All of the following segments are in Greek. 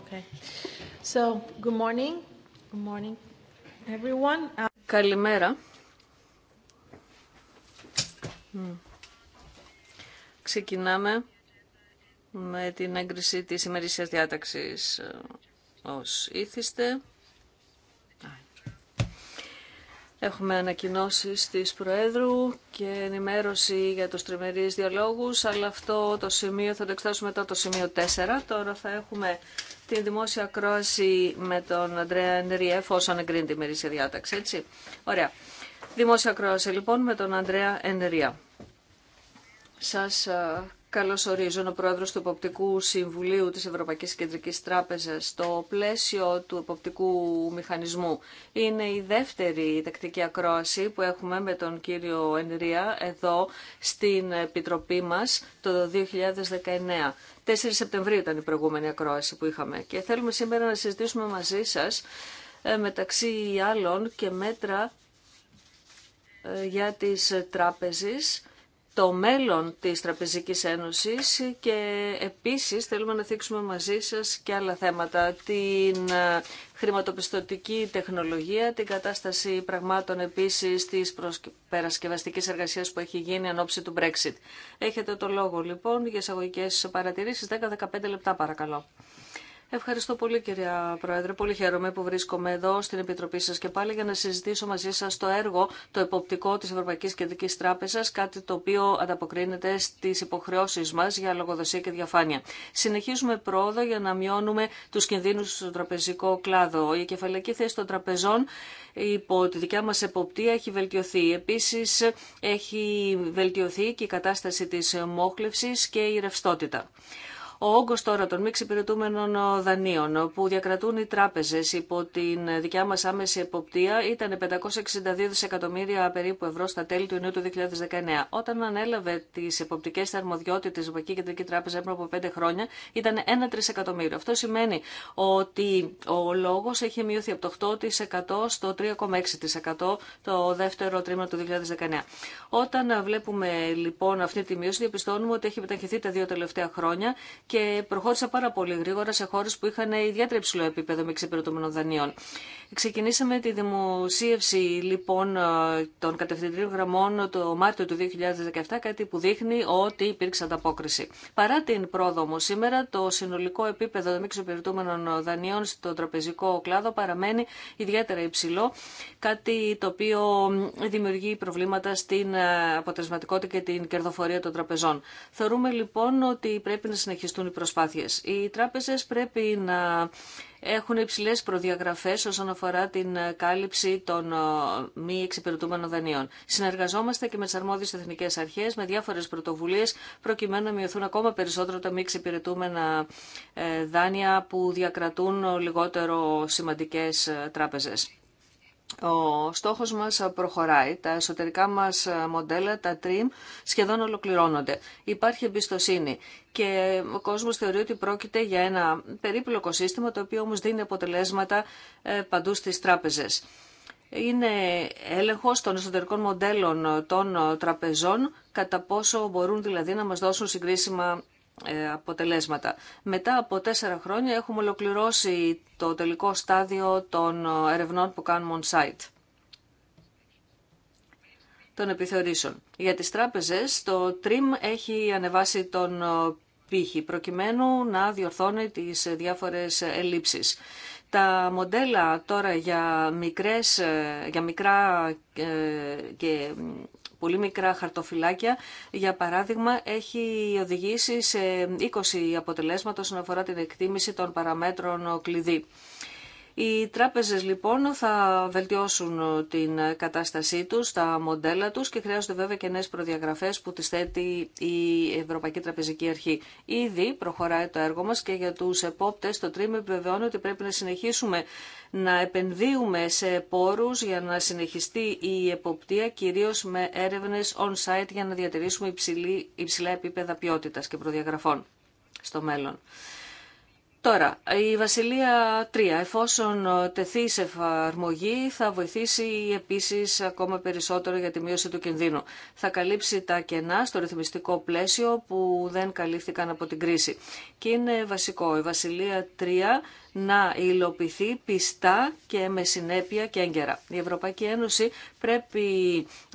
Okay. So, good morning. Good morning, everyone. Καλημέρα. Hmm. Ξεκινάμε με την έγκριση της ημερήσιας διάταξης ε, ως ήθιστε. Έχουμε ανακοινώσεις της Προέδρου και ενημέρωση για τους τριμερείς διαλόγους, αλλά αυτό το σημείο θα το εξετάσουμε μετά το σημείο 4. Τώρα θα έχουμε την δημόσια κρόση με τον Αντρέα Ενριεφ εφόσον εγκρίνει τη μερίσια διάταξη, έτσι. Ωραία. Δημόσια κρόση λοιπόν με τον Αντρέα Ενρία. Σας ε, ορίζω ο πρόεδρος του Εποπτικού Συμβουλίου της Ευρωπαϊκής Κεντρικής Τράπεζας στο πλαίσιο του εποπτικού μηχανισμού. Είναι η δεύτερη τακτική ακρόαση που έχουμε με τον κύριο Ενρία εδώ στην Επιτροπή μας το 2019. 4 Σεπτεμβρίου ήταν η προηγούμενη ακρόαση που είχαμε και θέλουμε σήμερα να συζητήσουμε μαζί σας ε, μεταξύ άλλων και μέτρα ε, για τις τράπεζες το μέλλον της Τραπεζικής Ένωσης και επίσης θέλουμε να θίξουμε μαζί σας και άλλα θέματα, την ε, χρηματοπιστωτική τεχνολογία, την κατάσταση πραγμάτων επίσης της περασκευαστικής εργασίας που έχει γίνει εν του Brexit. Έχετε το λόγο λοιπόν για εισαγωγικες παρατηρησεις παρατηρήσεις, 10-15 λεπτά παρακαλώ. Ευχαριστώ πολύ κυρία Πρόεδρε. Πολύ χαίρομαι που βρίσκομαι εδώ στην Επιτροπή σας και πάλι για να συζητήσω μαζί σας το έργο, το εποπτικό της Ευρωπαϊκής Κεντρικής Τράπεζας, κάτι το οποίο ανταποκρίνεται στις υποχρεώσεις μας για λογοδοσία και διαφάνεια. Συνεχίζουμε πρόοδο για να μειώνουμε τους κινδύνους στο τραπεζικό κλάδο. Η κεφαλαϊκή θέση των τραπεζών υπό τη δικιά μας εποπτεία έχει βελτιωθεί. Επίσης έχει βελτιωθεί και η κατάσταση της μόχλευσης και η ρευστότητα. Ο όγκο τώρα των μη εξυπηρετούμενων δανείων που διακρατούν οι τράπεζε υπό την δικιά μα άμεση εποπτεία ήταν 562 δισεκατομμύρια περίπου ευρώ στα τέλη του Ιουνίου του 2019. Όταν ανέλαβε τις εποπτικές αρμοδιότητες η Ευρωπαϊκή Κεντρική Τράπεζα πριν από 5 χρόνια ήταν 1 τρισεκατομμύριο. Αυτό σημαίνει ότι ο λόγο έχει μειωθεί από το 8% στο 3,6% το δεύτερο τρίμηνο του 2019. Όταν βλέπουμε λοιπόν αυτή τη μείωση διαπιστώνουμε ότι έχει μεταχυθεί τα δύο τελευταία χρόνια και προχώρησα πάρα πολύ γρήγορα σε χώρε που είχαν ιδιαίτερα υψηλό επίπεδο με εξυπηρετούμενων δανείων. Ξεκινήσαμε τη δημοσίευση λοιπόν ε, των κατευθυντήριων γραμμών το Μάρτιο του 2017, κάτι που δείχνει ότι υπήρξε ανταπόκριση. Παρά την πρόοδο όμω σήμερα, το συνολικό επίπεδο των μη εξυπηρετούμενων δανείων στο τραπεζικό κλάδο παραμένει ιδιαίτερα υψηλό, κάτι το οποίο δημιουργεί προβλήματα στην ε, αποτελεσματικότητα και την κερδοφορία των τραπεζών. Θεωρούμε λοιπόν ότι πρέπει να συνεχίσουμε οι προσπάθειες. Οι τράπεζες πρέπει να έχουν υψηλές προδιαγραφές όσον αφορά την κάλυψη των ε, μη εξυπηρετούμενων δανείων. Συνεργαζόμαστε και με τις αρμόδιες εθνικές αρχές με διάφορες πρωτοβουλίες προκειμένου να μειωθούν ακόμα περισσότερο τα μη εξυπηρετούμενα ε, δάνεια που διακρατούν λιγότερο σημαντικές ε, τράπεζες. Ο στόχος μας προχωράει. Τα εσωτερικά μας μοντέλα, τα TRIM, σχεδόν ολοκληρώνονται. Υπάρχει εμπιστοσύνη και ο κόσμος θεωρεί ότι πρόκειται για ένα περίπλοκο σύστημα το οποίο όμως δίνει αποτελέσματα ε, παντού στις τράπεζες. Είναι έλεγχος των εσωτερικών μοντέλων των τραπεζών κατά πόσο μπορούν δηλαδή να μας δώσουν συγκρίσιμα ε, αποτελέσματα. Μετά από τέσσερα χρόνια έχουμε ολοκληρώσει το τελικό στάδιο των ε, ερευνών που κάνουμε on-site των επιθεωρήσεων. Για τις τράπεζες, το TRIM έχει ανεβάσει τον ε, πύχη, προκειμένου να διορθώνει τις διάφορες ελλείψεις. Τα μοντέλα τώρα για, μικρές, για μικρά και πολύ μικρά χαρτοφυλάκια, για παράδειγμα, έχει οδηγήσει σε 20 αποτελέσματα όσον αφορά την εκτίμηση των παραμέτρων κλειδί. Οι τράπεζες λοιπόν θα βελτιώσουν ε, την ε, κατάστασή τους, τα μοντέλα τους και χρειάζονται βέβαια και νέες προδιαγραφές που τις θέτει η Ευρωπαϊκή Τραπεζική Αρχή. Ήδη προχωράει το έργο μας και για τους επόπτες το τρίμη επιβεβαιώνει ότι πρέπει να συνεχίσουμε να επενδύουμε σε πόρους για να συνεχιστεί η εποπτεία κυρίως με έρευνες on-site για να διατηρήσουμε υψηλή, υψηλά επίπεδα ποιότητας και προδιαγραφών στο μέλλον. Τώρα, η Βασιλεία 3, εφόσον ε, τεθεί σε εφαρμογή, θα βοηθήσει επίσης ακόμα περισσότερο για τη μείωση του κινδύνου. Θα καλύψει τα κενά στο ρυθμιστικό πλαίσιο που δεν καλύφθηκαν από την κρίση. Και είναι βασικό. Η Βασιλεία 3 να υλοποιηθεί πιστά και με συνέπεια και έγκαιρα. Η Ευρωπαϊκή Ένωση πρέπει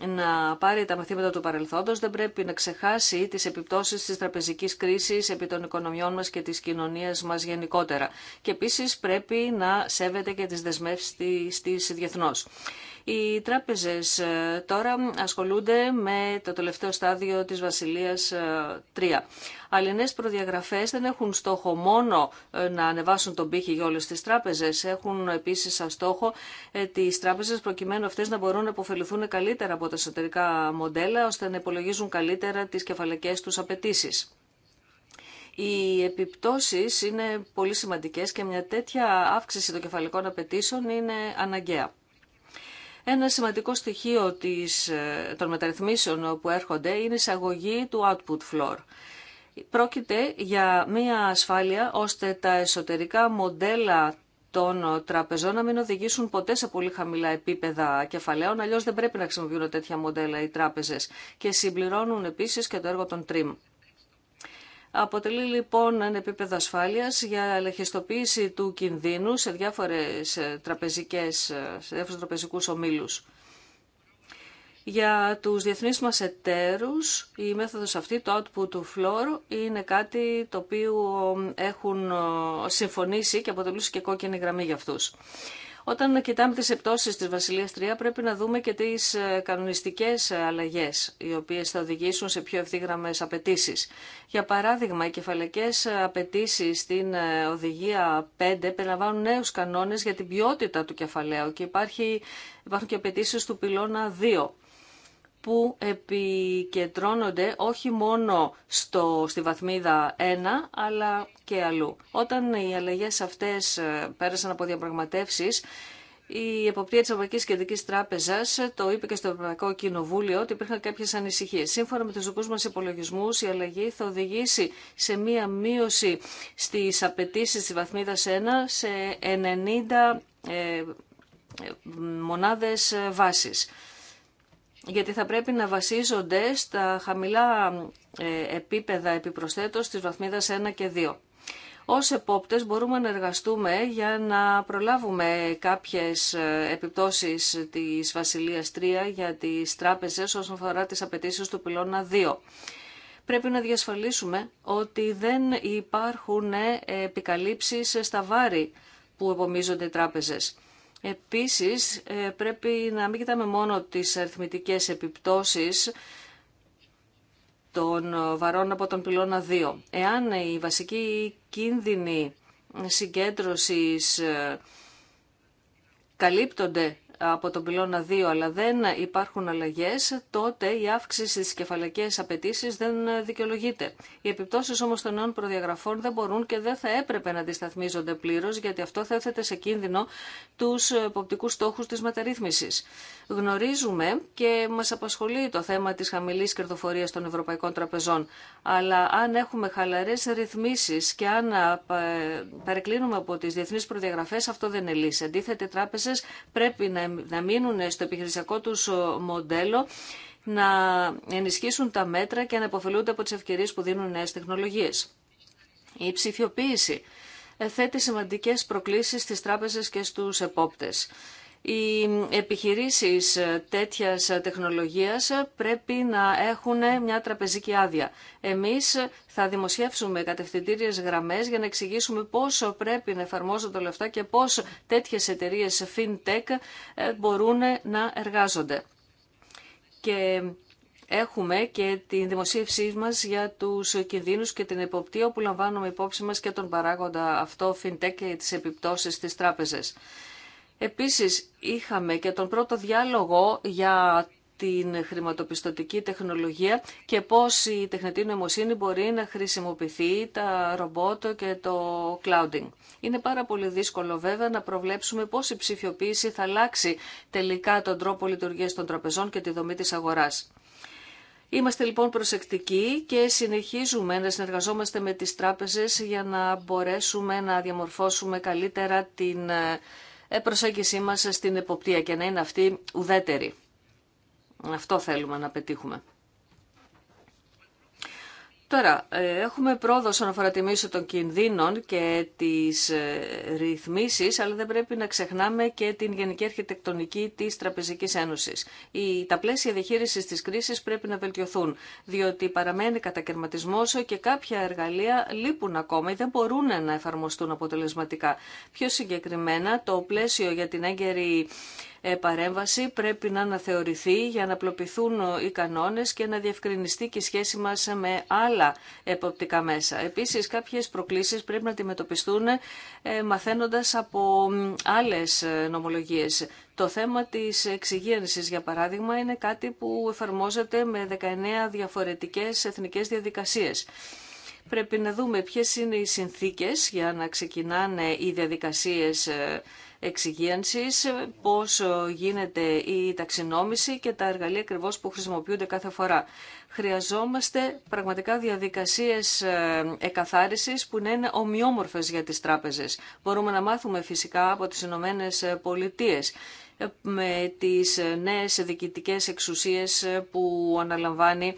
να πάρει τα μαθήματα του παρελθόντος, δεν πρέπει να ξεχάσει τις επιπτώσεις της τραπεζικής κρίσης επί των οικονομιών μας και της κοινωνίας μας γενικότερα. Και επίσης πρέπει να σέβεται και τις δεσμεύσεις της διεθνώς. Οι τράπεζες ε, τώρα ασχολούνται με το τελευταίο στάδιο της Βασιλείας 3. Ε, Αλληνές προδιαγραφές δεν έχουν στόχο μόνο ε, να ανεβάσουν τον πύχη για όλες τις τράπεζες. Έχουν επίσης σαν στόχο τις τράπεζες προκειμένου αυτές να μπορούν να υποφεληθούν καλύτερα από τα εσωτερικά μοντέλα ώστε να υπολογίζουν καλύτερα τις κεφαλικές τους απαιτήσει. Οι επιπτώσεις είναι πολύ σημαντικές και μια τέτοια αύξηση των κεφαλικών απαιτήσεων είναι αναγκαία. Ένα σημαντικό στοιχείο της, ε, των μεταρρυθμίσεων που έρχονται είναι η εισαγωγή του output floor. Πρόκειται για μια ασφάλεια ώστε τα εσωτερικά μοντέλα των τραπεζών να μην οδηγήσουν ποτέ σε πολύ χαμηλά επίπεδα κεφαλαίων, αλλιώς δεν πρέπει να χρησιμοποιούν τέτοια μοντέλα οι τράπεζες Και συμπληρώνουν επίσης και το έργο των TRIM. Αποτελεί λοιπόν ένα επίπεδο ασφάλειας για ελεγχιστοποίηση του κινδύνου σε διάφορες ε, τραπεζικές, ε, σε διάφορους τραπεζικούς ομίλους. Για τους διεθνείς μας εταίρους, η μέθοδος αυτή, το output του floor, είναι κάτι το οποίο έχουν ε, συμφωνήσει και αποτελούσε και κόκκινη γραμμή για αυτούς. Όταν κοιτάμε τις επτώσεις της Βασιλείας 3 πρέπει να δούμε και τις ε, κανονιστικές αλλαγές οι οποίες θα οδηγήσουν σε πιο ευθύγραμμες απαιτήσει. Για παράδειγμα, οι κεφαλικές απαιτήσει στην ε, Οδηγία 5 περιλαμβάνουν νέους κανόνες για την ποιότητα του κεφαλαίου και υπάρχει, υπάρχουν και απαιτήσει του πυλώνα 2 που επικεντρώνονται όχι μόνο στο, στη βαθμίδα 1, αλλά και αλλού. Όταν οι αλλαγές αυτές ε, πέρασαν από διαπραγματεύσεις, η εποπτεία τη Ευρωπαϊκή Κεντρική Τράπεζα ε, το είπε και στο Ευρωπαϊκό Κοινοβούλιο ότι υπήρχαν κάποιε ανησυχίε. Σύμφωνα με τους δικού μα υπολογισμού, η αλλαγή θα οδηγήσει σε μία μείωση στι απαιτήσει τη Βαθμίδα 1 σε 90 ε, ε, μονάδες βάσης γιατί θα πρέπει να βασίζονται στα χαμηλά ε, επίπεδα επιπροσθέτως της βαθμίδας 1 και 2. Ως επόπτες μπορούμε να εργαστούμε για να προλάβουμε κάποιες ε, επιπτώσεις της Βασιλείας 3 για τις τράπεζες όσον αφορά τις απαιτήσει του πυλώνα 2. Πρέπει να διασφαλίσουμε ότι δεν υπάρχουν επικαλύψεις στα βάρη που επομίζονται οι τράπεζες. Επίσης, ε, πρέπει να μην κοιτάμε μόνο τις αριθμητικές επιπτώσεις των βαρών από τον πυλώνα 2. Εάν η βασική κίνδυνη συγκέντρωσης ε, καλύπτονται από τον πυλώνα 2, αλλά δεν υπάρχουν αλλαγέ, τότε η αύξηση στι κεφαλαϊκέ απαιτήσει δεν δικαιολογείται. Οι επιπτώσει όμω των νέων προδιαγραφών δεν μπορούν και δεν θα έπρεπε να αντισταθμίζονται πλήρω, γιατί αυτό θα έθετε σε κίνδυνο του υποπτικού στόχου τη μεταρρύθμισης. Γνωρίζουμε και μα απασχολεί το θέμα τη χαμηλή κερδοφορία των ευρωπαϊκών τραπεζών, αλλά αν έχουμε χαλαρέ ρυθμίσει και αν ε, παρεκκλίνουμε από τι διεθνεί προδιαγραφέ, αυτό δεν είναι λύση. Αντίθετα, πρέπει να να μείνουν στο επιχειρησιακό τους μοντέλο, να ενισχύσουν τα μέτρα και να υποφελούνται από τις ευκαιρίες που δίνουν νέες τεχνολογίες. Η ψηφιοποίηση θέτει σημαντικές προκλήσεις στις τράπεζες και στους επόπτες οι επιχειρήσεις τέτοιας τεχνολογίας πρέπει να έχουν μια τραπεζική άδεια. Εμείς θα δημοσιεύσουμε κατευθυντήριες γραμμές για να εξηγήσουμε πόσο πρέπει να εφαρμόζονται όλα αυτά και πώς τέτοιες εταιρείες FinTech ε, μπορούν να εργάζονται. Και έχουμε και την δημοσίευσή μας για τους κινδύνους και την εποπτεία που λαμβάνουμε υπόψη μας και τον παράγοντα αυτό FinTech και τις επιπτώσεις στις τράπεζες. Επίσης είχαμε και τον πρώτο διάλογο για την χρηματοπιστωτική τεχνολογία και πώς η τεχνητή νοημοσύνη μπορεί να χρησιμοποιηθεί τα ρομπότ και το clouding. Είναι πάρα πολύ δύσκολο βέβαια να προβλέψουμε πώς η ψηφιοποίηση θα αλλάξει τελικά τον τρόπο λειτουργίας των τραπεζών και τη δομή της αγοράς. Είμαστε λοιπόν προσεκτικοί και συνεχίζουμε να συνεργαζόμαστε με τις τράπεζες για να μπορέσουμε να διαμορφώσουμε καλύτερα την ε, ε, προσέγγιση μας στην εποπτεία και να είναι αυτή ουδέτερη. Αυτό θέλουμε να πετύχουμε. Τώρα, ε, έχουμε πρόοδο όσον αφορά τη μίσο των κινδύνων και τις ε, ρυθμίσεις, αλλά δεν πρέπει να ξεχνάμε και την γενική αρχιτεκτονική της Τραπεζικής Ένωσης. Η, τα πλαίσια διαχείρισης της κρίσης πρέπει να βελτιωθούν, διότι παραμένει κατακαιρματισμό και κάποια εργαλεία λείπουν ακόμα ή δεν μπορούν να εφαρμοστούν αποτελεσματικά. Πιο συγκεκριμένα, το πλαίσιο για την έγκαιρη ε, παρέμβαση πρέπει να αναθεωρηθεί για να απλοποιηθούν οι κανόνες και να διευκρινιστεί και η σχέση μας με άλλα εποπτικά μέσα. Επίσης κάποιες προκλήσεις πρέπει να αντιμετωπιστούν ε, μαθαίνοντας από άλλες ε, νομολογίες. Το θέμα της εξυγίανσης, για παράδειγμα, είναι κάτι που εφαρμόζεται με 19 διαφορετικές εθνικές διαδικασίες. Πρέπει να δούμε ποιες είναι οι συνθήκες για να ξεκινάνε οι διαδικασίες εξυγίανσης, πώς ε, γίνεται η ταξινόμηση και τα εργαλεία ακριβώ που χρησιμοποιούνται κάθε φορά. Χρειαζόμαστε πραγματικά διαδικασίες ε, εκαθάρισης που να είναι ομοιόμορφες για τις τράπεζες. Μπορούμε να μάθουμε φυσικά από τις Ηνωμένε Πολιτείε ε, με τις νέες διοικητικές εξουσίες που αναλαμβάνει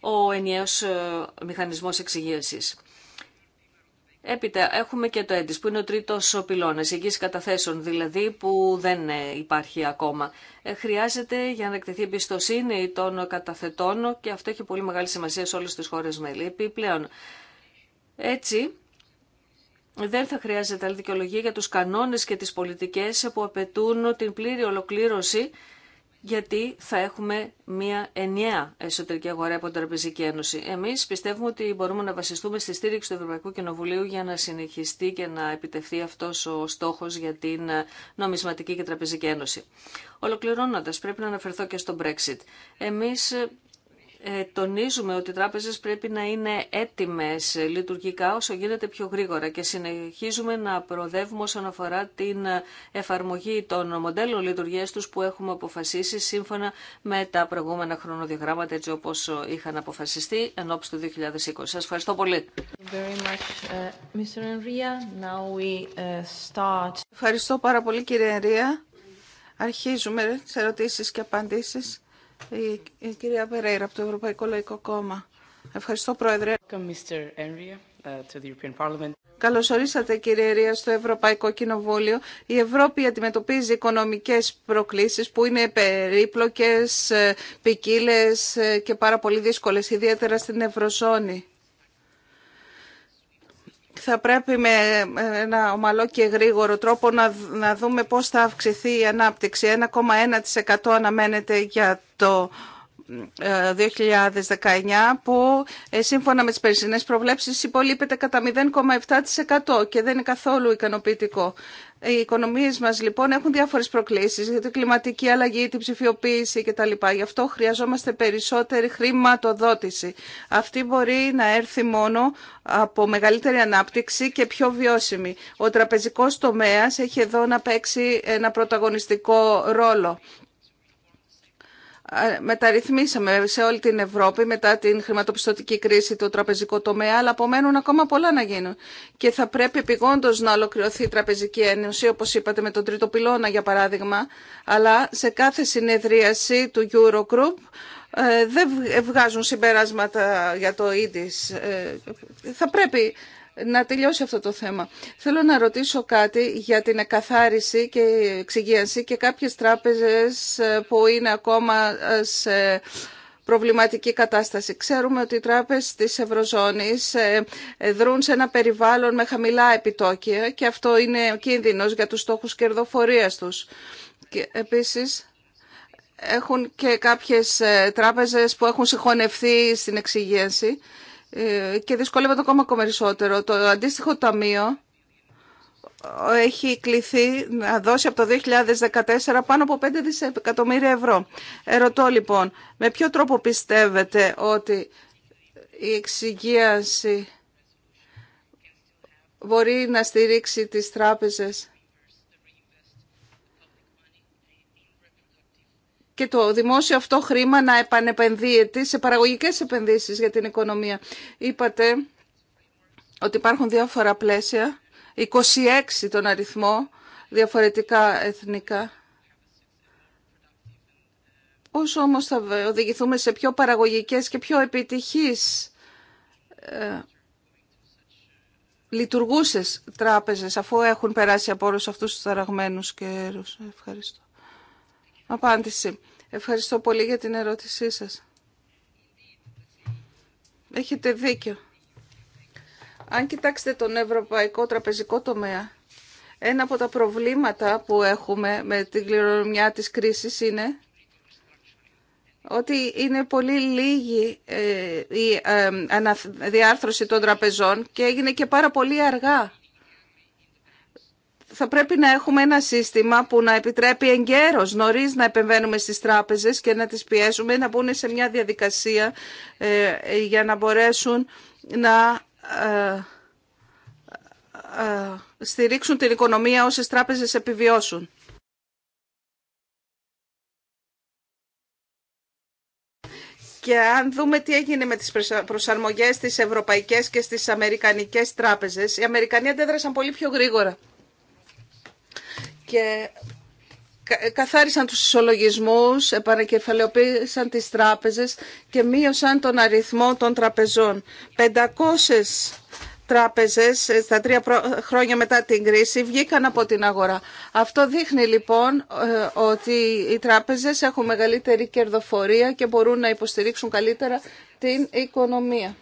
ο ενιαίος μηχανισμός εξυγίασης. Έπειτα έχουμε και το έντις που είναι ο τρίτος ο πυλώνας, εγγύηση καταθέσεων δηλαδή που δεν ε, υπάρχει ακόμα. Ε, χρειάζεται για να εκτεθεί εμπιστοσύνη των καταθετών και αυτό έχει πολύ μεγάλη σημασία σε όλες τις χώρες μέλη. Επιπλέον, έτσι δεν θα χρειάζεται άλλη δικαιολογία για τους κανόνες και τις πολιτικές που απαιτούν την πλήρη ολοκλήρωση γιατί θα έχουμε μια ενιαία εσωτερική αγορά από την Τραπεζική Ένωση. Εμείς πιστεύουμε ότι μπορούμε να βασιστούμε στη στήριξη του Ευρωπαϊκού Κοινοβουλίου για να συνεχιστεί και να επιτευχθεί αυτός ο στόχος για την νομισματική και τραπεζική ένωση. Ολοκληρώνοντας, πρέπει να αναφερθώ και στο Brexit. Εμείς ε, τονίζουμε ότι οι τράπεζες πρέπει να είναι έτοιμες λειτουργικά όσο γίνεται πιο γρήγορα και συνεχίζουμε να προοδεύουμε όσον αφορά την εφαρμογή των μοντέλων λειτουργίας τους που έχουμε αποφασίσει σύμφωνα με τα προηγούμενα χρονοδιαγράμματα έτσι όπως είχαν αποφασιστεί εν ώψη του 2020. Σας ευχαριστώ πολύ. Uh, uh, ευχαριστώ πάρα πολύ κύριε Ενρία. Αρχίζουμε ε, σε ερωτήσεις και απαντήσεις. Η κυρία Περέιρα από το Ευρωπαϊκό Λαϊκό Κόμμα. Ευχαριστώ, Πρόεδρε. Uh, Καλώς ορίσατε κύριε Εριά, στο Ευρωπαϊκό Κοινοβούλιο. Η Ευρώπη αντιμετωπίζει οικονομικές προκλήσεις που είναι περίπλοκες, ε, ποικίλε ε, και πάρα πολύ δύσκολες, ιδιαίτερα στην Ευρωζώνη θα πρέπει με ένα ομαλό και γρήγορο τρόπο να, να δούμε πώς θα αυξηθεί η ανάπτυξη. 1,1% αναμένεται για το 2019 ε, που ε, σύμφωνα με τις περισσότερες προβλέψεις υπολείπεται κατά 0,7% και δεν είναι καθόλου ικανοποιητικό. Οι οικονομίε μας λοιπόν έχουν διάφορες προκλήσεις για την κλιματική αλλαγή, την ψηφιοποίηση κτλ. Γι' αυτό χρειαζόμαστε περισσότερη χρηματοδότηση. Αυτή μπορεί να έρθει μόνο από μεγαλύτερη ανάπτυξη και πιο βιώσιμη. Ο τραπεζικός τομέας έχει εδώ να παίξει ένα πρωταγωνιστικό ρόλο μεταρρυθμίσαμε σε όλη την Ευρώπη μετά την χρηματοπιστωτική κρίση του τραπεζικού τομέα, αλλά απομένουν ακόμα πολλά να γίνουν. Και θα πρέπει επιγόντω να ολοκληρωθεί η Τραπεζική Ένωση, όπω είπατε, με τον τρίτο πυλώνα, για παράδειγμα. Αλλά σε κάθε συνεδρίαση του Eurogroup ε, δεν βγάζουν συμπεράσματα για το ίδις. Ε, θα πρέπει να τελειώσει αυτό το θέμα. Θέλω να ρωτήσω κάτι για την εκαθάριση και εξυγίαση και κάποιες τράπεζες ε, που είναι ακόμα ε, σε προβληματική κατάσταση. Ξέρουμε ότι οι τράπεζες της Ευρωζώνης ε, δρούν σε ένα περιβάλλον με χαμηλά επιτόκια και αυτό είναι ο κίνδυνος για τους στόχους κερδοφορίας τους. Και επίσης, έχουν και κάποιες τράπεζες που έχουν συγχωνευτεί στην εξυγίανση ε, και δυσκολεύεται ακόμα περισσότερο. Το αντίστοιχο ταμείο ε, έχει κληθεί να δώσει από το 2014 πάνω από 5 δισεκατομμύρια ευρώ. Ερωτώ λοιπόν, με ποιο τρόπο πιστεύετε ότι η εξυγίαση μπορεί να στηρίξει τις τράπεζες και το δημόσιο αυτό χρήμα να επανεπενδύεται σε παραγωγικές επενδύσεις για την οικονομία. Είπατε ότι υπάρχουν διάφορα πλαίσια, 26 τον αριθμό, διαφορετικά εθνικά. Πώς όμως θα οδηγηθούμε σε πιο παραγωγικές και πιο επιτυχείς ε, λειτουργούσες τράπεζες, αφού έχουν περάσει από όλους αυτούς τους και καιρούς. Ευχαριστώ απάντηση. Ευχαριστώ πολύ για την ερώτησή σας. Έχετε δίκιο. Αν κοιτάξετε τον ευρωπαϊκό τραπεζικό τομέα, ένα από τα προβλήματα που έχουμε με την κληρονομιά της κρίσης είναι ότι είναι πολύ λίγη ε, η ε, αναδιάρθρωση των τραπεζών και έγινε και πάρα πολύ αργά θα πρέπει να έχουμε ένα σύστημα που να επιτρέπει εγκαίρως νωρίς να επεμβαίνουμε στις τράπεζες και να τις πιέσουμε να μπουν σε μια διαδικασία ε, για να μπορέσουν να ε, ε, στηρίξουν την οικονομία όσες τράπεζες επιβιώσουν. Και αν δούμε τι έγινε με τις προσαρμογές στις ευρωπαϊκές και στις αμερικανικές τράπεζες, οι Αμερικανοί αντέδρασαν πολύ πιο γρήγορα και καθάρισαν τους ισολογισμούς, επανακεφαλαιοποίησαν τις τράπεζες και μείωσαν τον αριθμό των τραπεζών. 500 τράπεζες ε, στα τρία χρόνια μετά την κρίση βγήκαν από την αγορά. Αυτό δείχνει λοιπόν ε, ότι οι τράπεζες έχουν μεγαλύτερη κερδοφορία και μπορούν να υποστηρίξουν καλύτερα την οικονομία.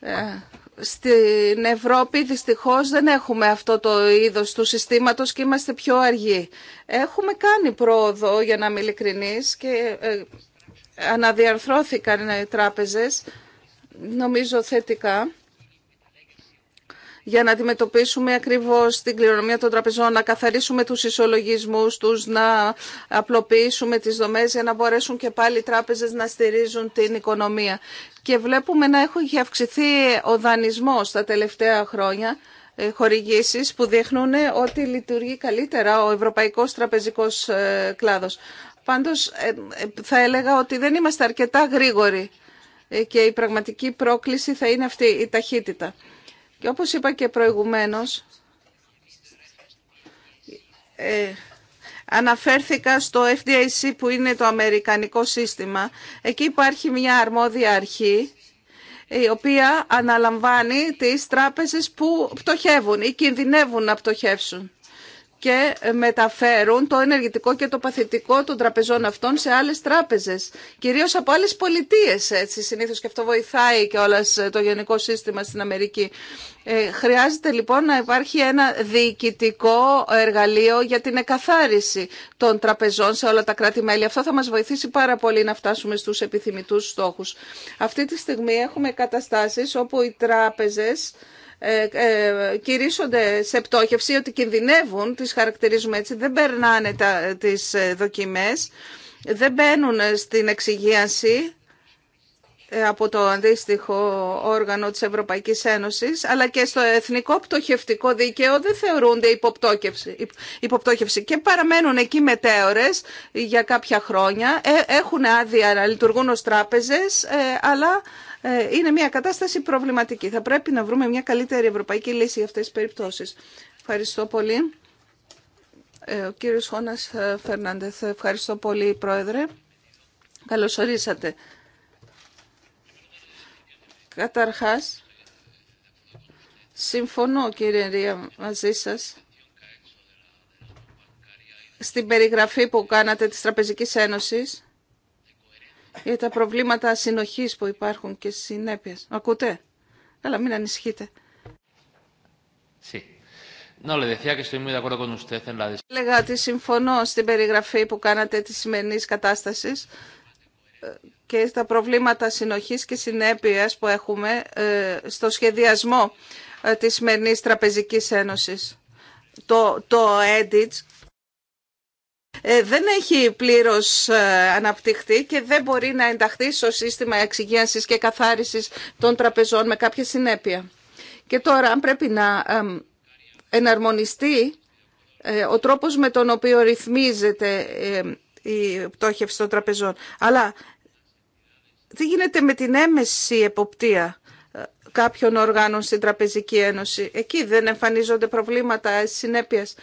Ε, στην Ευρώπη δυστυχώς δεν έχουμε αυτό το είδος του συστήματος και είμαστε πιο αργοί. Έχουμε κάνει πρόοδο για να είμαι ειλικρινής και ε, αναδιαρθρώθηκαν οι τράπεζες νομίζω θετικά για να αντιμετωπίσουμε ακριβώς την κληρονομία των τραπεζών, να καθαρίσουμε τους ισολογισμούς τους, να απλοποιήσουμε τις δομές για να μπορέσουν και πάλι οι τράπεζες να στηρίζουν την οικονομία. Και βλέπουμε να έχει αυξηθεί ο δανεισμός τα τελευταία χρόνια ε, χορηγήσεις που δείχνουν ότι λειτουργεί καλύτερα ο ευρωπαϊκός τραπεζικός ε, κλάδος. Πάντως ε, θα έλεγα ότι δεν είμαστε αρκετά γρήγοροι και η πραγματική πρόκληση θα είναι αυτή η ταχύτητα. Και όπως είπα και προηγουμένως, ε, αναφέρθηκα στο FDIC που είναι το αμερικανικό σύστημα. Εκεί υπάρχει μια αρμόδια αρχή η οποία αναλαμβάνει τις τράπεζες που πτωχεύουν ή κινδυνεύουν να πτωχεύσουν και μεταφέρουν το ενεργητικό και το παθητικό των τραπεζών αυτών σε άλλες τράπεζες, κυρίως από άλλες πολιτείες έτσι συνήθως και αυτό βοηθάει και όλα το γενικό σύστημα στην Αμερική. Ε, χρειάζεται λοιπόν να υπάρχει ένα διοικητικό εργαλείο για την εκαθάριση των τραπεζών σε όλα τα κράτη-μέλη. Αυτό θα μας βοηθήσει πάρα πολύ να φτάσουμε στους επιθυμητούς στόχους. Αυτή τη στιγμή έχουμε καταστάσεις όπου οι τράπεζες ε, ε, κηρύσσονται σε πτώχευση ότι κινδυνεύουν, τις χαρακτηρίζουμε έτσι, δεν περνάνε τα, τις ε, δοκιμές, δεν μπαίνουν στην εξυγίαση από το αντίστοιχο όργανο της Ευρωπαϊκής Ένωσης, αλλά και στο εθνικό πτωχευτικό δίκαιο δεν θεωρούνται υποπτώκευση και παραμένουν εκεί μετέωρες για κάποια χρόνια, ε, έχουν άδεια να λειτουργούν ως τράπεζες, ε, αλλά ε, είναι μια κατάσταση προβληματική. Θα πρέπει να βρούμε μια καλύτερη ευρωπαϊκή λύση για αυτές τις περιπτώσεις. Ευχαριστώ πολύ. Ο κύριος Χώνας Φερνάντεθ, ευχαριστώ πολύ, Πρόεδρε. Καλωσορίσατε. Καταρχάς, συμφωνώ κύριε Ρία μαζί σας στην περιγραφή που κάνατε της Τραπεζικής Ένωσης για τα προβλήματα συνοχής που υπάρχουν και συνέπειες. Ακούτε? Αλλά μην ανησυχείτε. Sí. No, le decía Λέγα ότι συμφωνώ στην περιγραφή που κάνατε της σημερινής κατάστασης και στα προβλήματα συνοχής και συνέπειας που έχουμε ε, στο σχεδιασμό ε, της σημερινή Τραπεζικής Ένωσης. Το, το ε, δεν έχει πλήρως αναπτυχθεί και δεν μπορεί να ενταχθεί στο σύστημα εξυγίανσης και καθάρισης των τραπεζών με κάποια συνέπεια. Και τώρα, αν πρέπει να εναρμονιστεί ο τρόπος με τον οποίο ρυθμίζεται η πτώχευση των τραπεζών. Αλλά τι γίνεται με την έμεση εποπτεία ε, κάποιων οργάνων στην Τραπεζική Ένωση. Εκεί δεν εμφανίζονται προβλήματα συνέπειας.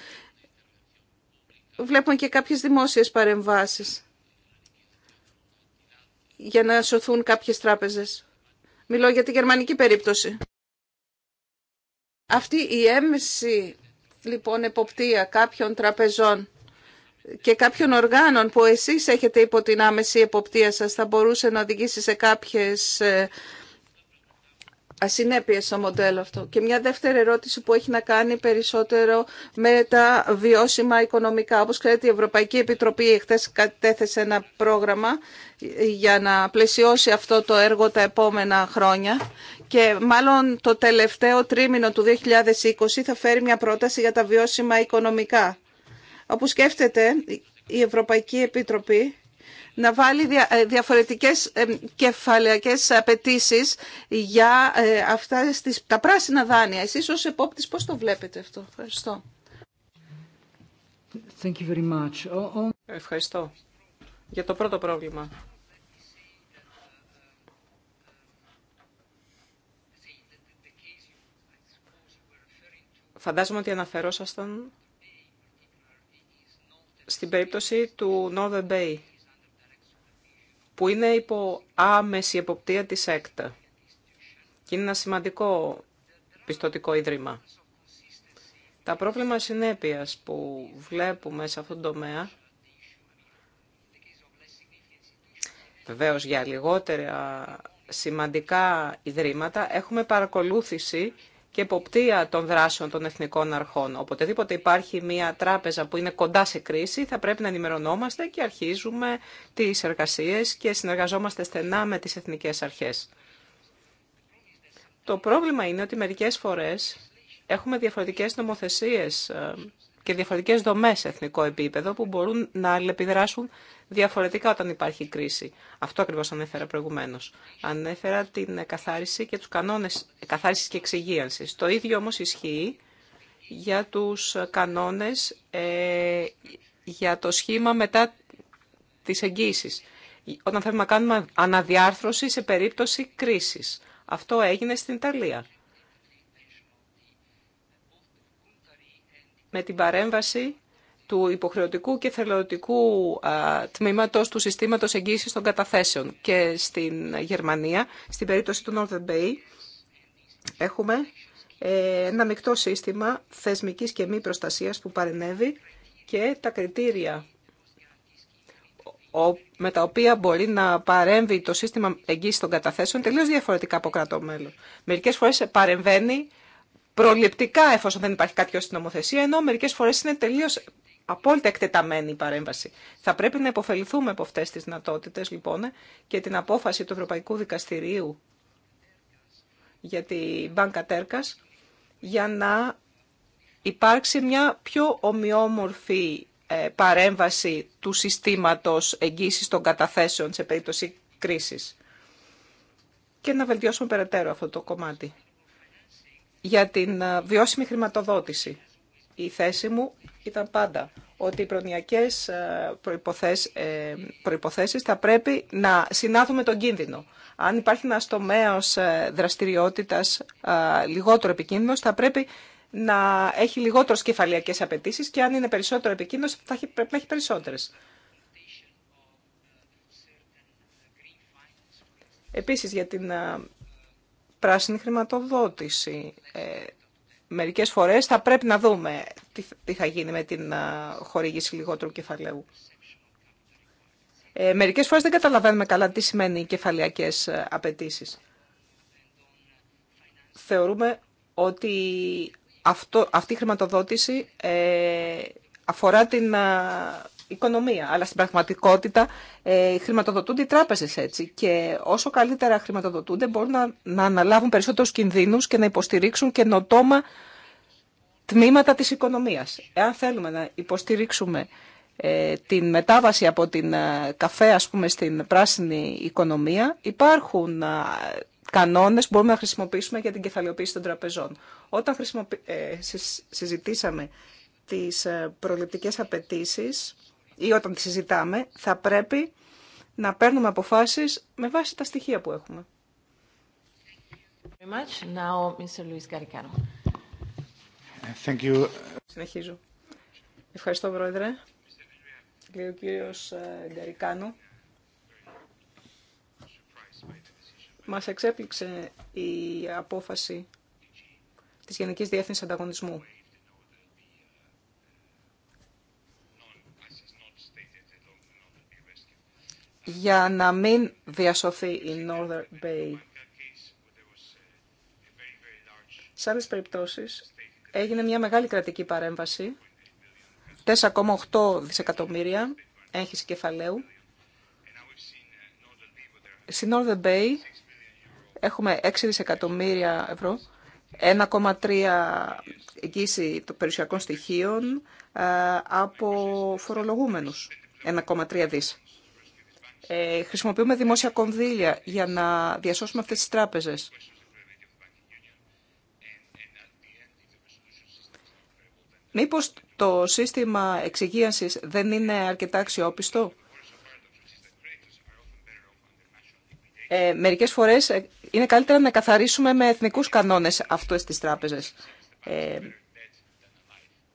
Βλέπουμε και κάποιες δημόσιες παρεμβάσεις για να σωθούν κάποιες τράπεζες. Μιλώ για τη γερμανική περίπτωση. Αυτή η έμεση λοιπόν εποπτεία κάποιων τραπεζών και κάποιων οργάνων που εσείς έχετε υπό την άμεση εποπτεία σας θα μπορούσε να οδηγήσει σε κάποιες ε, ασυνέπειες στο μοντέλο αυτό. Και μια δεύτερη ερώτηση που έχει να κάνει περισσότερο με τα βιώσιμα οικονομικά. Όπως ξέρετε η Ευρωπαϊκή Επιτροπή χτες κατέθεσε ένα πρόγραμμα για να πλαισιώσει αυτό το έργο τα επόμενα χρόνια και μάλλον το τελευταίο τρίμηνο του 2020 θα φέρει μια πρόταση για τα βιώσιμα οικονομικά όπου σκέφτεται η Ευρωπαϊκή Επιτροπή να βάλει ε, διαφορετικές ε, κεφαλαιακές απαιτήσει για ε, αυτά στις, τα πράσινα δάνεια. Εσείς ως επόπτης πώς το βλέπετε αυτό. Ευχαριστώ. Thank you very much. Ευχαριστώ για το πρώτο πρόβλημα. Φαντάζομαι ότι αναφερόσασταν στην περίπτωση του Northern Bay, που είναι υπό άμεση εποπτεία της ΕΚΤΑ και είναι ένα σημαντικό πιστοτικό ίδρυμα. Τα πρόβλημα συνέπειας που βλέπουμε σε αυτόν τον τομέα, βεβαίως για λιγότερα σημαντικά ιδρύματα, έχουμε παρακολούθηση και εποπτεία των δράσεων των εθνικών αρχών. Οποτεδήποτε υπάρχει μια τράπεζα που είναι κοντά σε κρίση, θα πρέπει να ενημερωνόμαστε και αρχίζουμε τις εργασίε και συνεργαζόμαστε στενά με τις εθνικές αρχές. Το πρόβλημα είναι ότι μερικές φορέ έχουμε διαφορετικές νομοθεσίες ε, και διαφορετικές δομές σε εθνικό επίπεδο που μπορούν να αλληλεπιδράσουν διαφορετικά όταν υπάρχει κρίση. Αυτό ακριβώ ανέφερα προηγουμένω. Ανέφερα την καθάριση και του κανόνε καθάριση και εξυγίανση. Το ίδιο όμω ισχύει για τους κανόνες ε, για το σχήμα μετά τις εγγύησεις. Όταν θέλουμε να κάνουμε αναδιάρθρωση σε περίπτωση κρίσης. Αυτό έγινε στην Ιταλία. Με την παρέμβαση του υποχρεωτικού και θελωτικού τμήματος του συστήματος εγγύησης των καταθέσεων. Και στην Γερμανία, στην περίπτωση του Northern Bay, έχουμε ε, ένα μεικτό σύστημα θεσμικής και μη προστασίας που παρενέβη και τα κριτήρια με τα οποία μπορεί να παρέμβει το σύστημα εγγύησης των καταθέσεων τελείως διαφορετικά από κράτο μέλλον. Μερικές φορές παρεμβαίνει προληπτικά εφόσον δεν υπάρχει κάποιο στην νομοθεσία, ενώ μερικές φορές είναι τελείως απόλυτα εκτεταμένη η παρέμβαση. Θα πρέπει να υποφεληθούμε από αυτές τις δυνατότητε λοιπόν και την απόφαση του Ευρωπαϊκού Δικαστηρίου για τη Μπάνκα Τέρκας για να υπάρξει μια πιο ομοιόμορφη ε, παρέμβαση του συστήματος εγγύησης των καταθέσεων σε περίπτωση κρίσης και να βελτιώσουμε περαιτέρω αυτό το κομμάτι για την ε, βιώσιμη χρηματοδότηση η θέση μου ήταν πάντα ότι οι προνοιακές ε, ε, προϋποθέσεις, θα πρέπει να συνάθουμε τον κίνδυνο. Αν υπάρχει ένα τομέας ε, δραστηριότητας λιγότερο επικίνδυνος, θα πρέπει να έχει λιγότερο κεφαλιακές απαιτήσει και αν είναι περισσότερο επικίνδυνος, θα πρέπει να έχει περισσότερες. Επίσης, για την πράσινη χρηματοδότηση μερικές φορές θα πρέπει να δούμε τι θα γίνει με την χορήγηση λιγότερου κεφαλαίου. Ε, μερικές φορές δεν καταλαβαίνουμε καλά τι σημαίνει οι κεφαλιακές ε, απαιτήσεις. Θεωρούμε ότι αυτό, αυτή η χρηματοδότηση ε, αφορά την οικονομία. Αλλά στην πραγματικότητα ε, χρηματοδοτούνται οι τράπεζες έτσι. Και όσο καλύτερα χρηματοδοτούνται μπορούν να, να αναλάβουν περισσότερους κινδύνους και να υποστηρίξουν καινοτόμα τμήματα της οικονομίας. Εάν θέλουμε να υποστηρίξουμε ε, την μετάβαση από την ε, καφέ ας πούμε στην πράσινη οικονομία υπάρχουν ε, κανόνες που μπορούμε να χρησιμοποιήσουμε για την κεφαλαιοποίηση των τραπεζών. Όταν χρησιμοποι... Ε, συζητήσαμε τις ε, προληπτικές απαιτήσει ή όταν τη συζητάμε, θα πρέπει να παίρνουμε αποφάσεις με βάση τα στοιχεία που έχουμε. Thank you. Συνεχίζω. Ευχαριστώ, Πρόεδρε. Και ο κύριος ε, Γκαρικάνου. Μας εξέπληξε η απόφαση της Γενικής Διεύθυνσης Ανταγωνισμού για να μην διασωθεί η Northern Bay. Σε άλλες περιπτώσεις έγινε μια μεγάλη κρατική παρέμβαση, 4,8 δισεκατομμύρια έγχυση κεφαλαίου. Στη Northern Bay έχουμε 6 δισεκατομμύρια ευρώ, 1,3 εγγύηση των περιουσιακών στοιχείων ε, από φορολογούμενους, 1,3 δις. Ε, χρησιμοποιούμε δημόσια κονδύλια για να διασώσουμε αυτές τις τράπεζες. Μήπως το σύστημα εξυγίανσης δεν είναι αρκετά αξιόπιστο. Ε, μερικές φορές ε, είναι καλύτερα να καθαρίσουμε με εθνικούς κανόνες αυτές τις τράπεζες. Ε,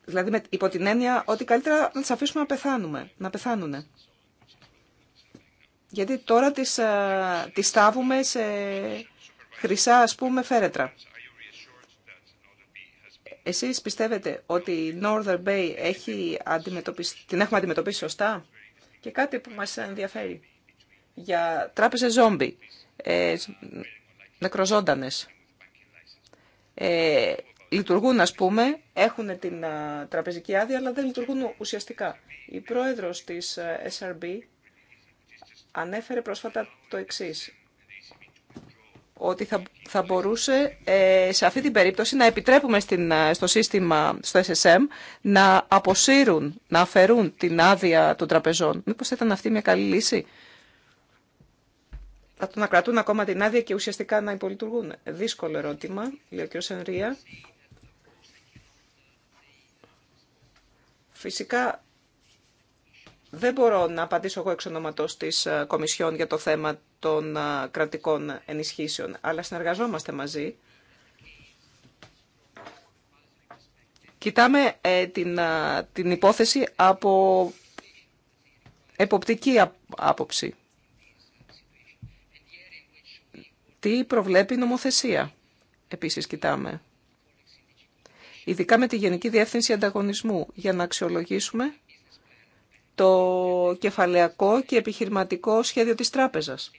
δηλαδή υπό την έννοια ότι καλύτερα να τις αφήσουμε να πεθάνουμε, να πεθάνουνε γιατί τώρα τις, τις στάβουμε σε χρυσά, ας πούμε, φέρετρα. Εσείς πιστεύετε ότι η Northern Bay έχει αντιμετωπίσει, την έχουμε αντιμετωπίσει σωστά και κάτι που μας ενδιαφέρει για τράπεζες ζόμπι, ε, νεκροζώντανες. Ε, λειτουργούν, ας πούμε, έχουν την τραπεζική άδεια, αλλά δεν λειτουργούν ουσιαστικά. Η πρόεδρος της SRB ανέφερε πρόσφατα το εξής, ότι θα, θα μπορούσε ε, σε αυτή την περίπτωση να επιτρέπουμε στην, ε, στο σύστημα, στο SSM, να αποσύρουν, να αφαιρούν την άδεια των τραπεζών. Μήπως ήταν αυτή μια καλή λύση. Θα το να κρατούν ακόμα την άδεια και ουσιαστικά να υπολειτουργούν. Δύσκολο ερώτημα, λέει ο κ. Σενρία. Φυσικά δεν μπορώ να απαντήσω εγώ εξ ονόματος της ε, Κομισιόν για το θέμα των ε, κρατικών ενισχύσεων, αλλά συνεργαζόμαστε μαζί. Κοιτάμε ε, την, την υπόθεση από εποπτική άποψη. Τι προβλέπει η νομοθεσία, επίσης κοιτάμε. Ειδικά με τη Γενική Διεύθυνση Ανταγωνισμού, για να αξιολογήσουμε το κεφαλαιακό και επιχειρηματικό σχέδιο της τράπεζας.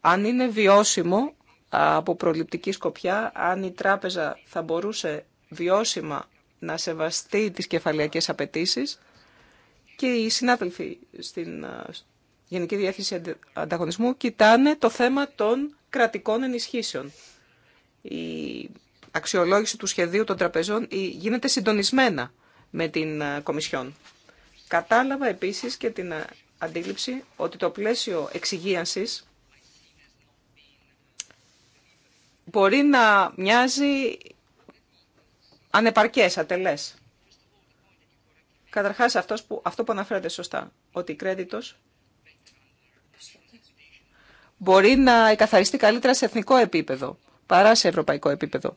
Αν είναι βιώσιμο από προληπτική σκοπιά, αν η τράπεζα θα μπορούσε βιώσιμα να σεβαστεί τις κεφαλαιακές απαιτήσει και οι συνάδελφοι στην Γενική Διεύθυνση Ανταγωνισμού κοιτάνε το θέμα των κρατικών ενισχύσεων. Η αξιολόγηση του σχεδίου των τραπεζών γίνεται συντονισμένα με την Κομισιόν. Κατάλαβα επίσης και την ε, αντίληψη ότι το πλαίσιο εξυγίανσης μπορεί να μοιάζει ανεπαρκές, ατελές. Καταρχάς αυτός που, αυτό που αναφέρατε σωστά, ότι η κρέδιτος μπορεί να εκαθαριστεί καλύτερα σε εθνικό επίπεδο παρά σε ευρωπαϊκό επίπεδο.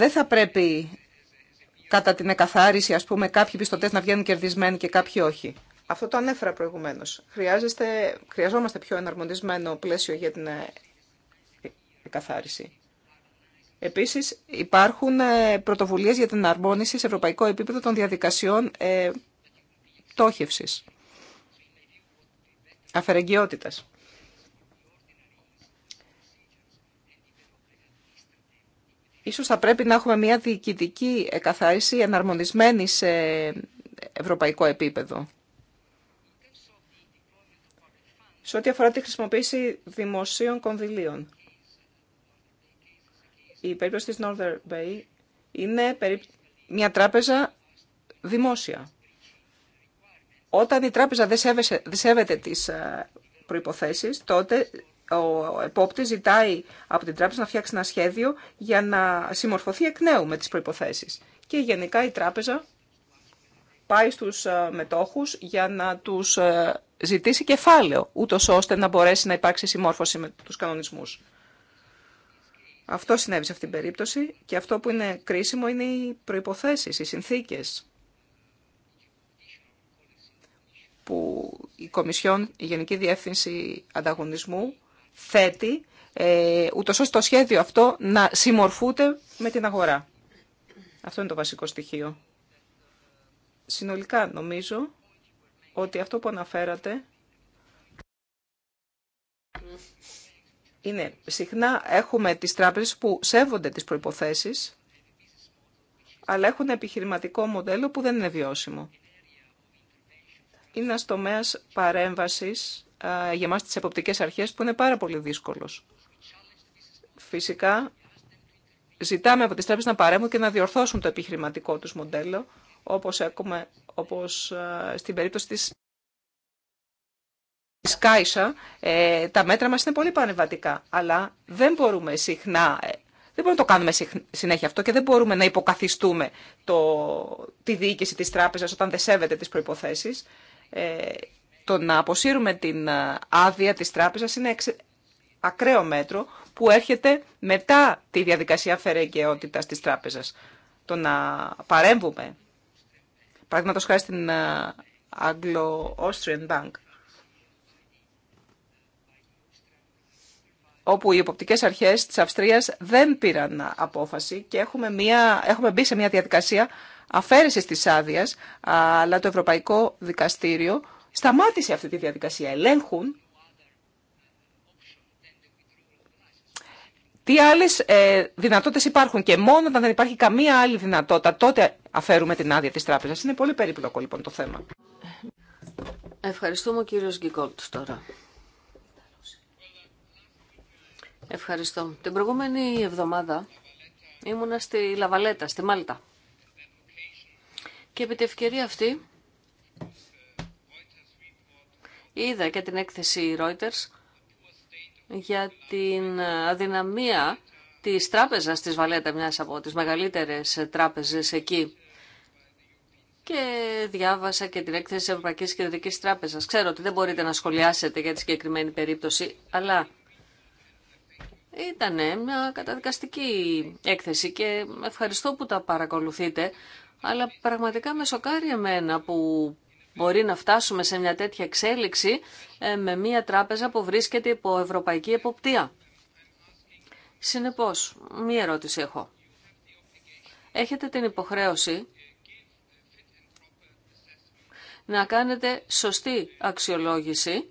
δεν θα πρέπει κατά την εκαθάριση, ας πούμε, κάποιοι πιστωτέ να βγαίνουν κερδισμένοι και κάποιοι όχι. Αυτό το ανέφερα προηγουμένω. χρειαζόμαστε πιο εναρμονισμένο πλαίσιο για την ε, εκαθάριση. Επίσης, υπάρχουν ε, πρωτοβουλίε για την εναρμόνιση σε ευρωπαϊκό επίπεδο των διαδικασιών ε, πτώχευση Ίσως θα πρέπει να έχουμε μια διοικητική εκαθάριση εναρμονισμένη σε ευρωπαϊκό επίπεδο. Σε ό,τι αφορά τη χρησιμοποίηση δημοσίων κονδυλίων. Η περίπτωση της Northern Bay είναι μια τράπεζα δημόσια. Όταν η τράπεζα δεν σέβεται τις ε, προϋποθέσεις, τότε ο επόπτης ζητάει από την τράπεζα να φτιάξει ένα σχέδιο για να συμμορφωθεί εκ νέου με τις προϋποθέσεις. Και γενικά η τράπεζα πάει στους ε, μετόχους για να τους ε, ζητήσει κεφάλαιο, ούτω ώστε να μπορέσει να υπάρξει συμμόρφωση με τους κανονισμούς. Αυτό συνέβη σε αυτήν την περίπτωση και αυτό που είναι κρίσιμο είναι οι προϋποθέσεις, οι συνθήκες που η Κομισιόν, η Γενική Διεύθυνση Ανταγωνισμού θέτει, ε, ούτως ώστε το σχέδιο αυτό να συμμορφούνται με την αγορά. Αυτό είναι το βασικό στοιχείο. Συνολικά νομίζω ότι αυτό που αναφέρατε είναι συχνά έχουμε τις τράπεζες που σέβονται τις προϋποθέσεις αλλά έχουν επιχειρηματικό μοντέλο που δεν είναι βιώσιμο. Είναι ένα τομέα παρέμβασης για εμάς τις εποπτικές αρχές που είναι πάρα πολύ δύσκολος. Φυσικά, ζητάμε από τις τράπεζες να παρέμβουν και να διορθώσουν το επιχειρηματικό τους μοντέλο, όπως, έχουμε, όπως στην περίπτωση της της Κάισα, ε, τα μέτρα μας είναι πολύ πανεβατικά, αλλά δεν μπορούμε συχνά, ε, δεν μπορούμε να το κάνουμε συνέχεια αυτό και δεν μπορούμε να υποκαθιστούμε το, τη διοίκηση της τράπεζας όταν δεν σέβεται τις προϋποθέσεις. Ε, το να αποσύρουμε την ε, άδεια της τράπεζας είναι ακραίο μέτρο που έρχεται μετά τη διαδικασία φερεγκαιότητας της τράπεζας. Το να παρέμβουμε, παραδείγματος χάρη στην ε, Anglo-Austrian Bank, όπου οι υποπτικές αρχές της Αυστρίας δεν πήραν απόφαση και έχουμε, μία, έχουμε μπει σε μια διαδικασία αφαίρεσης της άδειας, αλλά το Ευρωπαϊκό Δικαστήριο σταμάτησε αυτή τη διαδικασία. Ελέγχουν τι άλλε ε, δυνατότητες υπάρχουν και μόνο όταν δεν υπάρχει καμία άλλη δυνατότητα τότε αφαίρουμε την άδεια της τράπεζας. Είναι πολύ περίπλοκο λοιπόν το θέμα. Ευχαριστούμε ο κύριος Γκικόλτ τώρα. Ευχαριστώ. Την προηγούμενη εβδομάδα ήμουνα στη Λαβαλέτα, στη Μάλτα. Και επί τη ευκαιρία αυτή Είδα και την έκθεση Reuters για την αδυναμία της τράπεζας της Βαλέτα, μιας από τις μεγαλύτερες τράπεζες εκεί. Και διάβασα και την έκθεση της Ευρωπαϊκής Κεντρικής Τράπεζας. Ξέρω ότι δεν μπορείτε να σχολιάσετε για τη συγκεκριμένη περίπτωση, αλλά ήταν μια καταδικαστική έκθεση και ευχαριστώ που τα παρακολουθείτε, αλλά πραγματικά με σοκάρει εμένα που μπορεί να φτάσουμε σε μια τέτοια εξέλιξη ε, με μια τράπεζα που βρίσκεται υπό ευρωπαϊκή εποπτεία. Συνεπώς, μία ερώτηση έχω. Έχετε την υποχρέωση να κάνετε σωστή αξιολόγηση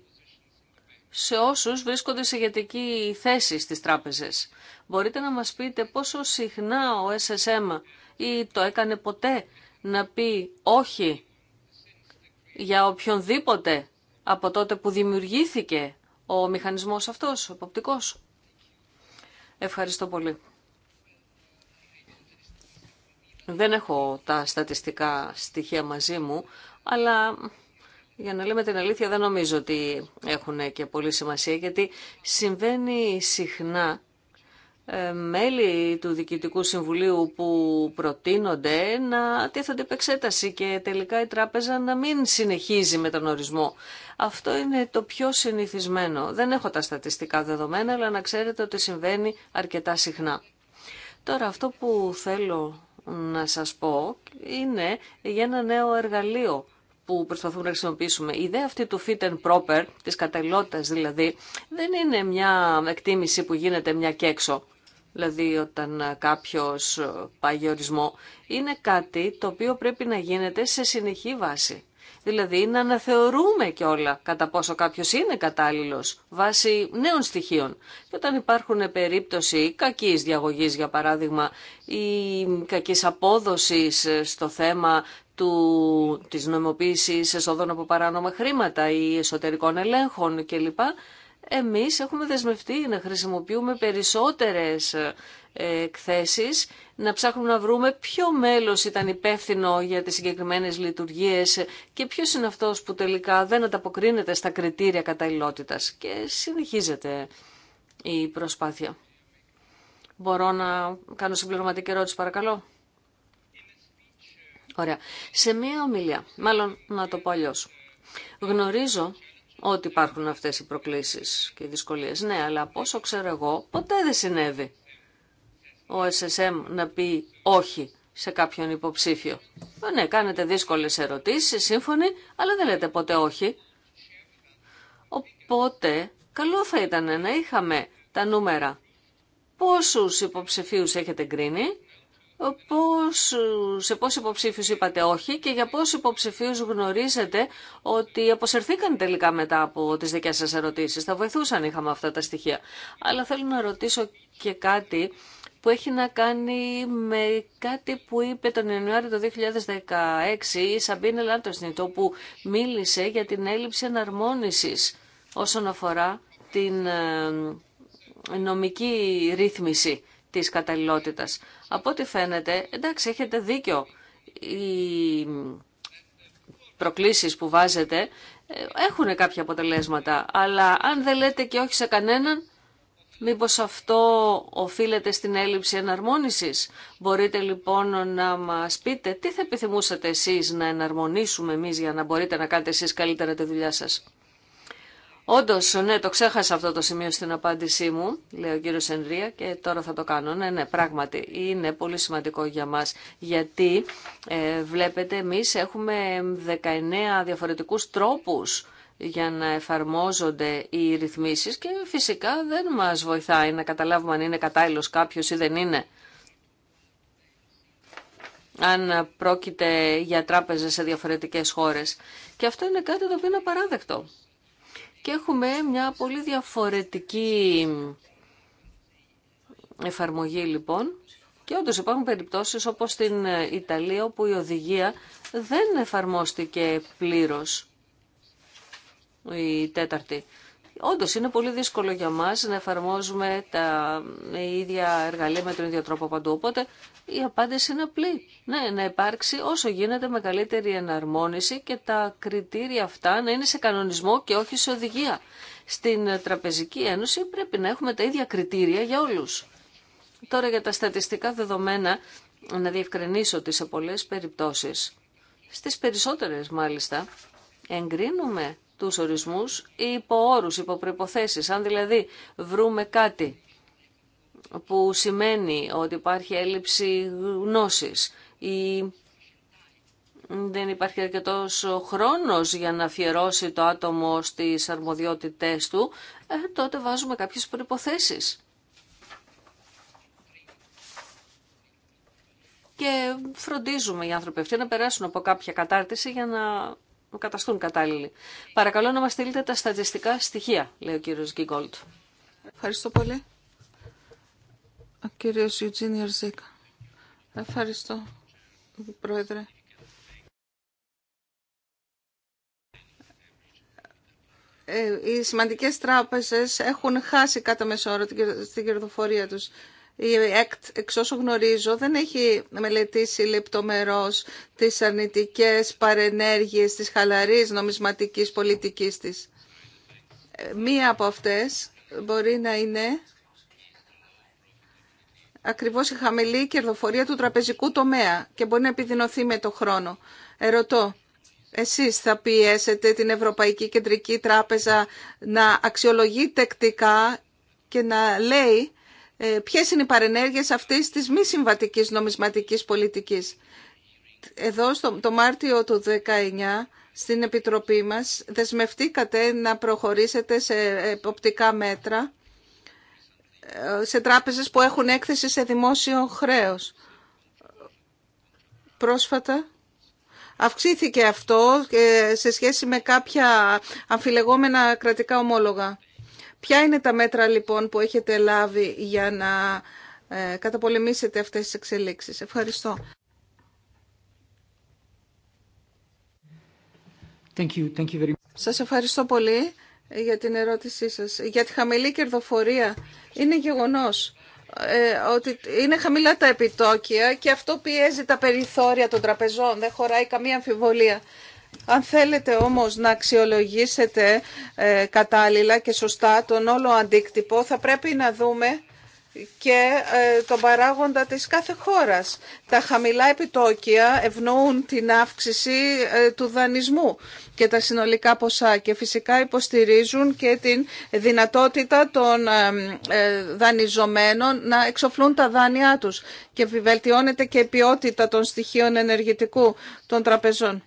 σε όσους βρίσκονται σε ηγετική θέση στις τράπεζες. Μπορείτε να μας πείτε πόσο συχνά ο SSM ή το έκανε ποτέ να πει όχι για οποιονδήποτε από τότε που δημιουργήθηκε ο μηχανισμός αυτός, ο εποπτικός. Ευχαριστώ πολύ. Δεν έχω τα στατιστικά στοιχεία μαζί μου, αλλά για να λέμε την αλήθεια δεν νομίζω ότι έχουν και πολύ σημασία, γιατί συμβαίνει συχνά ε, μέλη του Διοικητικού Συμβουλίου που προτείνονται να τίθονται επεξέταση και τελικά η τράπεζα να μην συνεχίζει με τον ορισμό. Αυτό είναι το πιο συνηθισμένο. Δεν έχω τα στατιστικά δεδομένα, αλλά να ξέρετε ότι συμβαίνει αρκετά συχνά. Τώρα αυτό που θέλω να σας πω είναι για ένα νέο εργαλείο που προσπαθούμε να χρησιμοποιήσουμε. Η ιδέα αυτή του fit and proper, της καταλληλότητας δηλαδή, δεν είναι μια εκτίμηση που γίνεται μια και έξω δηλαδή όταν ε, κάποιος ε, πάει ορισμό, είναι κάτι το οποίο πρέπει να γίνεται σε συνεχή βάση. Δηλαδή να αναθεωρούμε και όλα κατά πόσο κάποιος είναι κατάλληλος βάσει νέων στοιχείων. Και όταν υπάρχουν περίπτωση κακής διαγωγής για παράδειγμα ή κακής απόδοσης ε, στο θέμα του, της νομιμοποίησης εσόδων από παράνομα χρήματα ή εσωτερικών ελέγχων κλπ εμείς έχουμε δεσμευτεί να χρησιμοποιούμε περισσότερες ε, εκθέσεις, να ψάχνουμε να βρούμε ποιο μέλος ήταν υπεύθυνο για τις συγκεκριμένες λειτουργίες και ποιος είναι αυτός που τελικά δεν ανταποκρίνεται στα κριτήρια καταλληλότητας. Και συνεχίζεται η προσπάθεια. Μπορώ να κάνω συμπληρωματική ερώτηση παρακαλώ. Ωραία. Σε μία ομιλία, μάλλον να το πω αλλιώς. Γνωρίζω ότι υπάρχουν αυτές οι προκλήσεις και οι δυσκολίες. Ναι, αλλά πόσο ξέρω εγώ, ποτέ δεν συνέβη ο SSM να πει όχι σε κάποιον υποψήφιο. Ε, ναι, κάνετε δύσκολες ερωτήσεις, σύμφωνοι, αλλά δεν λέτε ποτέ όχι. Οπότε, καλό θα ήταν να είχαμε τα νούμερα. Πόσους υποψηφίους έχετε γκρίνει πώς, σε πόσους υποψήφιους είπατε όχι και για πόσους υποψηφίους γνωρίζετε ότι αποσυρθήκαν τελικά μετά από τις δικές σας ερωτήσεις. Θα βοηθούσαν είχαμε αυτά τα στοιχεία. Αλλά θέλω να ρωτήσω και κάτι που έχει να κάνει με κάτι που είπε τον Ιανουάριο του 2016 η Σαμπίνε Λάντοσνιτο που μίλησε για την έλλειψη εναρμόνισης όσον αφορά την ε, νομική ρύθμιση της καταλληλότητας. Από ό,τι φαίνεται, εντάξει, έχετε δίκιο. Οι προκλήσεις που βάζετε ε, έχουν κάποια αποτελέσματα, αλλά αν δεν λέτε και όχι σε κανέναν, Μήπως αυτό οφείλεται στην έλλειψη εναρμόνισης. Μπορείτε λοιπόν να μας πείτε τι θα επιθυμούσατε εσείς να εναρμονίσουμε εμείς για να μπορείτε να κάνετε εσείς καλύτερα τη δουλειά σας. Όντω, ναι, το ξέχασα αυτό το σημείο στην απάντησή μου, λέει ο κύριο Ενδρία, και τώρα θα το κάνω. Ναι, ναι, πράγματι είναι πολύ σημαντικό για μα, γιατί ε, βλέπετε, εμεί έχουμε 19 διαφορετικού τρόπου για να εφαρμόζονται οι ρυθμίσεις και φυσικά δεν μας βοηθάει να καταλάβουμε αν είναι κατάλληλος κάποιος ή δεν είναι. Αν πρόκειται για τράπεζες σε διαφορετικές χώρες. Και αυτό είναι κάτι το οποίο είναι απαράδεκτο και έχουμε μια πολύ διαφορετική εφαρμογή λοιπόν και όντως υπάρχουν περιπτώσεις όπως στην Ιταλία όπου η οδηγία δεν εφαρμόστηκε πλήρως η τέταρτη. Όντω είναι πολύ δύσκολο για μα να εφαρμόζουμε τα ίδια εργαλεία με τον ίδιο τρόπο παντού. Οπότε η απάντηση είναι απλή. Ναι, να υπάρξει όσο γίνεται μεγαλύτερη εναρμόνιση και τα κριτήρια αυτά να είναι σε κανονισμό και όχι σε οδηγία. Στην Τραπεζική Ένωση πρέπει να έχουμε τα ίδια κριτήρια για όλου. Τώρα για τα στατιστικά δεδομένα, να διευκρινίσω ότι σε πολλέ περιπτώσει, στι περισσότερε μάλιστα, εγκρίνουμε τους ορισμούς υπό όρους, υπό προϋποθέσεις. Αν δηλαδή βρούμε κάτι που σημαίνει ότι υπάρχει έλλειψη γνώσης ή δεν υπάρχει αρκετός χρόνος για να αφιερώσει το άτομο στις αρμοδιότητές του, ε, τότε βάζουμε κάποιες προϋποθέσεις. Και φροντίζουμε οι άνθρωποι αυτοί να περάσουν από κάποια κατάρτιση για να καταστούν κατάλληλοι. Παρακαλώ να μας στείλετε τα στατιστικά στοιχεία, λέει ο κύριος Γκίγκολτ. Ευχαριστώ πολύ. Ο κύριος Ιουτζίνι Αρζίκα. Ευχαριστώ, Πρόεδρε. Ε, οι σημαντικές τράπεζες έχουν χάσει κατά μεσόωρο την κερδοφορία τους. Η ΕΚΤ, εξ όσο γνωρίζω, δεν έχει μελετήσει λεπτομερώς τις αρνητικές παρενέργειες της χαλαρής νομισματικής πολιτικής της. Ε, μία από αυτές μπορεί να είναι ακριβώς η χαμηλή κερδοφορία του τραπεζικού τομέα και μπορεί να επιδεινωθεί με το χρόνο. Ερωτώ, εσείς θα πιέσετε την Ευρωπαϊκή Κεντρική Τράπεζα να αξιολογεί τεκτικά και να λέει ε, ποιες είναι οι παρενέργειες αυτής της μη συμβατικής νομισματικής πολιτικής. Εδώ στο, το Μάρτιο του 19 στην Επιτροπή μας δεσμευτήκατε να προχωρήσετε σε εποπτικά μέτρα ε, σε τράπεζες που έχουν έκθεση σε δημόσιο χρέος. Πρόσφατα αυξήθηκε αυτό ε, σε σχέση με κάποια αμφιλεγόμενα κρατικά ομόλογα. Ποια είναι τα μέτρα λοιπόν που έχετε λάβει για να ε, καταπολεμήσετε αυτές τις εξελίξεις. Ευχαριστώ. Thank you. Thank you very much. Σας ευχαριστώ πολύ ε, για την ερώτησή σας. Για τη χαμηλή κερδοφορία είναι γεγονός ε, ότι είναι χαμηλά τα επιτόκια και αυτό πιέζει τα περιθώρια των τραπεζών. Δεν χωράει καμία αμφιβολία. Αν θέλετε όμως να αξιολογήσετε ε, κατάλληλα και σωστά τον όλο αντίκτυπο, θα πρέπει να δούμε και ε, τον παράγοντα της κάθε χώρας. Τα χαμηλά επιτόκια ευνοούν την αύξηση ε, του δανεισμού και τα συνολικά ποσά και φυσικά υποστηρίζουν και την δυνατότητα των δανειζομένων να εξοφλούν τα δάνειά τους και βελτιώνεται και η ποιότητα των στοιχείων ενεργητικού των τραπεζών.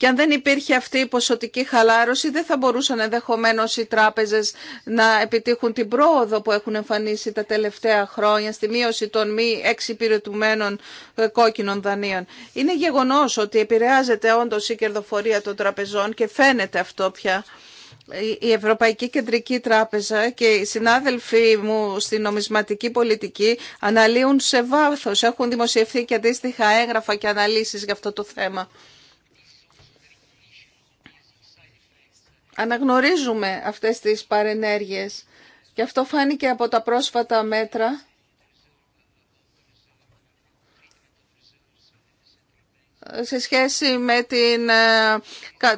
Και αν δεν υπήρχε αυτή η ποσοτική χαλάρωση, δεν θα μπορούσαν ενδεχομένω οι τράπεζε να επιτύχουν την πρόοδο που έχουν εμφανίσει τα τελευταία χρόνια στη μείωση των μη εξυπηρετουμένων ε, κόκκινων δανείων. Είναι γεγονό ότι επηρεάζεται όντω η κερδοφορία των τραπεζών και φαίνεται αυτό πια. Η Ευρωπαϊκή Κεντρική Τράπεζα και οι συνάδελφοί μου στη νομισματική πολιτική αναλύουν σε βάθος. Έχουν δημοσιευθεί και αντίστοιχα έγγραφα και αναλύσεις για αυτό το θέμα. αναγνωρίζουμε αυτές τις παρενέργειες και αυτό φάνηκε από τα πρόσφατα μέτρα σε σχέση με την ε,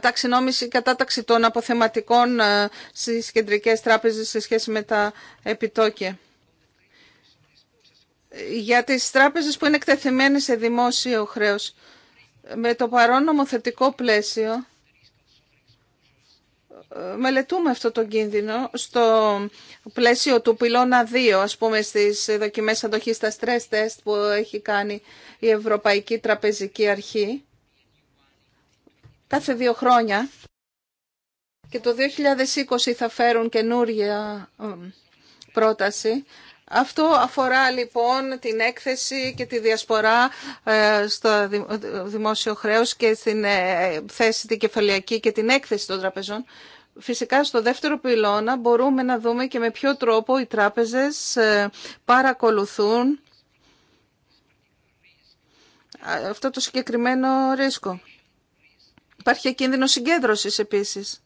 ταξινόμηση, κατάταξη των αποθεματικών ε, στις κεντρικές τράπεζες σε σχέση με τα επιτόκια. Για τις τράπεζες που είναι εκτεθειμένες σε δημόσιο χρέος, με το παρόν νομοθετικό πλαίσιο, μελετούμε αυτό το κίνδυνο στο πλαίσιο του πυλώνα 2, ας πούμε στις δοκιμές αντοχής στα stress test που έχει κάνει η Ευρωπαϊκή Τραπεζική Αρχή κάθε δύο χρόνια και το 2020 θα φέρουν καινούργια ε, πρόταση. Αυτό αφορά λοιπόν την έκθεση και τη διασπορά ε, στο δημόσιο χρέος και στην ε, θέση την κεφαλιακή και την έκθεση των τραπεζών. Φυσικά στο δεύτερο πυλώνα μπορούμε να δούμε και με ποιο τρόπο οι τράπεζες ε, παρακολουθούν αυτό το συγκεκριμένο ρίσκο. Υπάρχει κίνδυνο συγκέντρωσης επίσης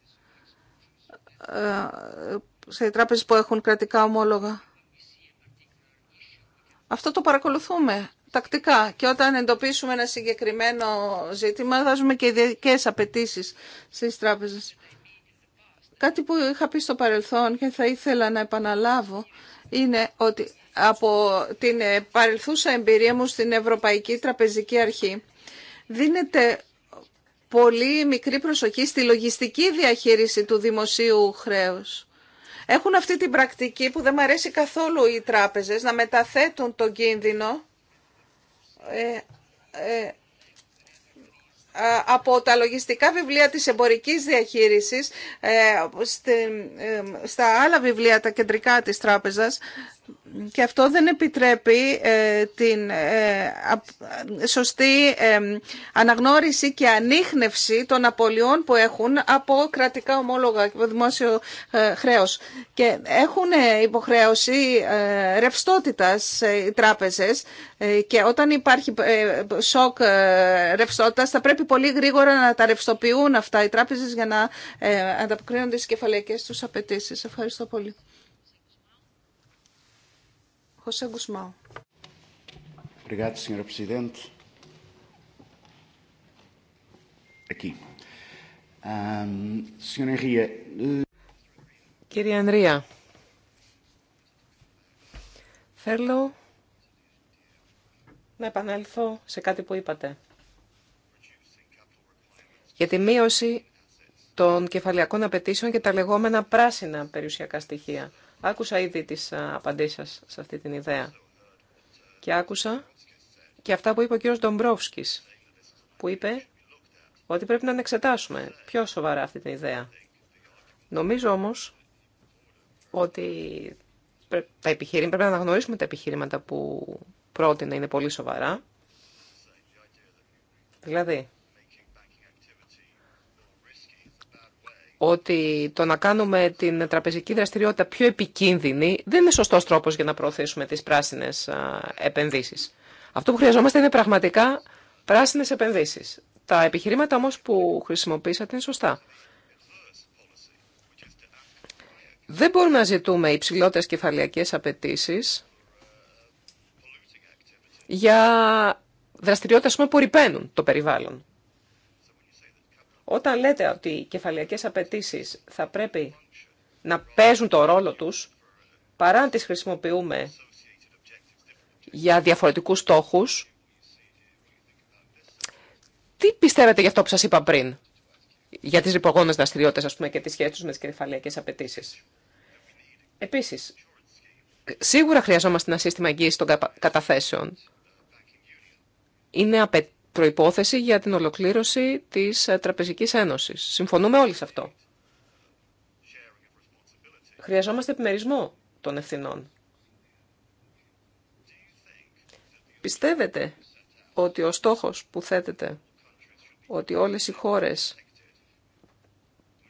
ε, σε τράπεζες που έχουν κρατικά ομόλογα. Αυτό το παρακολουθούμε τακτικά και όταν εντοπίσουμε ένα συγκεκριμένο ζήτημα δάζουμε και ειδικέ απαιτήσει στις τράπεζες. Κάτι που είχα πει στο παρελθόν και θα ήθελα να επαναλάβω είναι ότι από την παρελθούσα εμπειρία μου στην Ευρωπαϊκή Τραπεζική Αρχή δίνεται πολύ μικρή προσοχή στη λογιστική διαχείριση του δημοσίου χρέους. Έχουν αυτή την πρακτική που δεν μου αρέσει καθόλου οι τράπεζες να μεταθέτουν τον κίνδυνο ε, ε ε, από τα λογιστικά βιβλία της εμπορικής διαχείρισης ε, ε, στα άλλα βιβλία, τα κεντρικά της τράπεζας, και αυτό δεν επιτρέπει ε, την ε, σωστή ε, αναγνώριση και ανείχνευση των απολειών που έχουν από κρατικά ομόλογα και δημόσιο χρέος. Και έχουν υποχρέωση ρευστότητας οι τράπεζες και όταν υπάρχει σοκ ρευστότητας θα πρέπει πολύ γρήγορα να τα ρευστοποιούν αυτά οι τράπεζες για να ανταποκρίνονται στις κεφαλαϊκές τους απαιτήσεις. Ευχαριστώ πολύ. Χωσέ Γκουσμάου. Κύριε Ανδρία, θέλω να επανέλθω σε κάτι που είπατε. Για τη μείωση των κεφαλαιακών απαιτήσεων και τα λεγόμενα πράσινα περιουσιακά στοιχεία. Άκουσα ήδη τις απαντήσεις σας σε αυτή την ιδέα. Και άκουσα και αυτά που είπε ο κύριος Ντομπρόφσκης, που είπε ότι πρέπει να εξετάσουμε πιο σοβαρά αυτή την ιδέα. Νομίζω όμως ότι τα επιχειρήματα, πρέπει να αναγνωρίσουμε τα επιχειρήματα που πρότεινε είναι πολύ σοβαρά. Δηλαδή, ότι το να κάνουμε την τραπεζική δραστηριότητα πιο επικίνδυνη δεν είναι σωστός τρόπος για να προωθήσουμε τις πράσινες επενδύσεις. Αυτό που χρειαζόμαστε είναι πραγματικά πράσινες επενδύσεις. Τα επιχειρήματα όμως που χρησιμοποίησατε είναι σωστά. Δεν μπορούμε να ζητούμε υψηλότερες κεφαλιακές απαιτήσει για δραστηριότητες που ρηπαίνουν το περιβάλλον. Όταν λέτε ότι οι κεφαλαιακές απαιτήσει θα πρέπει να παίζουν το ρόλο τους, παρά να τις χρησιμοποιούμε για διαφορετικούς στόχους, τι πιστεύετε για αυτό που σας είπα πριν, για τις ρηπογόνες δραστηριότητε, ας πούμε, και τις σχέσεις με τις κεφαλαιακές απαιτήσει. Επίσης, σίγουρα χρειαζόμαστε ένα σύστημα εγγύησης των καταθέσεων. Είναι απαιτήσεις προϋπόθεση για την ολοκλήρωση της ε, Τραπεζικής Ένωσης. Συμφωνούμε όλοι σε αυτό. Χρειαζόμαστε επιμερισμό των ευθυνών. Πιστεύετε ότι ο στόχος που θέτεται, ότι όλες οι χώρες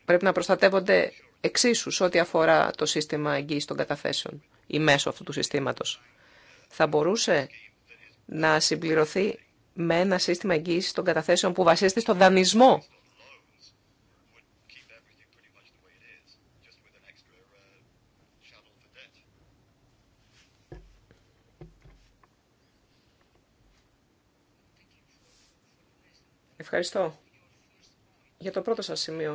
πρέπει να προστατεύονται εξίσου σε ό,τι αφορά το σύστημα εγγύησης των καταθέσεων ή μέσω αυτού του συστήματος, θα μπορούσε να συμπληρωθεί με ένα σύστημα εγγύησης των καταθέσεων που βασίζεται στον δανεισμό. Ευχαριστώ. Για το πρώτο σας σημείο,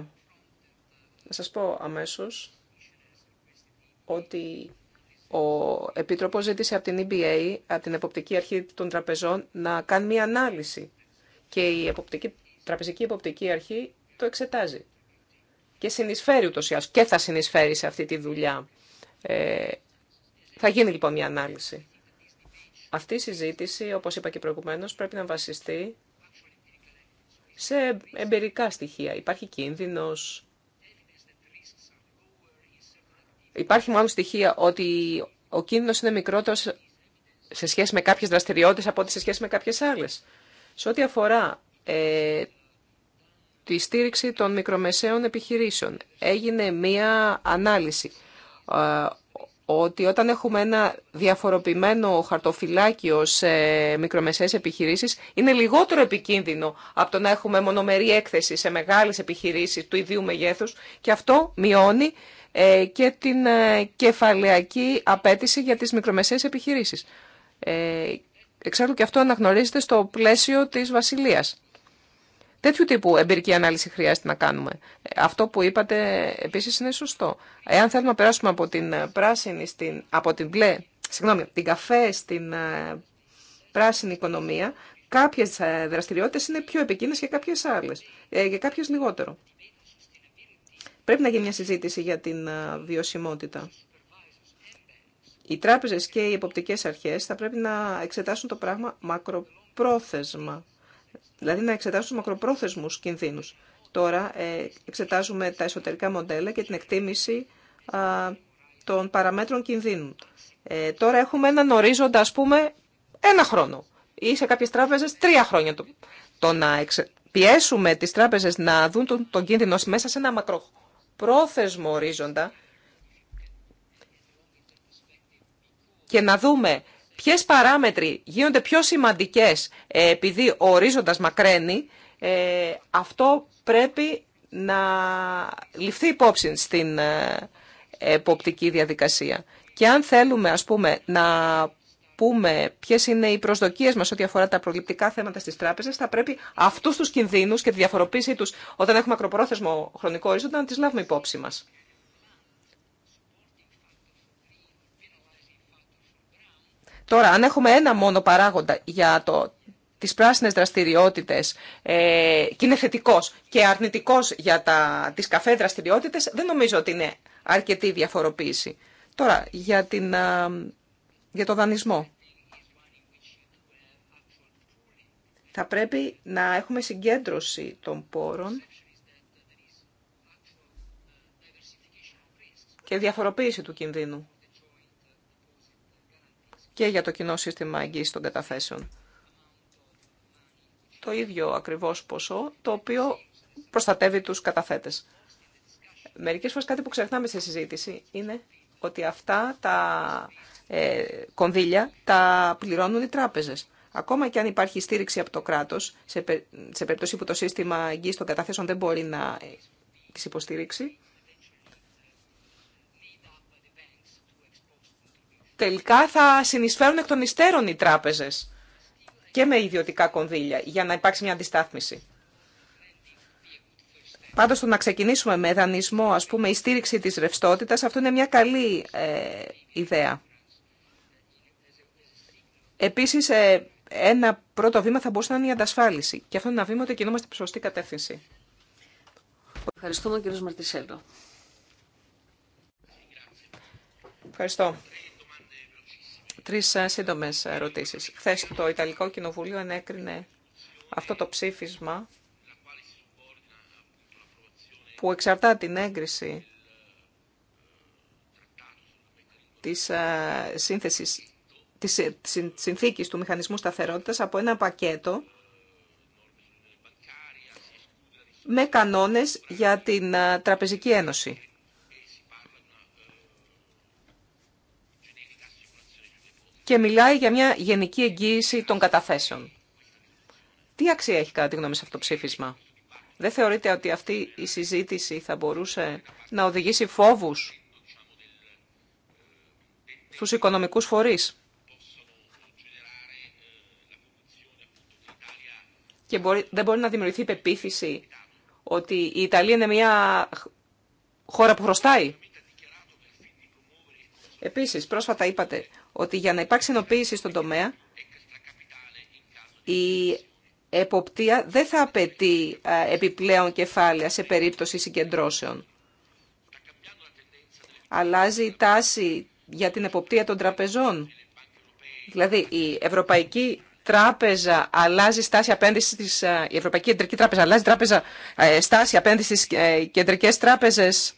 να σας πω αμέσως ότι ο επίτροπο ζήτησε από την EBA, από την Εποπτική Αρχή των Τραπεζών, να κάνει μια ανάλυση και η εποπτική, Τραπεζική Εποπτική Αρχή το εξετάζει. Και συνεισφέρει ούτω ή και θα συνεισφέρει σε αυτή τη δουλειά. Ε, θα γίνει λοιπόν μια ανάλυση. Αυτή η συζήτηση, όπως είπα και προηγουμένω, πρέπει να βασιστεί σε εμπειρικά στοιχεία. Υπάρχει κίνδυνος Υπάρχει μάλλον στοιχεία ότι ο κίνδυνος είναι μικρότερος σε σχέση με κάποιες δραστηριότητες από ό,τι σε σχέση με κάποιες άλλες. Σε ό,τι αφορά ε, τη στήριξη των μικρομεσαίων επιχειρήσεων, έγινε μία ανάλυση ε, ότι όταν έχουμε ένα διαφοροποιημένο χαρτοφυλάκιο σε μικρομεσαίες επιχειρήσεις, είναι λιγότερο επικίνδυνο από το να έχουμε μονομερή έκθεση σε μεγάλες επιχειρήσεις του ιδίου μεγέθους και αυτό μειώνει ε, και την ε, κεφαλαιακή απέτηση για τις μικρομεσαίες επιχειρήσεις. Ε, εξάλλου και αυτό αναγνωρίζεται στο πλαίσιο της Βασιλείας. Τέτοιου τύπου εμπειρική ανάλυση χρειάζεται να κάνουμε. Αυτό που είπατε επίσης είναι σωστό. Εάν θέλουμε να περάσουμε από την πράσινη, στην, από την μπλε, συγγνώμη, την καφέ στην πράσινη οικονομία, κάποιες δραστηριότητες είναι πιο επικίνδυνες και κάποιες άλλες, και κάποιες λιγότερο. Πρέπει να γίνει μια συζήτηση για την ε, βιωσιμότητα. Οι τράπεζες και οι εποπτικές αρχές θα πρέπει να εξετάσουν το πράγμα μακροπρόθεσμα. Δηλαδή να εξετάσουν τους μακροπρόθεσμους κινδύνους. Τώρα ε, εξετάζουμε τα εσωτερικά μοντέλα και την εκτίμηση των παραμέτρων κινδύνου. Ε, τώρα έχουμε έναν ορίζοντα, ας πούμε, ένα χρόνο ή σε κάποιες τράπεζες τρία χρόνια. Το, να πιέσουμε τις τράπεζες να δουν τον, τον κίνδυνο μέσα σε ένα μακρό πρόθεσμο ορίζοντα και να δούμε ποιες παράμετροι γίνονται πιο σημαντικές ε, επειδή ο ορίζοντας μακραίνει, ε, αυτό πρέπει να ληφθεί υπόψη στην ε, εποπτική διαδικασία. Και αν θέλουμε, ας πούμε, να πούμε ποιε είναι οι προσδοκίε μα ό,τι αφορά τα προληπτικά θέματα στι τράπεζε, θα πρέπει αυτού του κινδύνου και τη διαφοροποίησή του όταν έχουμε ακροπρόθεσμο χρονικό ορίζοντα να τι λάβουμε υπόψη μα. Τώρα, αν έχουμε ένα μόνο παράγοντα για το, τις πράσινες δραστηριότητες ε, και είναι θετικό και αρνητικός για τα, τις καφέ δραστηριότητες, δεν νομίζω ότι είναι αρκετή διαφοροποίηση. Τώρα, για την για το δανεισμό. Θα πρέπει να έχουμε συγκέντρωση των πόρων και διαφοροποίηση του κινδύνου και για το κοινό σύστημα εγγύησης των καταθέσεων. Το ίδιο ακριβώς ποσό, το οποίο προστατεύει τους καταθέτες. Μερικές φορές κάτι που ξεχνάμε στη συζήτηση είναι ότι αυτά τα ε, κονδύλια τα πληρώνουν οι τράπεζες. Ακόμα και αν υπάρχει στήριξη από το κράτος, σε, σε περίπτωση που το σύστημα εγγύης των καταθέσεων δεν μπορεί να ε, τις υποστήριξει, τελικά θα συνεισφέρουν εκ των υστέρων οι τράπεζες και με ιδιωτικά κονδύλια για να υπάρξει μια αντιστάθμιση. Πάντως το να ξεκινήσουμε με δανεισμό, ας πούμε, η στήριξη της ρευστότητα, αυτό είναι μια καλή ε, ιδέα. Επίσης, ε, ένα πρώτο βήμα θα μπορούσε να είναι η αντασφάλιση. Και αυτό είναι ένα βήμα ότι κινούμαστε προς σωστή κατεύθυνση. Ευχαριστούμε, κύριο Μαρτισέλο. Ευχαριστώ. Τρεις ε, σύντομες ερωτήσεις. Χθε το Ιταλικό Κοινοβούλιο ενέκρινε αυτό το ψήφισμα που εξαρτά την έγκριση της ε, σύνθεσης της ε, συνθήκης του μηχανισμού σταθερότητας από ένα πακέτο με κανόνες για την ε, Τραπεζική Ένωση. Και μιλάει για μια γενική εγγύηση των καταθέσεων. Τι αξία έχει κατά τη γνώμη σε αυτό το ψήφισμα. Δεν θεωρείτε ότι αυτή η συζήτηση θα μπορούσε να οδηγήσει φόβους στους οικονομικούς φορείς και δεν μπορεί να δημιουργηθεί πεποίθηση ότι η Ιταλία είναι μια χώρα που χρωστάει. Επίσης, πρόσφατα είπατε ότι για να υπάρξει ενοποίηση στον τομέα, η εποπτεία δεν θα απαιτεί επιπλέον κεφάλαια σε περίπτωση συγκεντρώσεων. Αλλάζει η τάση για την εποπτεία των τραπεζών. Δηλαδή η Ευρωπαϊκή Τράπεζα αλλάζει στάση απέναντι της, η Ευρωπαϊκή Κεντρική Τράπεζα αλλάζει τράπεζα, στάση απέναντι ε, κεντρικές τράπεζες.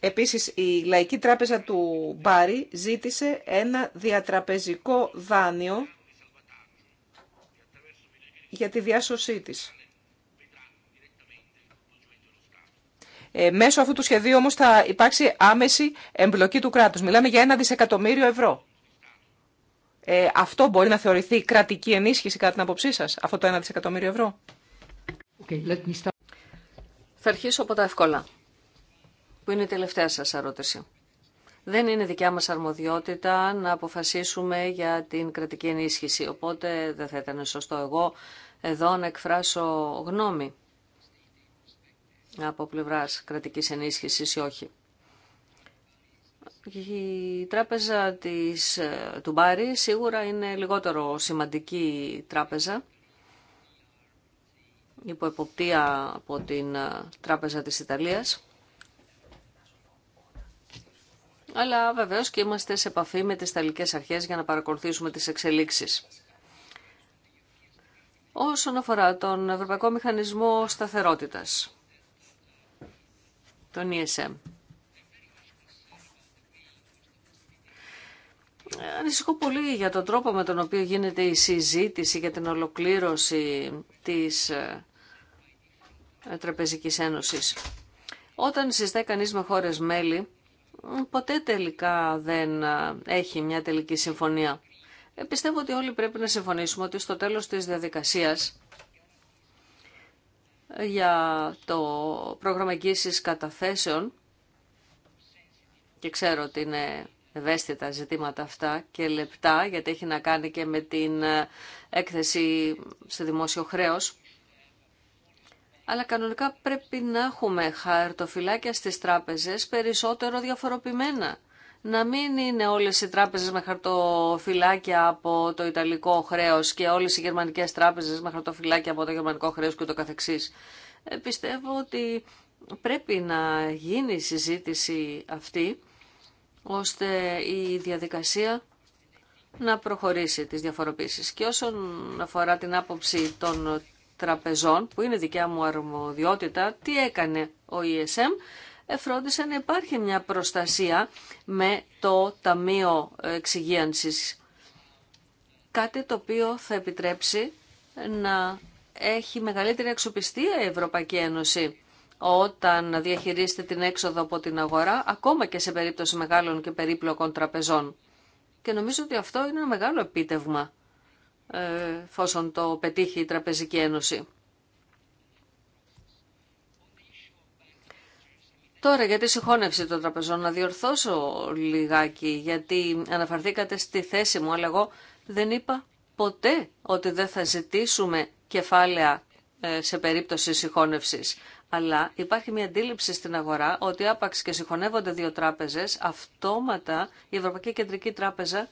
Επίσης η Λαϊκή Τράπεζα του Μπάρι ζήτησε ένα διατραπεζικό δάνειο για τη διάσωσή της. Ε, μέσω αυτού του σχεδίου όμως θα υπάρξει άμεση εμπλοκή του κράτους. Μιλάμε για ένα δισεκατομμύριο ευρώ. Ε, αυτό μπορεί να θεωρηθεί κρατική ενίσχυση κατά την απόψή σας, αυτό το ένα δισεκατομμύριο ευρώ. Θα αρχίσω από τα εύκολα, που είναι η τελευταία σας ερώτηση. Δεν είναι δικιά μας αρμοδιότητα να αποφασίσουμε για την κρατική ενίσχυση, οπότε δεν θα ήταν σωστό εγώ εδώ να εκφράσω γνώμη από πλευράς κρατικής ενίσχυσης ή όχι. Η τράπεζα της, του Μπάρι σίγουρα είναι λιγότερο σημαντική τράπεζα υπό εποπτεία από την τράπεζα της Ιταλίας αλλά βεβαίω και είμαστε σε επαφή με τις ταλικές αρχές για να παρακολουθήσουμε τις εξελίξεις. Όσον αφορά τον Ευρωπαϊκό Μηχανισμό Σταθερότητας, τον ESM, Ανησυχώ πολύ για τον τρόπο με τον οποίο γίνεται η συζήτηση για την ολοκλήρωση της ε, Τραπεζικής Ένωσης. Όταν συζητάει κανείς με χώρες μέλη, ποτέ τελικά δεν έχει μια τελική συμφωνία. Ε, πιστεύω ότι όλοι πρέπει να συμφωνήσουμε ότι στο τέλος της διαδικασίας ε, για το πρόγραμμα εγγύησης καταθέσεων και ξέρω ότι είναι ευαίσθητα ζητήματα αυτά και λεπτά γιατί έχει να κάνει και με την ε, έκθεση σε δημόσιο χρέος αλλά κανονικά πρέπει να έχουμε χαρτοφυλάκια στις τράπεζες περισσότερο διαφοροποιημένα. Να μην είναι όλες οι τράπεζες με χαρτοφυλάκια από το Ιταλικό χρέος και όλες οι γερμανικές τράπεζες με χαρτοφυλάκια από το Γερμανικό χρέος και το καθεξής. Ε, πιστεύω ότι πρέπει να γίνει η συζήτηση αυτή ώστε η διαδικασία να προχωρήσει τις διαφοροποίησεις. Και όσον αφορά την άποψη των τραπεζών, που είναι δικιά μου αρμοδιότητα, τι έκανε ο ESM, εφρόντισε να υπάρχει μια προστασία με το Ταμείο Εξυγίανσης. Κάτι το οποίο θα επιτρέψει να έχει μεγαλύτερη αξιοπιστία η Ευρωπαϊκή Ένωση όταν διαχειρίζεται την έξοδο από την αγορά, ακόμα και σε περίπτωση μεγάλων και περίπλοκων τραπεζών. Και νομίζω ότι αυτό είναι ένα μεγάλο επίτευγμα ε, εφόσον το πετύχει η Τραπεζική Ένωση. Τώρα για τη συγχώνευση των τραπεζών να διορθώσω λιγάκι γιατί αναφερθήκατε στη θέση μου αλλά εγώ δεν είπα ποτέ ότι δεν θα ζητήσουμε κεφάλαια ε, σε περίπτωση συγχώνευσης. Αλλά υπάρχει μια αντίληψη στην αγορά ότι άπαξ και συγχωνεύονται δύο τράπεζες, αυτόματα η Ευρωπαϊκή Κεντρική Τράπεζα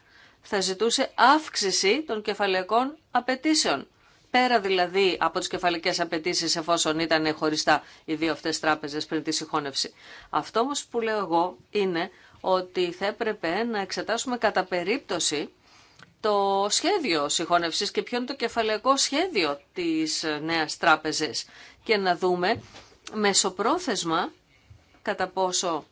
θα ζητούσε αύξηση των κεφαλαικών απαιτήσεων. Πέρα δηλαδή από τις κεφαλικές απαιτήσει εφόσον ήταν χωριστά οι δύο αυτές τράπεζες πριν τη συγχώνευση. Αυτό όμως που λέω εγώ είναι ότι θα έπρεπε να εξετάσουμε κατά περίπτωση το σχέδιο συγχώνευσης και ποιο είναι το κεφαλαϊκό σχέδιο της νέας τράπεζες και να δούμε μεσοπρόθεσμα κατά πόσο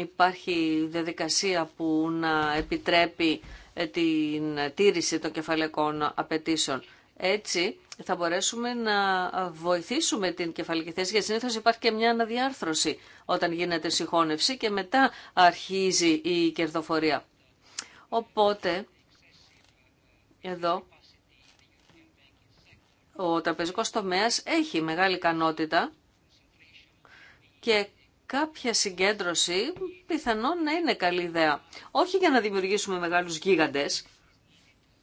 υπάρχει διαδικασία που να επιτρέπει ε, την τήρηση των κεφαλικών απαιτήσεων. Έτσι θα μπορέσουμε να βοηθήσουμε την κεφαλική θέση, γιατί συνήθως υπάρχει και μια αναδιάρθρωση όταν γίνεται συγχώνευση και μετά αρχίζει η κερδοφορία. Οπότε, εδώ, ο τραπεζικός τομέας έχει μεγάλη ικανότητα και κάποια συγκέντρωση πιθανόν να είναι καλή ιδέα. Όχι για να δημιουργήσουμε μεγάλους γίγαντες,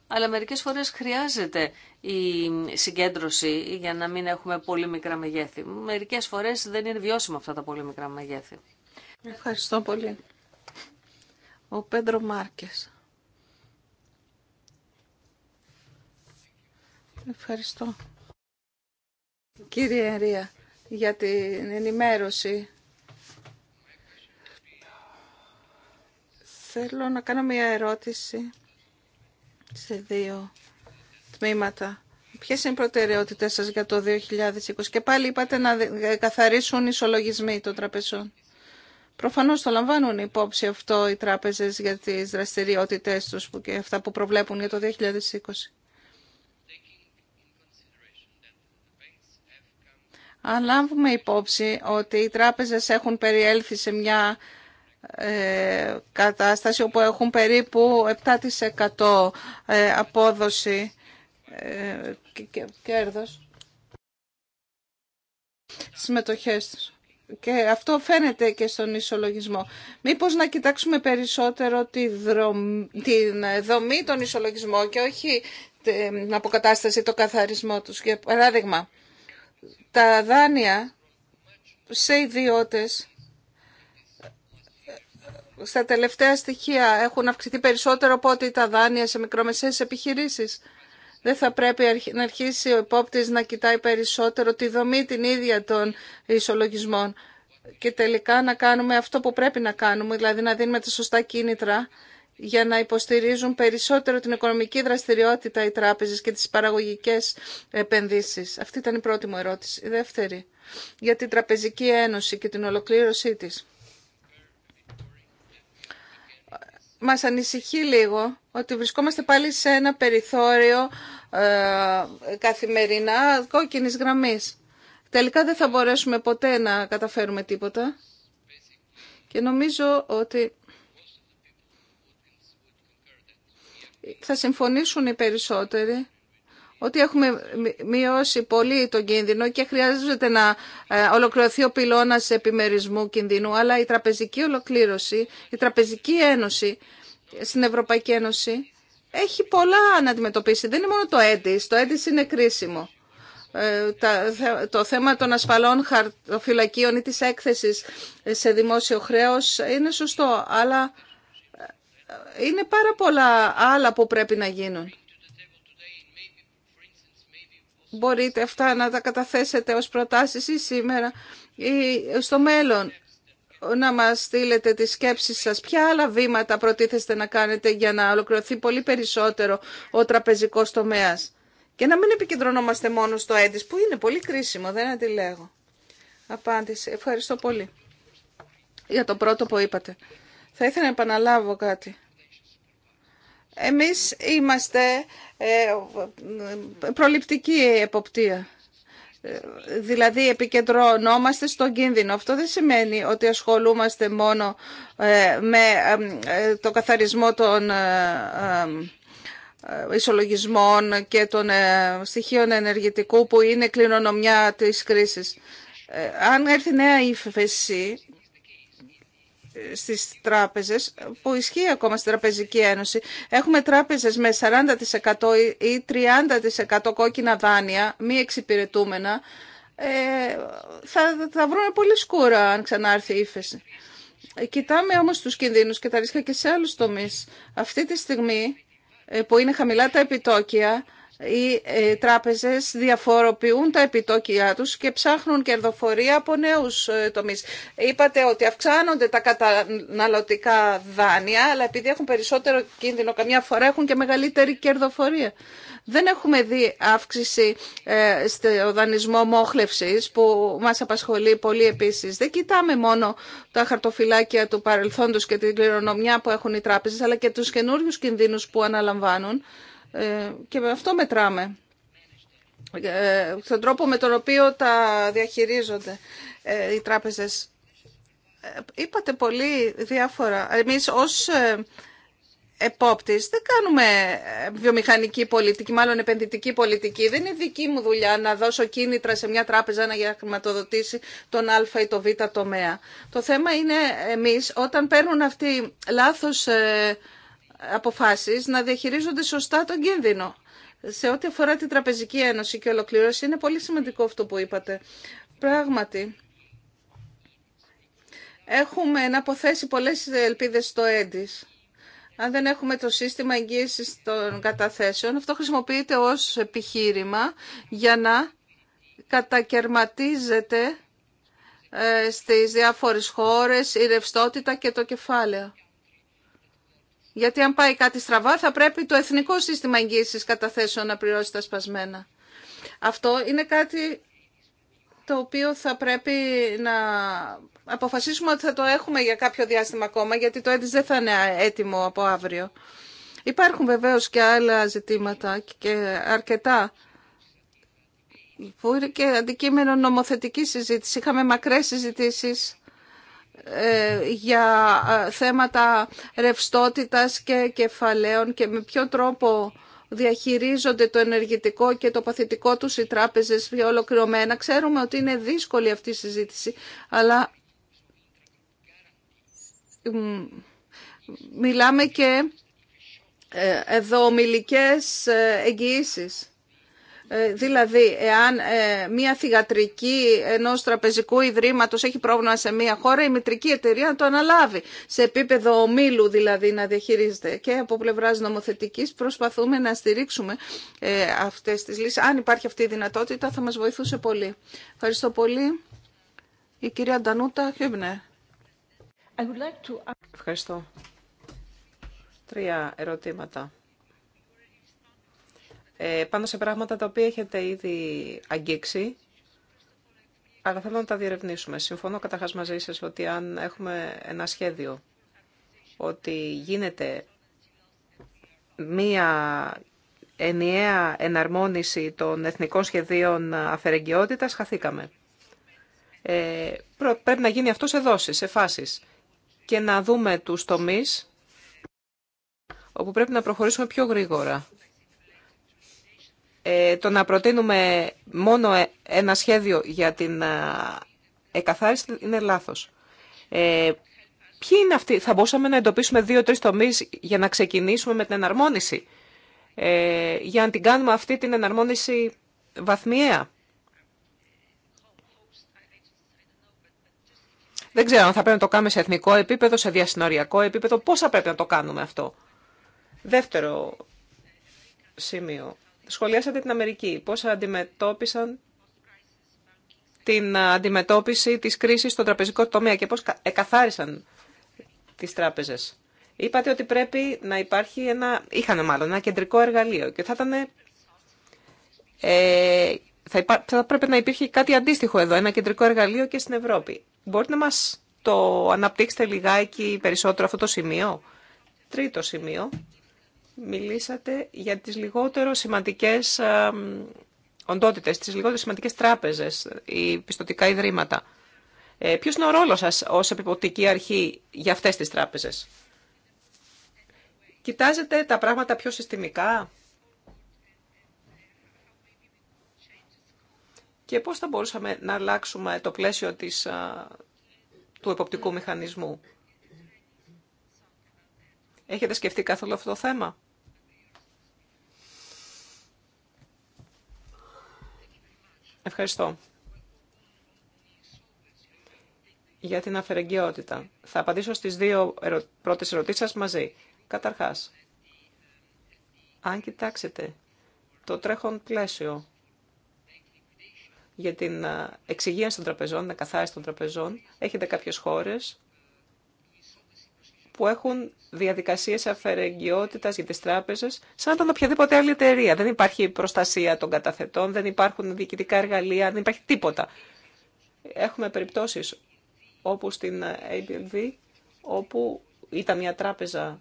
αλλά μερικές φορές χρειάζεται η συγκέντρωση για να μην έχουμε πολύ μικρά μεγέθη. Μερικές φορές δεν είναι βιώσιμα αυτά τα πολύ μικρά μεγέθη. Ευχαριστώ πολύ. Ο Πέντρο Μάρκες. Ευχαριστώ. Κύριε Ερία, για την ενημέρωση Θέλω να κάνω μια ερώτηση σε δύο τμήματα. Ποιες είναι οι προτεραιότητες σας για το 2020 και πάλι είπατε να ε, καθαρίσουν οι ισολογισμοί των τραπεζών. Προφανώς το λαμβάνουν υπόψη αυτό οι τράπεζες για τις δραστηριότητες τους και αυτά που προβλέπουν για το 2020. Αν λάβουμε υπόψη ότι οι τράπεζες έχουν περιέλθει σε μια ε, κατάσταση όπου έχουν περίπου 7% ε, απόδοση ε, και κέρδος συμμετοχές τους. Και αυτό φαίνεται και στον ισολογισμό. Μήπως να κοιτάξουμε περισσότερο τη την δομή των ισολογισμών και όχι την αποκατάσταση, το καθαρισμό τους. Για παράδειγμα, τα δάνεια σε ιδιώτες στα τελευταία στοιχεία έχουν αυξηθεί περισσότερο από ότι τα δάνεια σε μικρομεσαίες επιχειρήσεις. Δεν θα πρέπει να αρχίσει ο υπόπτης να κοιτάει περισσότερο τη δομή την ίδια των ισολογισμών και τελικά να κάνουμε αυτό που πρέπει να κάνουμε, δηλαδή να δίνουμε τα σωστά κίνητρα για να υποστηρίζουν περισσότερο την οικονομική δραστηριότητα οι τράπεζες και τις παραγωγικές επενδύσεις. Αυτή ήταν η πρώτη μου ερώτηση. Η δεύτερη, για την Τραπεζική Ένωση και την ολοκλήρωσή της. μας ανησυχεί λίγο ότι βρισκόμαστε πάλι σε ένα περιθώριο ε, καθημερινά κόκκινης γραμμής. Τελικά δεν θα μπορέσουμε ποτέ να καταφέρουμε τίποτα. Και νομίζω ότι θα συμφωνήσουν οι περισσότεροι ότι έχουμε μειώσει πολύ τον κίνδυνο και χρειάζεται να ε, ολοκληρωθεί ο πυλώνας επιμερισμού κινδύνου, αλλά η τραπεζική ολοκλήρωση, η τραπεζική ένωση στην Ευρωπαϊκή Ένωση έχει πολλά να αντιμετωπίσει. Δεν είναι μόνο το Έντι. το Έντι είναι κρίσιμο. Ε, το θέμα των ασφαλών χαρτοφυλακίων ή της έκθεσης σε δημόσιο χρέος είναι σωστό, αλλά ε, είναι πάρα πολλά άλλα που πρέπει να γίνουν μπορείτε αυτά να τα καταθέσετε ως προτάσεις ή σήμερα ή στο μέλλον να μας στείλετε τις σκέψεις σας. Ποια άλλα βήματα προτίθεστε να κάνετε για να ολοκληρωθεί πολύ περισσότερο ο τραπεζικός τομέας. Και να μην επικεντρωνόμαστε μόνο στο έντις που είναι πολύ κρίσιμο, δεν αντιλέγω. Απάντηση. Ευχαριστώ πολύ για το πρώτο που είπατε. Θα ήθελα να επαναλάβω κάτι. Εμείς είμαστε ε, προληπτική εποπτεία. Δηλαδή επικεντρωνόμαστε στον κίνδυνο. Αυτό δεν σημαίνει ότι ασχολούμαστε μόνο ε, με ε, το καθαρισμό των ισολογισμών και των στοιχείων ενεργητικού που είναι κληρονομιά της κρίσης. Αν έρθει νέα ύφεση στις τράπεζες που ισχύει ακόμα στην Τραπεζική Ένωση. Έχουμε τράπεζες με 40% ή 30% κόκκινα δάνεια, μη εξυπηρετούμενα. Ε, θα, θα βρούμε πολύ σκούρα αν ξανάρθει η ύφεση. Κοιτάμε όμως τους κινδύνους και τα ρίσκα και σε άλλους τομείς. Αυτή τη στιγμή ε, που είναι χαμηλά τα επιτόκια, οι ε, τράπεζες διαφοροποιούν τα επιτόκια τους και ψάχνουν κερδοφορία από νέους ε, τομείς. Είπατε ότι αυξάνονται τα καταναλωτικά δάνεια, αλλά επειδή έχουν περισσότερο κίνδυνο καμιά φορά έχουν και μεγαλύτερη κερδοφορία. Δεν έχουμε δει αύξηση ε, στο δανεισμό μόχλευσης που μας απασχολεί πολύ επίσης. Δεν κοιτάμε μόνο τα χαρτοφυλάκια του παρελθόντος και την κληρονομιά που έχουν οι τράπεζες, αλλά και τους καινούριου κινδύνους που αναλαμβάνουν ε, και με αυτό μετράμε στον ε, τρόπο με τον οποίο τα διαχειρίζονται ε, οι τράπεζες. Είπατε πολύ διάφορα. Εμείς ως επόπτης δεν κάνουμε βιομηχανική πολιτική, μάλλον επενδυτική πολιτική. Δεν είναι δική μου δουλειά να δώσω κίνητρα σε μια τράπεζα να χρηματοδοτήσει τον α ή το β τομέα. Το θέμα είναι εμείς όταν παίρνουν αυτοί λάθος αποφάσεις να διαχειρίζονται σωστά τον κίνδυνο. Σε ό,τι αφορά την Τραπεζική Ένωση και ολοκλήρωση, είναι πολύ σημαντικό αυτό που είπατε. Πράγματι, έχουμε να αποθέσει πολλές ελπίδες στο έντις. Αν δεν έχουμε το σύστημα εγγύησης των καταθέσεων, αυτό χρησιμοποιείται ως επιχείρημα για να κατακαιρματίζεται ε, στις διάφορες χώρες η ρευστότητα και το κεφάλαιο. Γιατί αν πάει κάτι στραβά θα πρέπει το εθνικό σύστημα εγγύησης καταθέσεων να πληρώσει τα σπασμένα. Αυτό είναι κάτι το οποίο θα πρέπει να αποφασίσουμε ότι θα το έχουμε για κάποιο διάστημα ακόμα, γιατί το έντις δεν θα είναι έτοιμο από αύριο. Υπάρχουν βεβαίως και άλλα ζητήματα και αρκετά που είναι και αντικείμενο νομοθετική συζήτηση. Είχαμε μακρές συζητήσεις ε, για ε, θέματα ρευστότητας και κεφαλαίων και με ποιο τρόπο διαχειρίζονται το ενεργητικό και το παθητικό τους οι τράπεζες ολοκληρωμένα. Ξέρουμε ότι είναι δύσκολη αυτή η συζήτηση, αλλά μιλάμε και ε, εδώ μιλικές εγγυήσεις. Ε, δηλαδή, εάν ε, μία θηγατρική ενός τραπεζικού ιδρύματος έχει πρόβλημα σε μία χώρα, η μητρική εταιρεία να το αναλάβει. Σε επίπεδο ομίλου δηλαδή να διαχειρίζεται. Και από πλευράς νομοθετικής προσπαθούμε να στηρίξουμε ε, αυτές τις λύσεις. Αν υπάρχει αυτή η δυνατότητα θα μας βοηθούσε πολύ. Ευχαριστώ πολύ. Η κυρία Ντανούτα Χιμπνέ. Ευχαριστώ. Τρία ερωτήματα. Ε, πάνω σε πράγματα τα οποία έχετε ήδη αγγίξει, αλλά θέλω να τα διερευνήσουμε. Συμφωνώ καταρχάς μαζί σας ότι αν έχουμε ένα σχέδιο, ότι γίνεται μία ενιαία εναρμόνιση των εθνικών σχεδίων αφαιρεγγιότητας, χαθήκαμε. Ε, πρέπει να γίνει αυτό σε δόσεις, σε φάσεις και να δούμε τους τομείς όπου πρέπει να προχωρήσουμε πιο γρήγορα ε, το να προτείνουμε μόνο ε, ένα σχέδιο για την ε, εκαθάριση είναι λάθος. Ε, ποιοι είναι αυτοί, θα μπορούσαμε να εντοπίσουμε δύο-τρεις τομείς για να ξεκινήσουμε με την εναρμόνιση, ε, για να την κάνουμε αυτή την εναρμόνιση βαθμιαία. Δεν ξέρω αν θα πρέπει να το κάνουμε σε εθνικό επίπεδο, σε διασυνοριακό επίπεδο, πώς θα πρέπει να το κάνουμε αυτό. Δεύτερο σημείο. Σχολιάσατε την Αμερική. Πώς αντιμετώπισαν την αντιμετώπιση της κρίσης στο τραπεζικό τομέα και πώς εκαθάρισαν τις τράπεζες. Είπατε ότι πρέπει να υπάρχει ένα, είχαν μάλλον ένα κεντρικό εργαλείο και θα ε, θα, θα πρέπει να υπήρχε κάτι αντίστοιχο εδώ, ένα κεντρικό εργαλείο και στην Ευρώπη. Μπορείτε να μας το αναπτύξετε λιγάκι περισσότερο αυτό το σημείο. Τρίτο σημείο, μιλήσατε για τις λιγότερο σημαντικές ε, οντότητες, τις λιγότερο σημαντικές τράπεζες, οι πιστοτικά ιδρύματα. Ε, ποιος είναι ο ρόλος σας ως επιποτική αρχή για αυτές τις τράπεζες. Κοιτάζετε τα πράγματα πιο συστημικά. Και πώς θα μπορούσαμε να αλλάξουμε το πλαίσιο της, ε, του εποπτικού μηχανισμού. Έχετε σκεφτεί καθόλου αυτό το θέμα. Ευχαριστώ. Για την αφαιρεγγιότητα. Θα απαντήσω στις δύο ερω... πρώτες ερωτήσεις μαζί. Καταρχάς, αν κοιτάξετε το τρέχον πλαίσιο για την ε, εξυγίανση των τραπεζών, την καθάριση των τραπεζών, έχετε κάποιες χώρες που έχουν διαδικασίες αφαιρεγγιότητας για τις τράπεζες, σαν να ήταν οποιαδήποτε άλλη εταιρεία. Δεν υπάρχει προστασία των καταθετών, δεν υπάρχουν διοικητικά εργαλεία, δεν υπάρχει τίποτα. Έχουμε περιπτώσεις όπου στην ABNV, όπου ήταν μια τράπεζα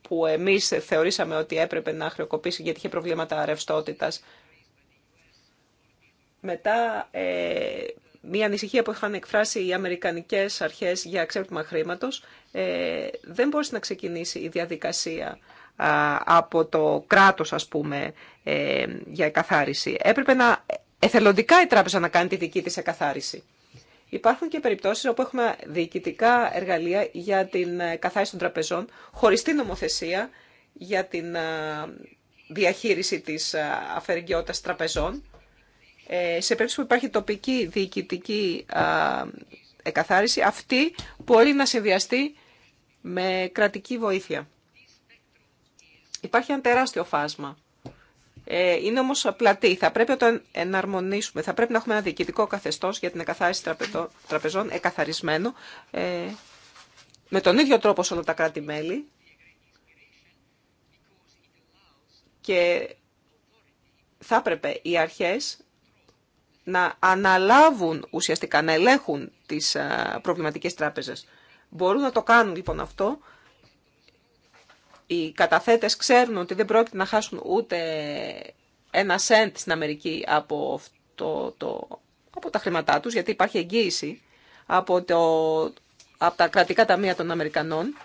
που εμείς θεωρήσαμε ότι έπρεπε να χρεοκοπήσει γιατί είχε προβλήματα ρευστότητα. Μετά ε, Μία ανησυχία που είχαν εκφράσει οι Αμερικανικές αρχές για ξέπλυμα χρήματος ε, δεν μπορούσε να ξεκινήσει η διαδικασία από το κράτος, ας πούμε, ε, για εκαθάριση. Έπρεπε να εθελοντικά η τράπεζα να κάνει τη δική της εκαθάριση. Υπάρχουν και περιπτώσεις όπου έχουμε διοικητικά εργαλεία για την ε, καθάριση των τραπεζών, την νομοθεσία για την διαχείριση της αφαιρεγγιότητας τραπεζών ε, σε περίπτωση που υπάρχει τοπική διοικητική εκαθάριση, αυτή μπορεί να συνδυαστεί με κρατική βοήθεια. Υπάρχει ένα τεράστιο φάσμα. Ε, είναι όμως πλατή. Θα πρέπει να το εναρμονίσουμε. Θα πρέπει να έχουμε ένα διοικητικό καθεστώς για την εκαθάριση τραπεζών, εκαθαρισμένο, ε, με τον ίδιο τρόπο σε όλα τα κράτη-μέλη. Και θα έπρεπε οι αρχές να αναλάβουν ουσιαστικά, να ελέγχουν τις ε, προβληματικές τράπεζες. Μπορούν να το κάνουν λοιπόν αυτό. Οι καταθέτες ξέρουν ότι δεν πρόκειται να χάσουν ούτε ένα σέντ στην Αμερική από, το, από τα χρήματά τους, γιατί υπάρχει εγγύηση από, το, από τα κρατικά ταμεία των Αμερικανών.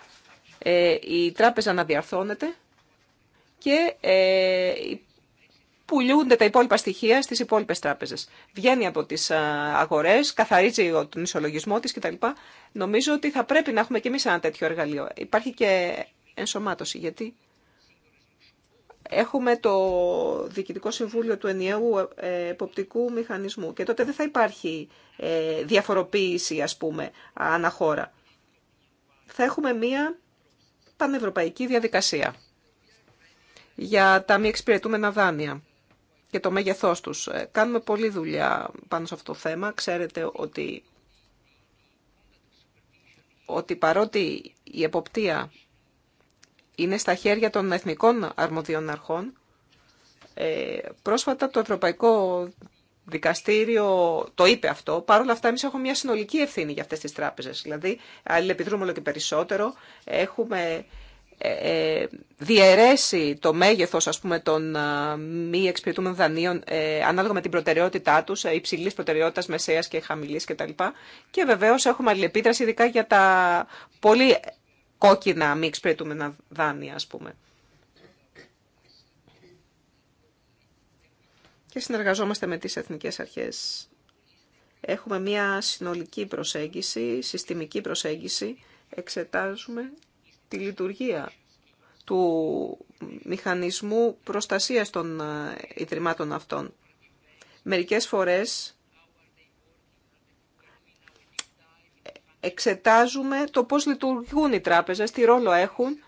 Ε, η τράπεζα αναδιαρθώνεται και ε, πουλούνται τα υπόλοιπα στοιχεία στις υπόλοιπες τράπεζες. Βγαίνει από τις αγορές, καθαρίζει τον ισολογισμό της κτλ. Νομίζω ότι θα πρέπει να έχουμε και εμείς ένα τέτοιο εργαλείο. Υπάρχει και ενσωμάτωση, γιατί έχουμε το Διοικητικό Συμβούλιο του Ενιαίου ε, Εποπτικού Μηχανισμού και τότε δεν θα υπάρχει ε, διαφοροποίηση, ας πούμε, αναχώρα. Θα έχουμε μία πανευρωπαϊκή διαδικασία για τα μη εξυπηρετούμενα δάνεια και το μέγεθός τους. Ε, κάνουμε πολλή δουλειά πάνω σε αυτό το θέμα. Ξέρετε ότι, ότι παρότι η εποπτεία είναι στα χέρια των εθνικών αρμοδιών αρχών, ε, πρόσφατα το Ευρωπαϊκό δικαστήριο το είπε αυτό. Παρ' όλα αυτά, εμεί έχουμε μια συνολική ευθύνη για αυτέ τι τράπεζε. Δηλαδή, αλληλεπιδρούμε όλο και περισσότερο. Έχουμε ε, ε, διαιρέσει το μέγεθος ας πούμε, των ε, μη εξυπηρετούμενων δανείων ανάλογα με την προτεραιότητά τους, υψηλής προτεραιότητας, μεσαίας και χαμηλής κτλ. Και βεβαίως έχουμε αλληλεπίδραση ειδικά για τα πολύ κόκκινα μη εξυπηρετούμενα δάνεια ας πούμε. Και συνεργαζόμαστε με τις εθνικές αρχές. Έχουμε μια συνολική προσέγγιση, συστημική προσέγγιση. Εξετάζουμε τη λειτουργία του μηχανισμού προστασίας των ε, ιδρυμάτων αυτών. Μερικές φορές εξετάζουμε το πώς λειτουργούν οι τράπεζες, τι ρόλο έχουν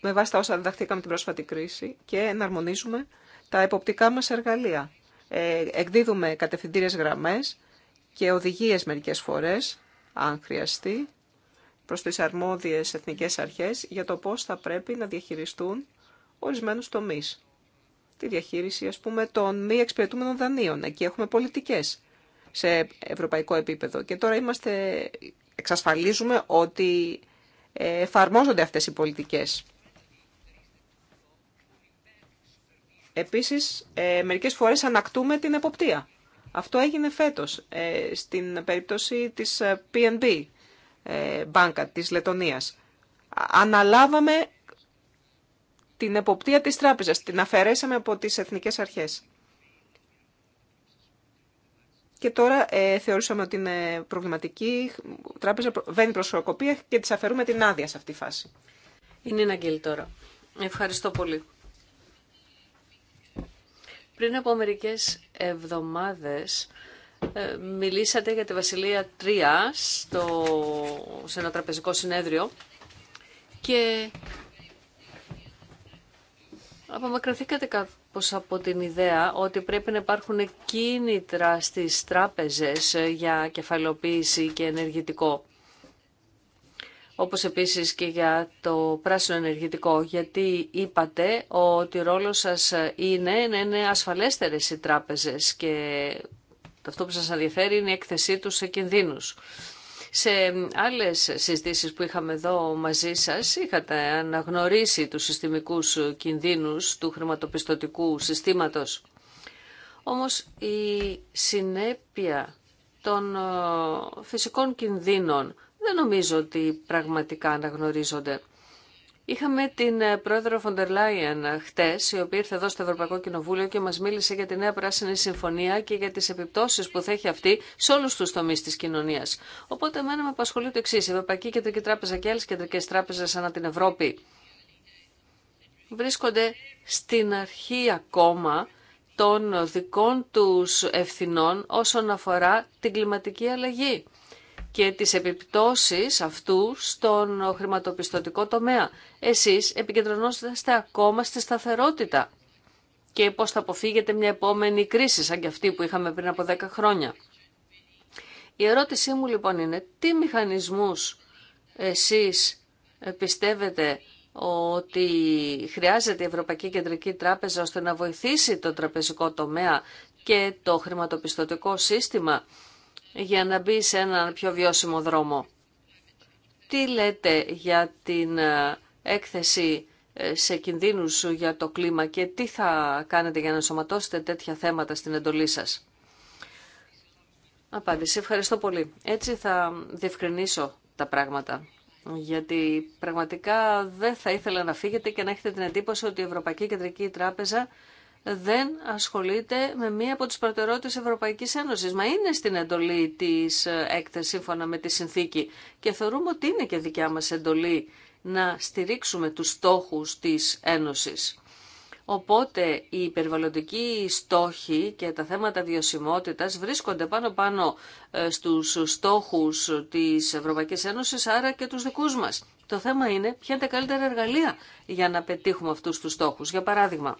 με βάση τα όσα διδαχθήκαμε την πρόσφατη κρίση και εναρμονίζουμε τα εποπτικά μας εργαλεία. Ε, εκδίδουμε κατευθυντήριες γραμμές και οδηγίες μερικές φορές, αν χρειαστεί, προς τις αρμόδιες εθνικές αρχές για το πώς θα πρέπει να διαχειριστούν ορισμένους τομείς. Τη διαχείριση, ας πούμε, των μη εξυπηρετούμενων δανείων. Εκεί έχουμε πολιτικές σε ευρωπαϊκό επίπεδο. Και τώρα είμαστε, εξασφαλίζουμε ότι ε, εφαρμόζονται αυτές οι πολιτικές. Επίσης, ε, μερικές φορές ανακτούμε την εποπτεία. Αυτό έγινε φέτος ε, στην περίπτωση της ε, PNB, ε, μπάνκα της Λετωνίας. Αναλάβαμε την εποπτεία της τράπεζας, την αφαιρέσαμε από τις εθνικές αρχές. Και τώρα ε, θεωρούσαμε ότι είναι προβληματική, η τράπεζα βαίνει προς και της αφαιρούμε την άδεια σε αυτή τη φάση. Είναι ένα τώρα. Ευχαριστώ πολύ. Πριν από μερικές εβδομάδες ε, μιλήσατε για τη Βασιλεία Τρία στο, σε ένα τραπεζικό συνέδριο και απομακρυνθήκατε κάπως από την ιδέα ότι πρέπει να υπάρχουν κίνητρα στις τράπεζες ε, για κεφαλοποίηση και ενεργητικό όπως επίσης και για το πράσινο ενεργητικό, γιατί είπατε ότι ο ρόλος σας είναι να είναι ασφαλέστερες οι τράπεζες και αυτό που σας ενδιαφέρει είναι η έκθεσή τους σε κινδύνους. Σε άλλες συζητήσεις που είχαμε εδώ μαζί σας, είχατε αναγνωρίσει τους συστημικούς κινδύνους του χρηματοπιστωτικού συστήματος. Όμως η συνέπεια των ε, φυσικών κινδύνων δεν νομίζω ότι πραγματικά αναγνωρίζονται. Είχαμε την ε, πρόεδρο Φοντερ Λάιεν χτε, η οποία ήρθε εδώ στο Ευρωπαϊκό Κοινοβούλιο και μα μίλησε για τη Νέα Πράσινη Συμφωνία και για τι επιπτώσει που θα έχει αυτή σε όλου του τομεί τη κοινωνία. Οπότε, εμένα με απασχολεί το εξή. Η Ευρωπαϊκή Κεντρική Τράπεζα και άλλε κεντρικέ τράπεζε ανά την Ευρώπη βρίσκονται στην αρχή ακόμα των δικών τους ευθυνών όσον αφορά την κλιματική αλλαγή και τις επιπτώσεις αυτού στον χρηματοπιστωτικό τομέα. Εσείς επικεντρωνόσαστε ακόμα στη σταθερότητα και πώς θα αποφύγετε μια επόμενη κρίση σαν και αυτή που είχαμε πριν από 10 χρόνια. Η ερώτησή μου λοιπόν είναι τι μηχανισμούς εσείς πιστεύετε ότι χρειάζεται η Ευρωπαϊκή Κεντρική Τράπεζα ώστε να βοηθήσει το τραπεζικό τομέα και το χρηματοπιστωτικό σύστημα για να μπει σε έναν πιο βιώσιμο δρόμο. Τι λέτε για την ε, έκθεση ε, σε κινδύνους για το κλίμα και τι θα κάνετε για να σωματώσετε τέτοια θέματα στην εντολή σας. Απάντηση. Ευχαριστώ πολύ. Έτσι θα διευκρινίσω τα πράγματα. Γιατί πραγματικά δεν θα ήθελα να φύγετε και να έχετε την εντύπωση ότι η Ευρωπαϊκή Κεντρική Τράπεζα δεν ασχολείται με μία από τις προτεραιότητες Ευρωπαϊκής Ένωσης. Μα είναι στην εντολή της ε, έκθεσης σύμφωνα με τη συνθήκη και θεωρούμε ότι είναι και δικιά μας εντολή να στηρίξουμε τους στόχους της Ένωσης. Οπότε οι περιβαλλοντικοί στόχοι και τα θέματα βιωσιμότητας βρίσκονται πάνω-πάνω ε, στους στόχους της Ευρωπαϊκής Ένωσης, άρα και τους δικούς μας. Το θέμα είναι ποια είναι τα καλύτερα εργαλεία για να πετύχουμε αυτούς τους στόχους. Για παράδειγμα,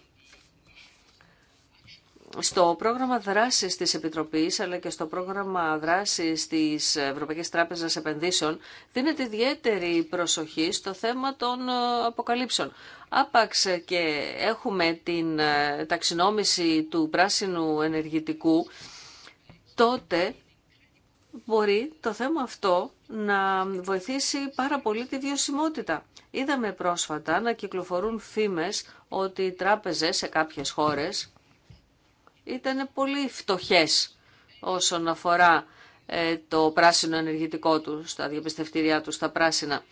στο πρόγραμμα δράσης της Επιτροπής αλλά και στο πρόγραμμα δράσης της Ευρωπαϊκής Τράπεζας Επενδύσεων δίνεται ιδιαίτερη προσοχή στο θέμα των ε, αποκαλύψεων. Άπαξ και έχουμε την ε, ταξινόμηση του πράσινου ενεργητικού, τότε μπορεί το θέμα αυτό να βοηθήσει πάρα πολύ τη βιωσιμότητα. Είδαμε πρόσφατα να κυκλοφορούν φήμες ότι οι τράπεζες σε κάποιες χώρες, ήταν πολύ φτωχές όσον αφορά ε, το πράσινο ενεργητικό του, τα διαπιστευτήριά του, τα πράσινα.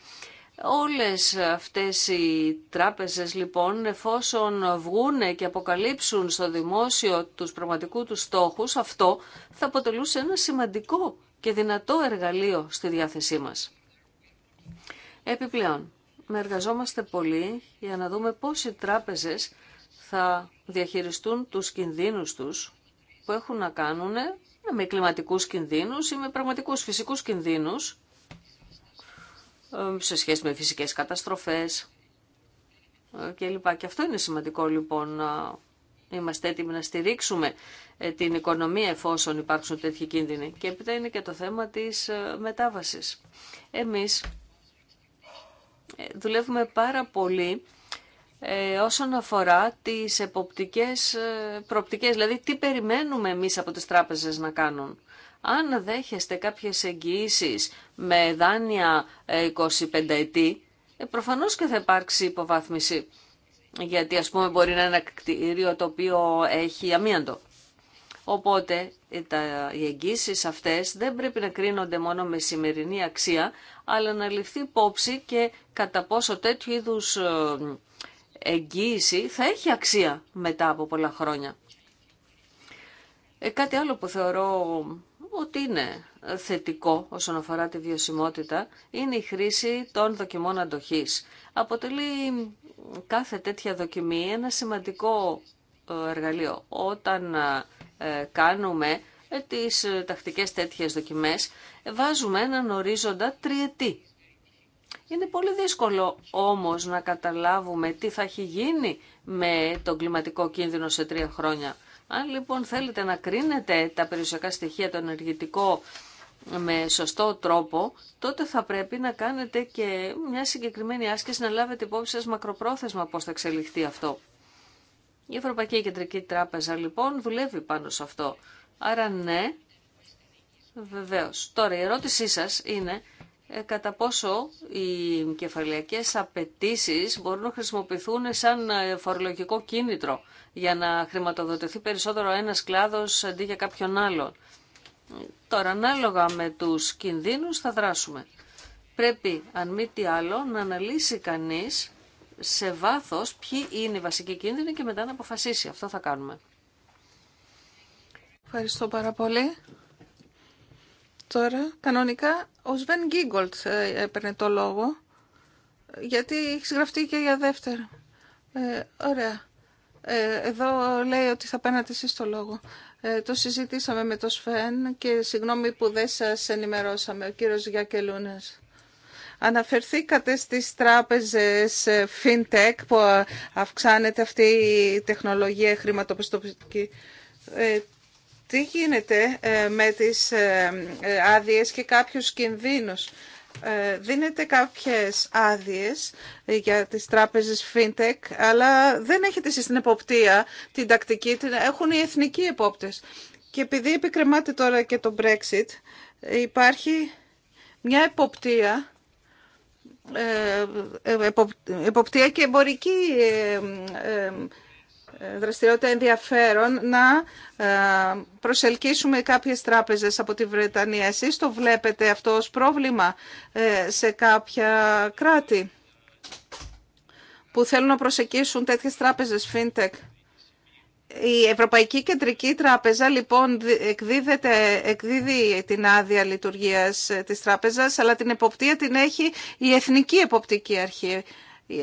Όλες αυτές οι τράπεζες λοιπόν εφόσον βγούνε και αποκαλύψουν στο δημόσιο τους πραγματικού τους στόχους, αυτό θα αποτελούσε ένα σημαντικό και δυνατό εργαλείο στη διάθεσή μας. Επιπλέον, με εργαζόμαστε πολύ για να δούμε τράπεζες θα διαχειριστούν τους κινδύνους τους που έχουν να κάνουν με κλιματικούς κινδύνους ή με πραγματικούς φυσικούς κινδύνους ε, σε σχέση με φυσικές καταστροφές ε, και λοιπά. Και αυτό είναι σημαντικό λοιπόν να είμαστε έτοιμοι να στηρίξουμε ε, την οικονομία εφόσον υπάρξουν τέτοιοι κίνδυνοι. Και έπειτα είναι και το θέμα της μετάβασης. Εμείς δουλεύουμε πάρα πολύ ε, όσον αφορά τις εποπτικές ε, προοπτικές, δηλαδή τι περιμένουμε εμείς από τις τράπεζες να κάνουν. Αν δέχεστε κάποιες εγγυήσει με δάνεια 25 ε, ετή, προφανώς και θα υπάρξει υποβάθμιση. Γιατί ας πούμε μπορεί να είναι ένα κτίριο το οποίο έχει αμίαντο. Οπότε τα, οι εγγύσει αυτές δεν πρέπει να κρίνονται μόνο με σημερινή αξία, αλλά να ληφθεί υπόψη και κατά πόσο τέτοιου είδους εγγύηση θα έχει αξία μετά από πολλά χρόνια. Ε, κάτι άλλο που θεωρώ ότι είναι θετικό όσον αφορά τη βιωσιμότητα είναι η χρήση των δοκιμών αντοχής. Αποτελεί κάθε τέτοια δοκιμή ένα σημαντικό ε, εργαλείο. Όταν ε, κάνουμε τις τακτικές τέτοιες δοκιμές, βάζουμε έναν ορίζοντα τριετή είναι πολύ δύσκολο όμως να καταλάβουμε τι θα έχει γίνει με τον κλιματικό κίνδυνο σε τρία χρόνια. Αν λοιπόν θέλετε να κρίνετε τα περιουσιακά στοιχεία, το ενεργητικό με σωστό τρόπο, τότε θα πρέπει να κάνετε και μια συγκεκριμένη άσκηση να λάβετε υπόψη σας μακροπρόθεσμα πώς θα εξελιχθεί αυτό. Η Ευρωπαϊκή Κεντρική Τράπεζα λοιπόν δουλεύει πάνω σε αυτό. Άρα ναι, βεβαίως. Τώρα η ερώτησή σας είναι ε, κατά πόσο οι κεφαλαιακές απαιτήσει μπορούν να χρησιμοποιηθούν σαν ε, φορολογικό κίνητρο για να χρηματοδοτηθεί περισσότερο ένας κλάδος αντί για κάποιον άλλον. Τώρα, ανάλογα με τους κινδύνους θα δράσουμε. Πρέπει, αν μη τι άλλο, να αναλύσει κανείς σε βάθος ποιοι είναι οι βασικοί κίνδυνοι και μετά να αποφασίσει. Αυτό θα κάνουμε. Ευχαριστώ πάρα πολύ. Τώρα, κανονικά, ο Σβέν Γκίγκολτ ε, έπαιρνε το λόγο, γιατί έχει γραφτεί και για δεύτερο. Ε, ωραία. Ε, εδώ λέει ότι θα παίρνατε εσείς το λόγο. Ε, το συζητήσαμε με το Σφέν και συγγνώμη που δεν σας ενημερώσαμε, ο κύριος Γιακελούνας. Αναφερθήκατε στις τράπεζες ε, FinTech που αυξάνεται αυτή η τεχνολογία χρηματοπιστωτική. Ε, τι γίνεται ε, με τις ε, ε, άδειες και κάποιους κινδύνους. Δίνετε κάποιες άδειες για τις τράπεζες FinTech, αλλά δεν έχετε εσείς την εποπτεία, την τακτική, την έχουν οι εθνικοί επόπτες. Και επειδή επικρεμάται τώρα και το Brexit, υπάρχει μια εποπτεία, εποπτεία και εμπορική δραστηριότητα ενδιαφέρον να ε, προσελκύσουμε κάποιες τράπεζες από τη Βρετανία. Εσείς το βλέπετε αυτό ως πρόβλημα ε, σε κάποια κράτη που θέλουν να προσεκίσουν τέτοιες τράπεζες fintech. Η Ευρωπαϊκή Κεντρική Τράπεζα λοιπόν εκδίδεται, εκδίδει την άδεια λειτουργίας ε, της τράπεζας αλλά την εποπτεία την έχει η Εθνική Εποπτική Αρχή.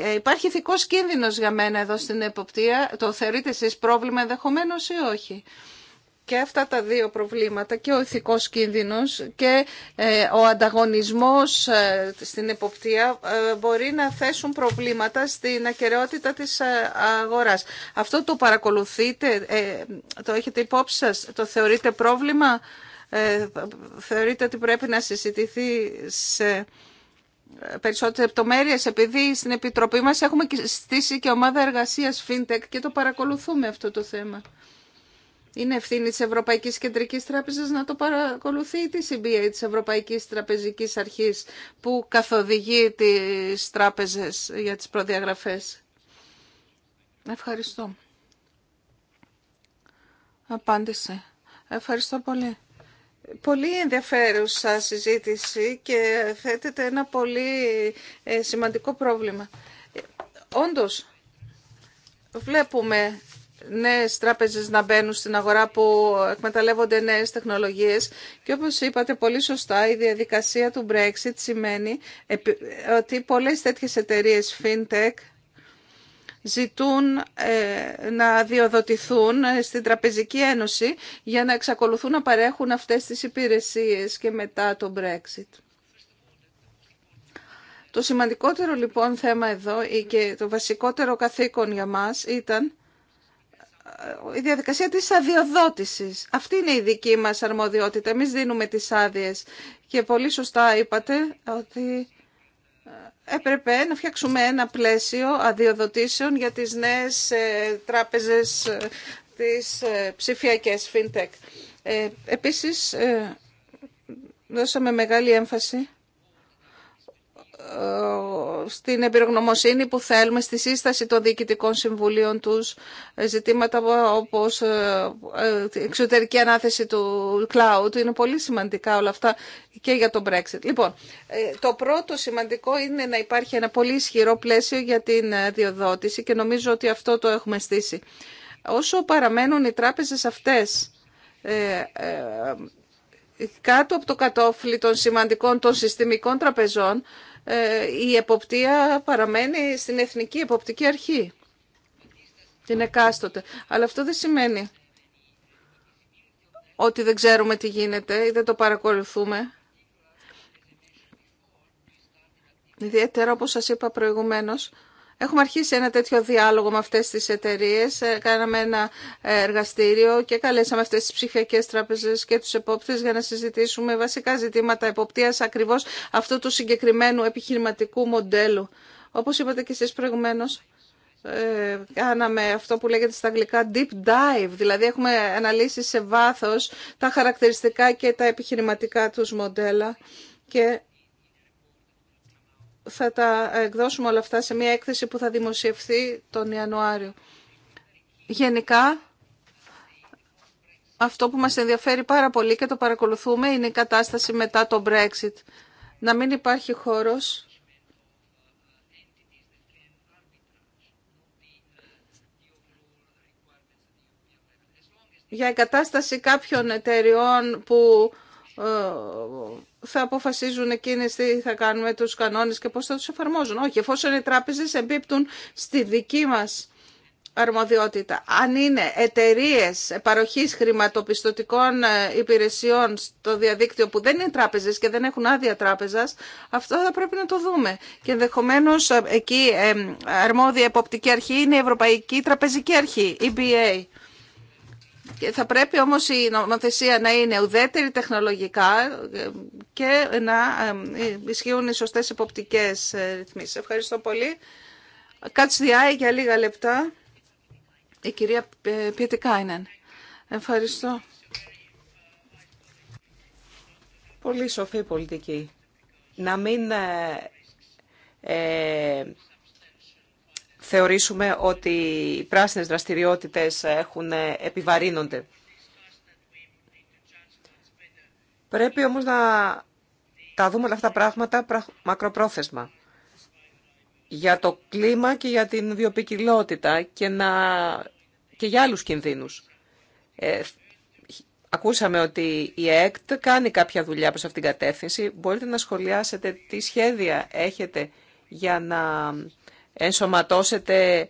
Ε, υπάρχει ηθικός κίνδυνος για μένα εδώ στην εποπτεία. Το θεωρείτε εσεί πρόβλημα ενδεχομένω ή όχι. Και αυτά τα δύο προβλήματα, και ο ηθικός κίνδυνος και ε, ο ανταγωνισμός ε, στην εποπτεία μπορεί να θέσουν προβλήματα στην ακαιρεότητα της αγοράς. Αυτό το παρακολουθείτε, το έχετε υπόψη σας, το θεωρείτε πρόβλημα, θεωρείτε ότι πρέπει να συζητηθεί σε περισσότερες λεπτομέρειες επειδή στην Επιτροπή μας έχουμε στήσει και ομάδα εργασίας FinTech και το παρακολουθούμε αυτό το θέμα. Είναι ευθύνη της Ευρωπαϊκής Κεντρικής Τράπεζας να το παρακολουθεί τη CBA της Ευρωπαϊκής Τραπεζικής Αρχής που καθοδηγεί τις τράπεζες για τις προδιαγραφές. Ευχαριστώ. Απάντησε. Ευχαριστώ πολύ πολύ ενδιαφέρουσα συζήτηση και θέτεται ένα πολύ ε, σημαντικό πρόβλημα. Όντως, βλέπουμε νέες τράπεζες να μπαίνουν στην αγορά που εκμεταλλεύονται νέες τεχνολογίες και όπως είπατε πολύ σωστά η διαδικασία του Brexit σημαίνει ότι πολλές τέτοιες εταιρείες FinTech ζητούν ε, να διοδοτηθούν ε, στην Τραπεζική Ένωση για να εξακολουθούν να παρέχουν αυτές τις υπηρεσίες και μετά το Brexit. Το σημαντικότερο λοιπόν θέμα εδώ και το βασικότερο καθήκον για μας ήταν ε, η διαδικασία της αδειοδότησης. Αυτή είναι η δική μας αρμοδιότητα. Εμείς δίνουμε τις άδειες και πολύ σωστά είπατε ότι έπρεπε να φτιάξουμε ένα πλαίσιο αδειοδοτήσεων για τις νέες ε, τράπεζες ε, τις ε, ψηφιακές fintech. Επίσης, δώσαμε μεγάλη έμφαση ε, στην εμπειρογνωμοσύνη που θέλουμε στη σύσταση των διοικητικών συμβουλίων τους, ε, ζητήματα όπως ε, εξωτερική ανάθεση του cloud, είναι πολύ σημαντικά όλα αυτά και για τον Brexit. Λοιπόν, το πρώτο σημαντικό είναι να υπάρχει ένα πολύ ισχυρό πλαίσιο για την διοδότηση και νομίζω ότι αυτό το έχουμε στήσει. Όσο παραμένουν οι τράπεζες αυτές κάτω από το κατόφλι των σημαντικών των συστημικών τραπεζών, ε, η εποπτεία παραμένει στην Εθνική Εποπτική Αρχή. Την εκάστοτε. Αλλά αυτό δεν σημαίνει ότι δεν ξέρουμε τι γίνεται ή δεν το παρακολουθούμε. Ιδιαίτερα όπως σας είπα προηγουμένως, Έχουμε αρχίσει ένα τέτοιο διάλογο με αυτές τις εταιρείες, ε, κάναμε ένα ε, εργαστήριο και καλέσαμε αυτές τις ψηφιακές τράπεζες και τους επόπτες για να συζητήσουμε βασικά ζητήματα εποπτείας ακριβώς αυτού του συγκεκριμένου επιχειρηματικού μοντέλου. Όπως είπατε και εσείς προηγουμένως, ε, κάναμε αυτό που λέγεται στα αγγλικά deep dive, δηλαδή έχουμε αναλύσει σε βάθος τα χαρακτηριστικά και τα επιχειρηματικά τους μοντέλα και θα τα εκδώσουμε όλα αυτά σε μια έκθεση που θα δημοσιευθεί τον Ιανουάριο. Γενικά, αυτό που μας ενδιαφέρει πάρα πολύ και το παρακολουθούμε είναι η κατάσταση μετά το Brexit. Να μην υπάρχει χώρος για εγκατάσταση κάποιων εταιριών που ε, θα αποφασίζουν εκείνες τι θα κάνουμε τους κανόνες και πώς θα τους εφαρμόζουν. Όχι, εφόσον οι τράπεζες εμπίπτουν στη δική μας αρμοδιότητα. Αν είναι εταιρείε παροχής χρηματοπιστωτικών ε, υπηρεσιών στο διαδίκτυο που δεν είναι τράπεζες και δεν έχουν άδεια τράπεζας, αυτό θα πρέπει να το δούμε. Και ενδεχομένω ε, εκεί αρμόδια εποπτική αρχή είναι η Ευρωπαϊκή Τραπεζική Αρχή, EBA. Θα πρέπει όμως η νομοθεσία να είναι ουδέτερη τεχνολογικά και να ε, ισχύουν οι σωστές υποπτικές ε, ρυθμίσεις. Ευχαριστώ πολύ. Κάτσε διάει για λίγα λεπτά. Η κυρία Πιετικάινεν. Ευχαριστώ. Πολύ σοφή πολιτική. Να μην ε, θεωρήσουμε ότι οι πράσινες δραστηριότητες έχουν ε, επιβαρύνονται. Πρέπει όμως να τα δούμε όλα αυτά τα πράγματα μακροπρόθεσμα για το κλίμα και για την βιοπικιλότητα και, να... και για άλλους κινδύνους. Ε, ακούσαμε ότι η ΕΚΤ κάνει κάποια δουλειά προς αυτήν την κατεύθυνση. Μπορείτε να σχολιάσετε τι σχέδια έχετε για να ενσωματώσετε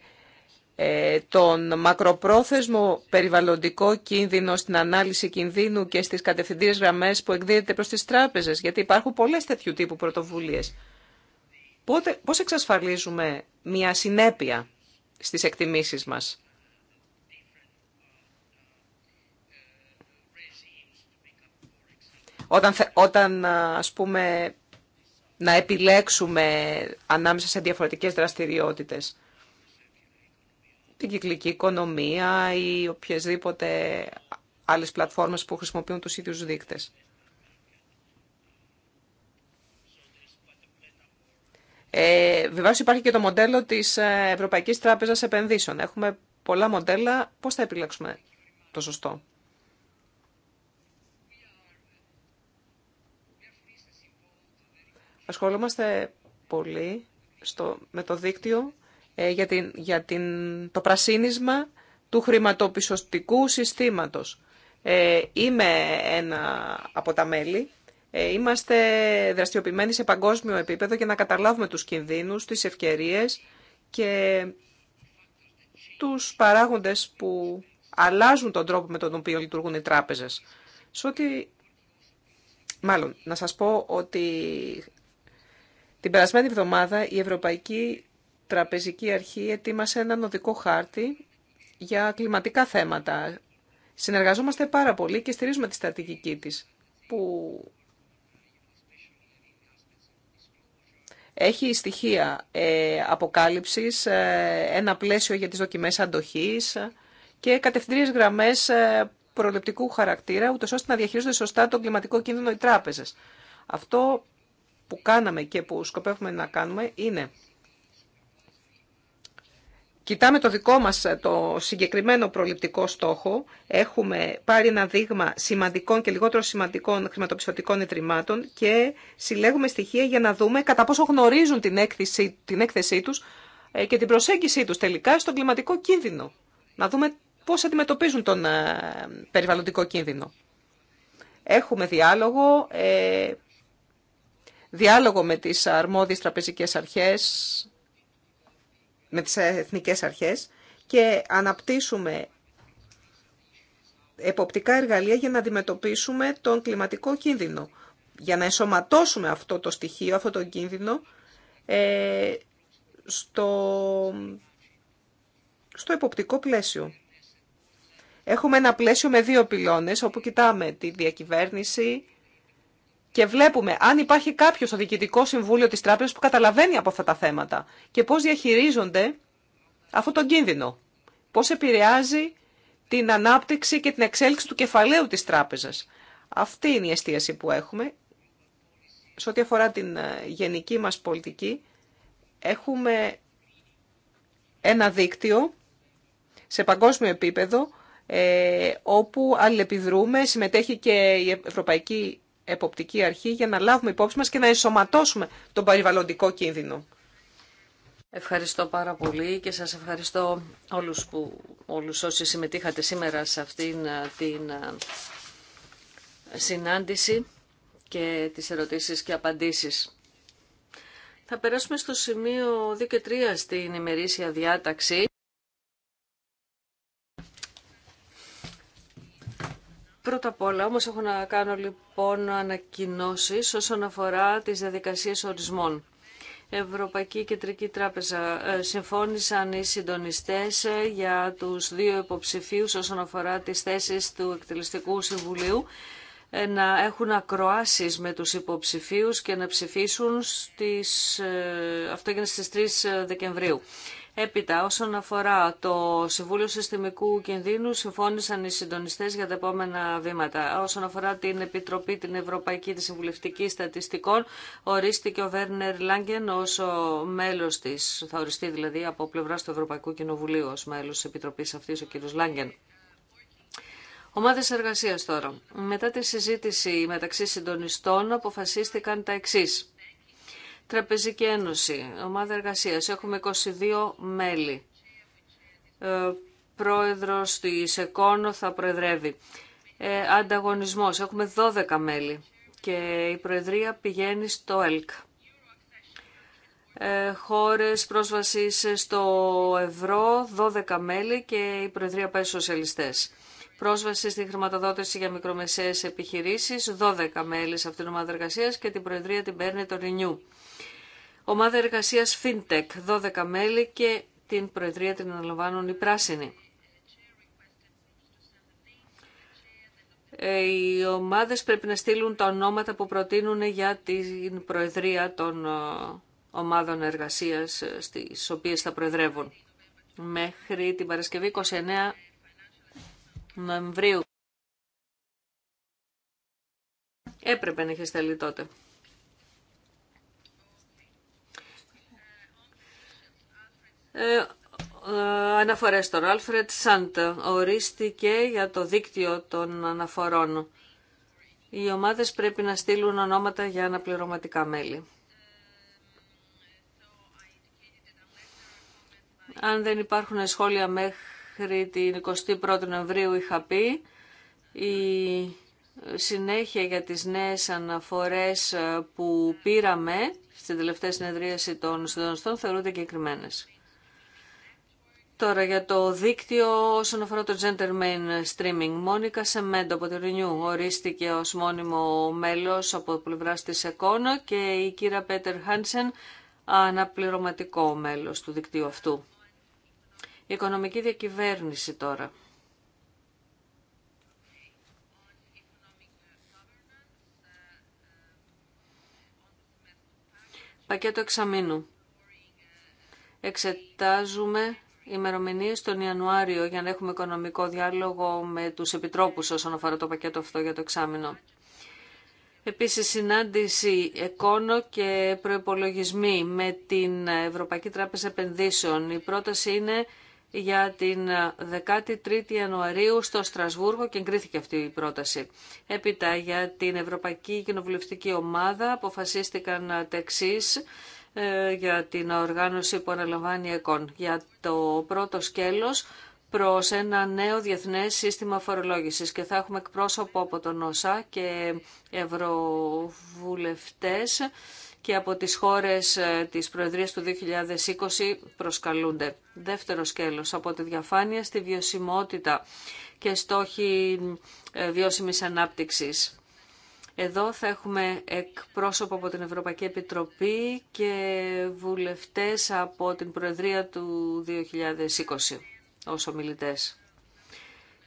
ε, τον μακροπρόθεσμο περιβαλλοντικό κίνδυνο στην ανάλυση κινδύνου και στις κατευθυντήριες γραμμές που εκδίδεται προς τις τράπεζες, γιατί υπάρχουν πολλές τέτοιου τύπου πρωτοβουλίες. Πότε, πώς εξασφαλίζουμε μια συνέπεια στις εκτιμήσεις μας. Όταν, όταν ας πούμε, να επιλέξουμε ανάμεσα σε διαφορετικές δραστηριότητες. Την κυκλική οικονομία ή οποιασδήποτε άλλες πλατφόρμες που χρησιμοποιούν τους ίδιους δείκτες. Ε, Βεβαίως υπάρχει και το μοντέλο της ε, Ευρωπαϊκής Τράπεζας Επενδύσεων. Έχουμε πολλά μοντέλα. Πώς θα επιλέξουμε το σωστό. Ασχολούμαστε πολύ στο, με το δίκτυο ε, για, την, την, το πρασίνισμα του χρηματοπιστωτικού συστήματος. Ε, είμαι ένα από τα μέλη. Ε, είμαστε δραστηριοποιημένοι σε παγκόσμιο επίπεδο για να καταλάβουμε τους κινδύνους, τις ευκαιρίες και τους παράγοντες που αλλάζουν τον τρόπο με τον οποίο λειτουργούν οι τράπεζες. Σε Μάλλον, να σας πω ότι την περασμένη εβδομάδα η Ευρωπαϊκή Τραπεζική Αρχή ετοίμασε ένα οδικό χάρτη για κλιματικά θέματα. Συνεργαζόμαστε πάρα πολύ και στηρίζουμε τη στρατηγική της, που έχει στοιχεία ε, αποκάλυψης, ε, ένα πλαίσιο για τις δοκιμές αντοχής και κατευθυντήριες γραμμές ε, προληπτικού χαρακτήρα, ούτως ώστε να διαχειρίζονται σωστά τον κλιματικό κίνδυνο οι τράπεζες. Αυτό που κάναμε και που σκοπεύουμε να κάνουμε είναι Κοιτάμε το δικό μας ε, το συγκεκριμένο προληπτικό στόχο. Έχουμε πάρει ένα δείγμα σημαντικών και λιγότερο σημαντικών χρηματοπιστωτικών ιδρυμάτων και συλλέγουμε στοιχεία για να δούμε κατά πόσο γνωρίζουν την, έκθεση, την έκθεσή τους ε, και την προσέγγιση τους τελικά στον κλιματικό κίνδυνο. Να δούμε πώς αντιμετωπίζουν τον ε, περιβαλλοντικό κίνδυνο. Έχουμε διάλογο, διάλογο με τις αρμόδιες τραπεζικές αρχές, με τις εθνικές αρχές και αναπτύσσουμε εποπτικά εργαλεία για να αντιμετωπίσουμε τον κλιματικό κίνδυνο. Για να ενσωματώσουμε αυτό το στοιχείο, αυτό το κίνδυνο, ε, στο, στο εποπτικό πλαίσιο. Έχουμε ένα πλαίσιο με δύο πυλώνες, όπου κοιτάμε τη διακυβέρνηση, και βλέπουμε αν υπάρχει κάποιο στο διοικητικό συμβούλιο τη τράπεζα που καταλαβαίνει από αυτά τα θέματα και πώ διαχειρίζονται αυτό τον κίνδυνο. Πώ επηρεάζει την ανάπτυξη και την εξέλιξη του κεφαλαίου της τράπεζας. Αυτή είναι η εστίαση που έχουμε. Σε ό,τι αφορά την ε, γενική μας πολιτική, έχουμε ένα δίκτυο σε παγκόσμιο επίπεδο, ε, όπου αλληλεπιδρούμε, συμμετέχει και η Ευρωπαϊκή εποπτική αρχή για να λάβουμε υπόψη μας και να ενσωματώσουμε τον περιβαλλοντικό κίνδυνο. Ευχαριστώ πάρα πολύ και σας ευχαριστώ όλους, που, όλους όσοι συμμετείχατε σήμερα σε αυτήν ε, την ε, συνάντηση και τις ερωτήσεις και απαντήσεις. Θα περάσουμε στο σημείο 2 και 3 στην ημερήσια διάταξη. Πρώτα απ' όλα όμως έχω να κάνω λοιπόν ανακοινώσεις όσον αφορά τις διαδικασίες ορισμών. Ευρωπαϊκή Κεντρική Τράπεζα ε, συμφώνησαν οι συντονιστές ε, για τους δύο υποψηφίους όσον αφορά τις θέσεις του Εκτελεστικού Συμβουλίου ε, να έχουν ακροάσεις με τους υποψηφίους και να ψηφίσουν στις, αυτό έγινε στις 3 Δεκεμβρίου. Έπειτα, όσον αφορά το Συμβούλιο Συστημικού Κινδύνου, συμφώνησαν οι συντονιστέ για τα επόμενα βήματα. Όσον αφορά την Επιτροπή, την Ευρωπαϊκή τη Συμβουλευτική Στατιστικών, ορίστηκε ο Βέρνερ Λάγκεν ω μέλο τη, θα οριστεί δηλαδή από πλευρά του Ευρωπαϊκού Κοινοβουλίου ω μέλο τη Επιτροπή αυτή, ο κ. Λάγκεν. Ομάδε εργασία τώρα. Μετά τη συζήτηση μεταξύ συντονιστών αποφασίστηκαν τα εξή. Τραπεζική Ένωση, Ομάδα Εργασίας. Έχουμε 22 μέλη. Ε, πρόεδρος της ΕΚΟΝΟ θα προεδρεύει. Ε, ανταγωνισμός. Έχουμε 12 μέλη και η Προεδρία πηγαίνει στο ΕΛΚ. Ε, χώρες πρόσβασης στο ευρώ, 12 μέλη και η Προεδρία πάει στους σοσιαλιστές. Πρόσβαση στη χρηματοδότηση για μικρομεσαίες επιχειρήσεις, 12 μέλη σε αυτήν την ομάδα εργασία και την Προεδρία την παίρνει το ΡΙΝΙΟΥ ομάδα εργασίας FinTech, 12 μέλη και την Προεδρία την αναλαμβάνουν οι πράσινοι. Ε, οι ομάδες πρέπει να στείλουν τα ονόματα που προτείνουν για την Προεδρία των ε, ομάδων εργασίας ε, στις οποίες θα προεδρεύουν. Μέχρι την Παρασκευή 29 Νοεμβρίου. Έπρεπε να είχε σταλεί τότε. Ε, ε, αναφορές τώρα. Άλφρετ Σάντ ορίστηκε για το δίκτυο των αναφορών. Οι ομάδες πρέπει να στείλουν ονόματα για αναπληρωματικά μέλη. Αν δεν υπάρχουν σχόλια μέχρι την 21η Νοεμβρίου είχα πει, η συνέχεια για τις νέες αναφορές ε, που πήραμε στην τελευταία συνεδρίαση των συντονιστών θεωρούνται εγκεκριμένες. Τώρα για το δίκτυο όσον αφορά το gender streaming. Μόνικα Σεμέντο από τη Renew ορίστηκε ως μόνιμο μέλος από πλευρά τη ΕΚΟΝΟ και η κύρα Πέτερ Χάνσεν αναπληρωματικό μέλος του δικτύου αυτού. Η οικονομική διακυβέρνηση τώρα. Πακέτο εξαμήνου. Εξετάζουμε ημερομηνίε τον Ιανουάριο για να έχουμε οικονομικό διάλογο με τους επιτρόπους όσον αφορά το πακέτο αυτό για το εξάμεινο. Επίσης συνάντηση εκόνο και προϋπολογισμοί με την Ευρωπαϊκή Τράπεζα Επενδύσεων. Η πρόταση είναι για την 13η Ιανουαρίου στο Στρασβούργο και εγκρίθηκε αυτή η πρόταση. Έπειτα για την Ευρωπαϊκή Κοινοβουλευτική Ομάδα αποφασίστηκαν τα ε, για την οργάνωση που αναλαμβάνει ΕΚΟΝ για το πρώτο σκέλος προς ένα νέο διεθνές σύστημα φορολόγησης και θα έχουμε εκπρόσωπο από τον ΩΣΑ και ευρωβουλευτές και από τις χώρες ε, της Προεδρίας του 2020 προσκαλούνται. Δεύτερο σκέλος, από τη διαφάνεια στη βιωσιμότητα και στόχοι ε, βιώσιμης ανάπτυξης. Εδώ θα έχουμε εκπρόσωπο από την Ευρωπαϊκή Επιτροπή και βουλευτές από την Προεδρία του 2020 ως ομιλητές.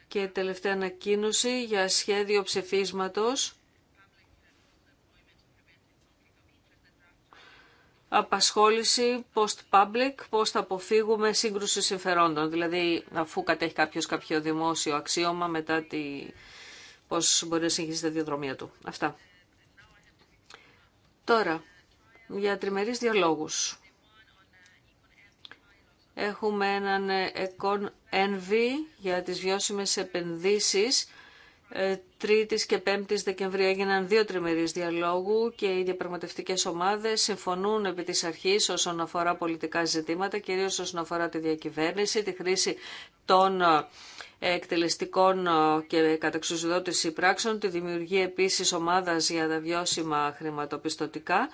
Και τελευταία ανακοίνωση για σχέδιο ψηφίσματος. Απασχόληση post-public, πώς θα αποφύγουμε σύγκρουση συμφερόντων. Δηλαδή, αφού κατέχει κάποιος κάποιο δημόσιο αξίωμα μετά τη πώς μπορεί να συνεχίσει τα διαδρομία του. Αυτά. Τώρα, για τριμερείς διαλόγους. Έχουμε έναν Econ NV για τις βιώσιμες επενδύσεις. Ε, και 5η Δεκεμβρίου έγιναν δύο τριμερεί διαλόγου και οι διαπραγματευτικέ ομάδε συμφωνούν επί τη αρχή όσον αφορά πολιτικά ζητήματα, κυρίω όσον αφορά τη διακυβέρνηση, τη χρήση των εκτελεστικών ε, και καταξουσιοδότηση πράξεων, τη δημιουργία επίσης ομάδας για τα βιώσιμα χρηματοπιστωτικά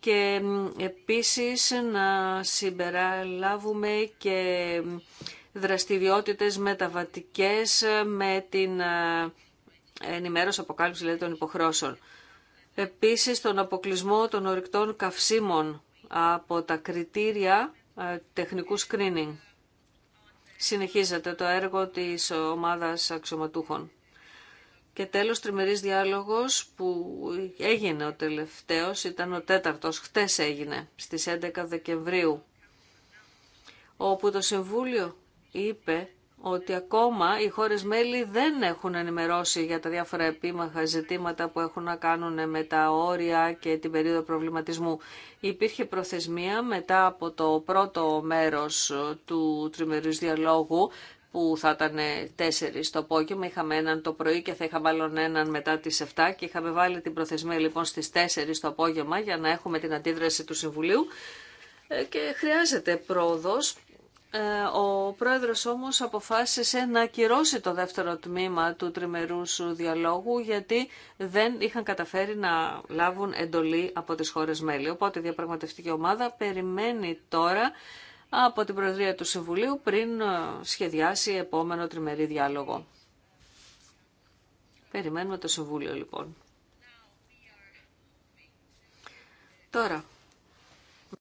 και επίσης να συμπεραλάβουμε και δραστηριότητες μεταβατικές με την ε, ενημέρωση αποκάλυψη των υποχρώσεων. Επίσης τον αποκλεισμό των ορυκτών καυσίμων από τα κριτήρια ε, τεχνικού screening συνεχίζεται το έργο της ομάδας αξιωματούχων. Και τέλος, τριμερής διάλογος που έγινε ο τελευταίος, ήταν ο τέταρτος, χτες έγινε, στις 11 Δεκεμβρίου, όπου το Συμβούλιο είπε ότι ακόμα οι χώρες μέλη δεν έχουν ενημερώσει για τα διάφορα επίμαχα ζητήματα που έχουν να κάνουν με τα όρια και την περίοδο προβληματισμού. Υπήρχε προθεσμία μετά από το πρώτο μέρος του τριμερούς διαλόγου που θα ήταν τέσσερις το απόγευμα. Είχαμε έναν το πρωί και θα είχαμε άλλον έναν μετά τις 7 και είχαμε βάλει την προθεσμία λοιπόν στις 4 το απόγευμα για να έχουμε την αντίδραση του Συμβουλίου ε, και χρειάζεται πρόοδος ε, ο πρόεδρος όμως αποφάσισε να ακυρώσει το δεύτερο τμήμα του τριμερού διαλόγου γιατί δεν είχαν καταφέρει να λάβουν εντολή από τις χώρες μέλη. Οπότε η διαπραγματευτική ομάδα περιμένει τώρα από την Προεδρία του Συμβουλίου πριν ε, σχεδιάσει επόμενο τριμερή διάλογο. Περιμένουμε το Συμβούλιο λοιπόν. Τώρα.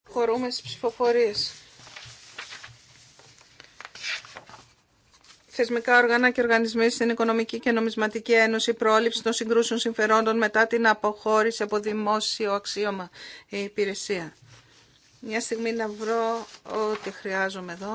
Χωρούμε στις ψηφοφορίες. θεσμικά όργανα και οργανισμοί στην Οικονομική και Νομισματική Ένωση πρόληψη των συγκρούσεων συμφερόντων μετά την αποχώρηση από δημόσιο αξίωμα η υπηρεσία. Μια στιγμή να βρω ό,τι χρειάζομαι εδώ.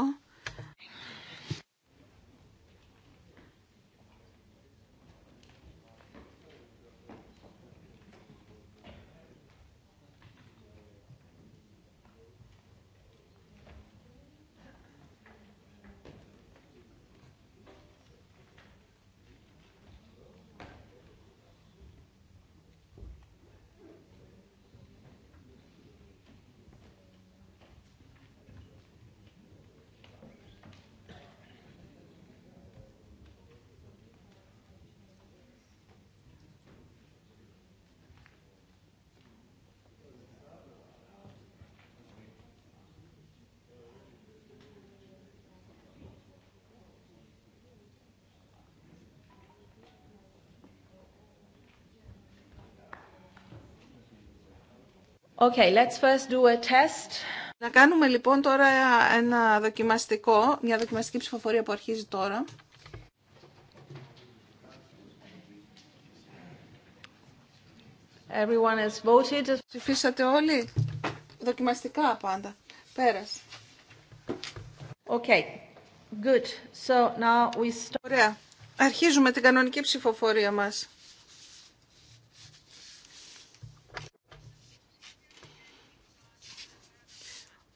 Okay, let's first do a test. Να κάνουμε λοιπόν τώρα ένα δοκιμαστικό, μια δοκιμαστική ψηφοφορία που αρχίζει τώρα. Everyone has voted. Ψηφίσατε όλοι. Δοκιμαστικά πάντα. Πέρασε. Okay. Good. So now we start. Ωραία. Αρχίζουμε την κανονική ψηφοφορία μας.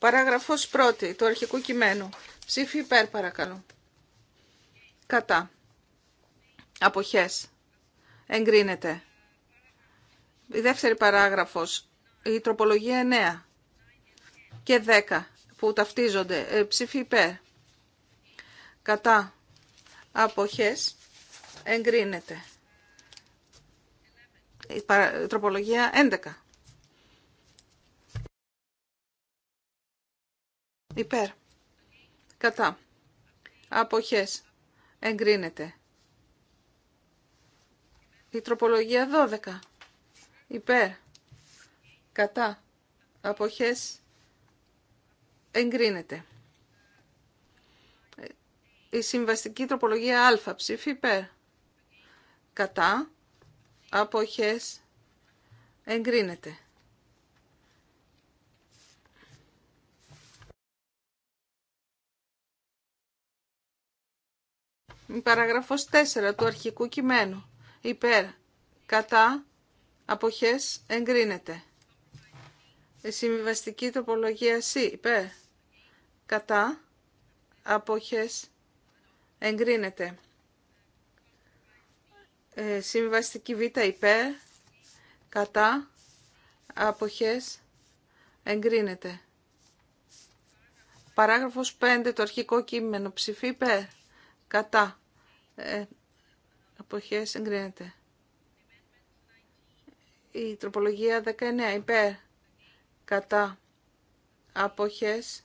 Παράγραφος 1 του αρχικού κειμένου. Ψήφι υπέρ παρακαλώ. Κατά. Αποχές. Εγκρίνεται. Η δεύτερη παράγραφος. Η τροπολογία 9 και 10 που ταυτίζονται. Ε, ψήφι υπέρ. Κατά. Αποχές. Εγκρίνεται. Η τροπολογία 11. Υπέρ. Κατά. Αποχές. Εγκρίνεται. Η τροπολογία 12. Υπέρ. Κατά. Αποχές. Εγκρίνεται. Η συμβαστική τροπολογία α. Ψήφι υπέρ. Κατά. Αποχές. Εγκρίνεται. Παραγραφός 4 του αρχικού κειμένου. Υπέρ, κατά, αποχές, εγκρίνεται. Η συμβιβαστική τροπολογία C. Υπέρ, κατά, αποχές, εγκρίνεται. Ε, συμβιβαστική Β. Υπέρ, κατά, αποχές, εγκρίνεται. Παράγραφος 5 το αρχικό κείμενο ψηφί υπέρ, κατά, ε, αποχές εγκρίνεται. Η τροπολογία 19 υπέρ κατά αποχές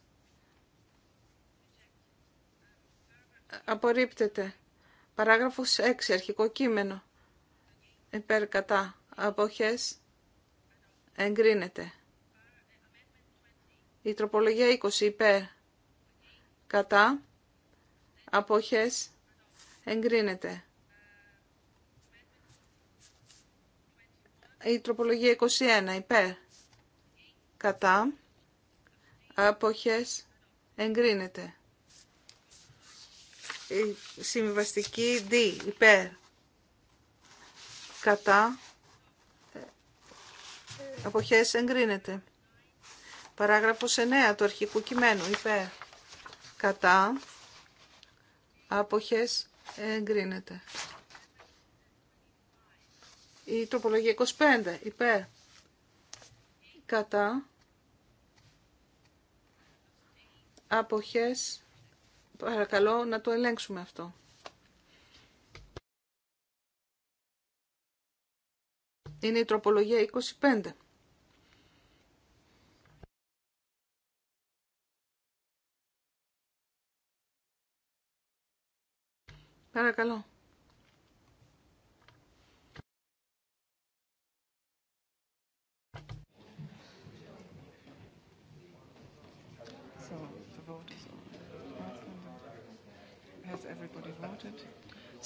απορρίπτεται. Παράγραφος 6 αρχικό κείμενο υπέρ κατά αποχές εγκρίνεται. Η τροπολογία 20 υπέρ κατά αποχές Εγκρίνεται. Η τροπολογία 21 υπέρ. Κατά. Αποχές. Εγκρίνεται. Η συμβιβαστική D υπέρ. Κατά. Αποχές εγκρίνεται. Παράγραφος 9 του αρχικού κειμένου υπέρ. Κατά. Άποχες εγκρίνεται. Η τροπολογία 25 υπέρ κατά αποχές παρακαλώ να το ελέγξουμε αυτό. Είναι η τροπολογία 25. Παρακαλώ.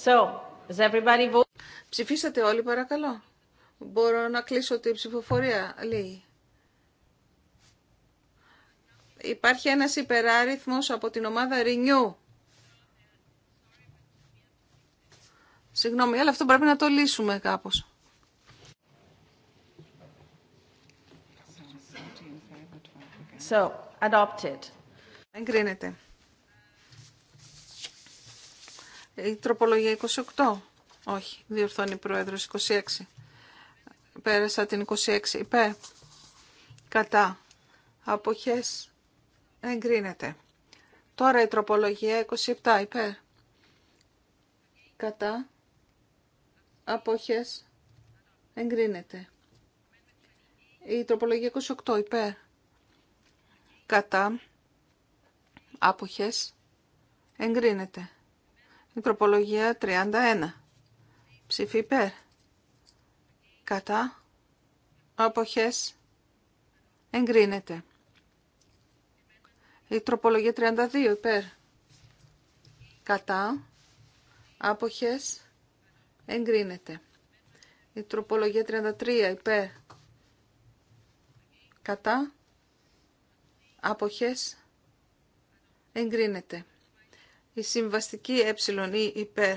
So, has everybody voted? Ψηφίσατε όλοι παρακαλώ. Μπορώ να κλείσω την ψηφοφορία, λέει. Υπάρχει ένας υπεράριθμος από την ομάδα Renew. Συγγνώμη, αλλά αυτό πρέπει να το λύσουμε κάπως. So, adopted. Εγκρίνεται. Η τροπολογία 28. Όχι, διορθώνει η Πρόεδρος 26. Πέρασα την 26. Υπέ. Κατά. Αποχές. Εγκρίνεται. Τώρα η τροπολογία 27. Υπέ. Κατά αποχές εγκρίνεται. Η τροπολογία 28 υπέρ κατά άποχες εγκρίνεται. Η τροπολογία 31 ψηφί υπέρ κατά άποχες εγκρίνεται. Η τροπολογία 32 υπέρ κατά άποχες εγκρίνεται. Η τροπολογία 33 υπέρ κατά αποχές εγκρίνεται. Η συμβαστική ε υπέρ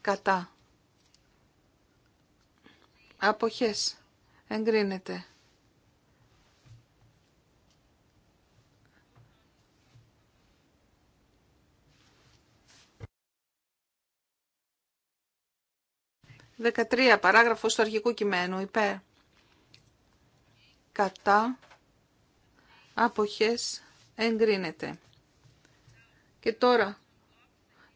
κατά αποχές εγκρίνεται. 13 παράγραφος του αρχικού κειμένου υπέρ κατά αποχές εγκρίνεται. Και τώρα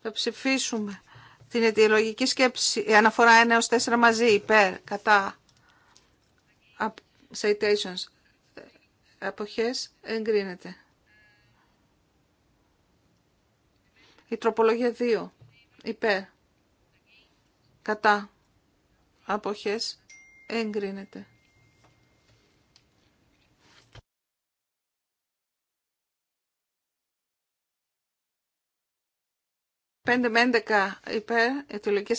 θα ψηφίσουμε την αιτιολογική σκέψη, η αναφορά 1 έως 4 μαζί, υπέρ, κατά, citations, αποχές, εγκρίνεται. Η τροπολογία 2, υπέρ, κατά, αποχές εγκρίνεται. Πέντε με 11 υπέρ,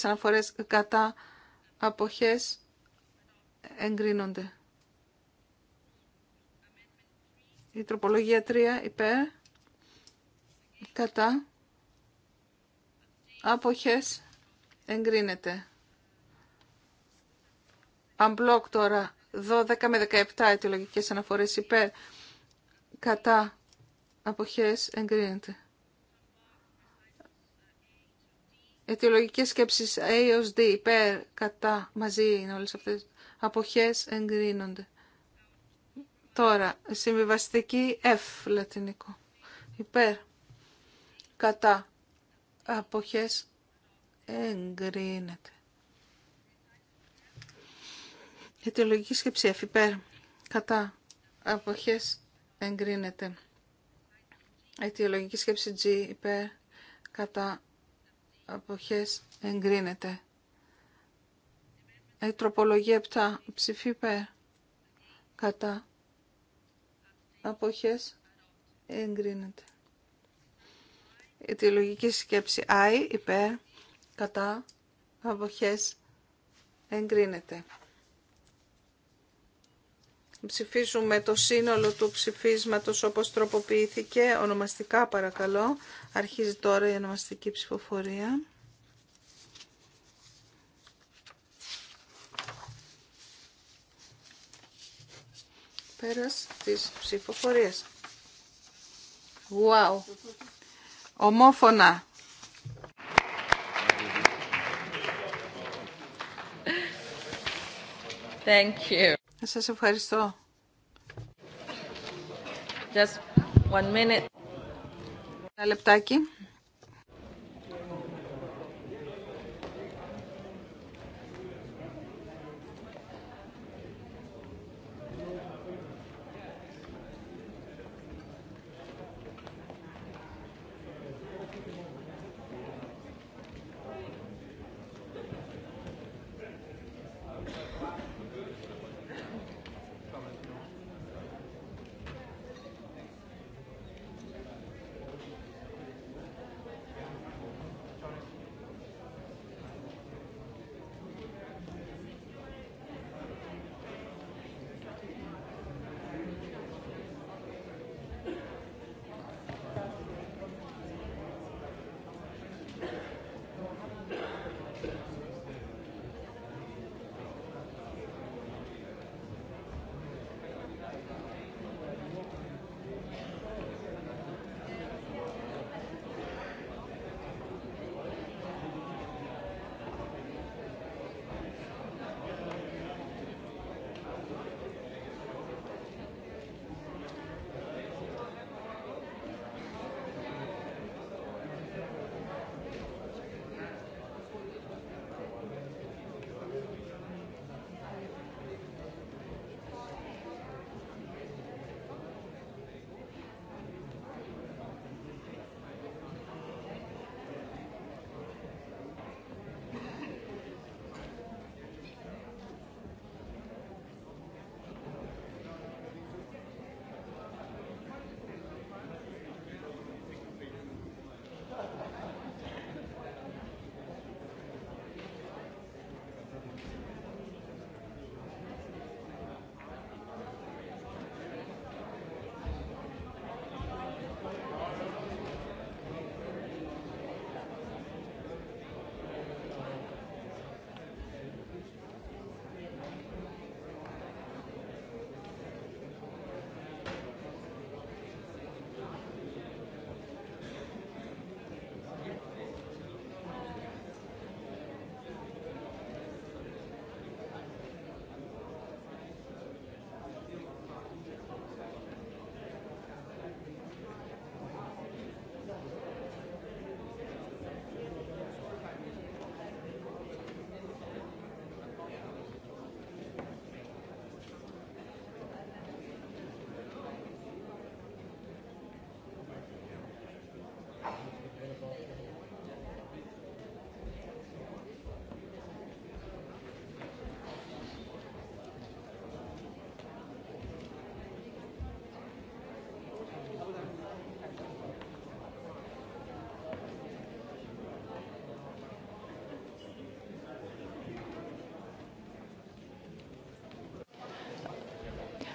αναφορές κατά αποχές εγκρίνονται. Η τροπολογία 3 υπέρ, κατά αποχές εγκρίνεται. Αμπλοκ τώρα 12 με 17 αιτιολογικές αναφορές υπέρ κατά αποχές εγκρίνεται. Αιτιολογικές σκέψεις A ως D υπέρ κατά μαζί είναι όλες αυτές. Αποχές εγκρίνονται. Τώρα, συμβιβαστική F λατινικό. Υπέρ κατά αποχές εγκρίνεται. Αιτιολογική σκέψη F Κατά. Αποχές εγκρίνεται. Αιτιολογική σκέψη G υπέρ. Κατά. Αποχές εγκρίνεται. Η ε, τροπολογία 7 ψηφί υπέρ. Κατά. Αποχές εγκρίνεται. Η αιτιολογική σκέψη I υπέρ. Κατά. Αποχές εγκρίνεται. Ψηφίζουμε το σύνολο του ψηφίσματος όπως τροποποιήθηκε. Ονομαστικά παρακαλώ. Αρχίζει τώρα η ονομαστική ψηφοφορία. Πέρας της ψηφοφορίας. Wow. Ομόφωνα. Thank you. Σας ευχαριστώ. Just one minute. Ένα λεπτάκι.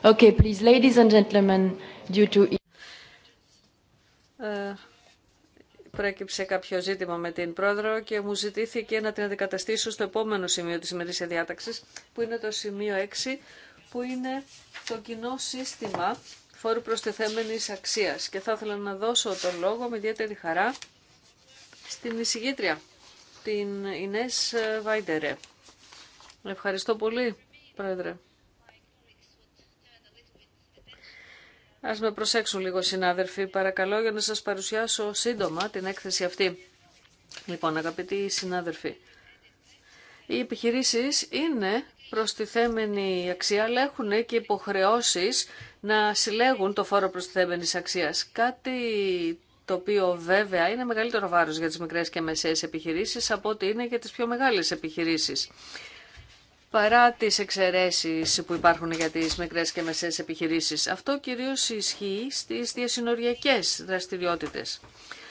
Okay, please, ladies and gentlemen, due to... Uh, Προέκυψε κάποιο ζήτημα με την πρόεδρο και μου ζητήθηκε να την αντικαταστήσω στο επόμενο σημείο της ημερήσια διάταξη, που είναι το σημείο 6, που είναι το κοινό σύστημα φόρου προστιθέμενης αξίας. Και θα ήθελα να δώσω το λόγο με ιδιαίτερη χαρά στην εισηγήτρια, την Ινές Βάιντερε. Ευχαριστώ πολύ, πρόεδρε. Ας με προσέξουν λίγο συνάδελφοι, παρακαλώ, για να σας παρουσιάσω σύντομα την έκθεση αυτή. Λοιπόν, αγαπητοί συνάδελφοι, οι επιχειρήσεις είναι προστιθέμενη αξία, αλλά έχουν και υποχρεώσεις να συλλέγουν το φόρο προστιθέμενης αξίας. Κάτι το οποίο βέβαια είναι μεγαλύτερο βάρος για τις μικρές και μεσαίες επιχειρήσεις από ότι είναι για τις πιο μεγάλες επιχειρήσεις παρά τις εξαιρέσει που υπάρχουν για τι μικρές και μεσαίε επιχειρήσεις. Αυτό κυρίως ισχύει στις διασυνοριακές δραστηριότητες.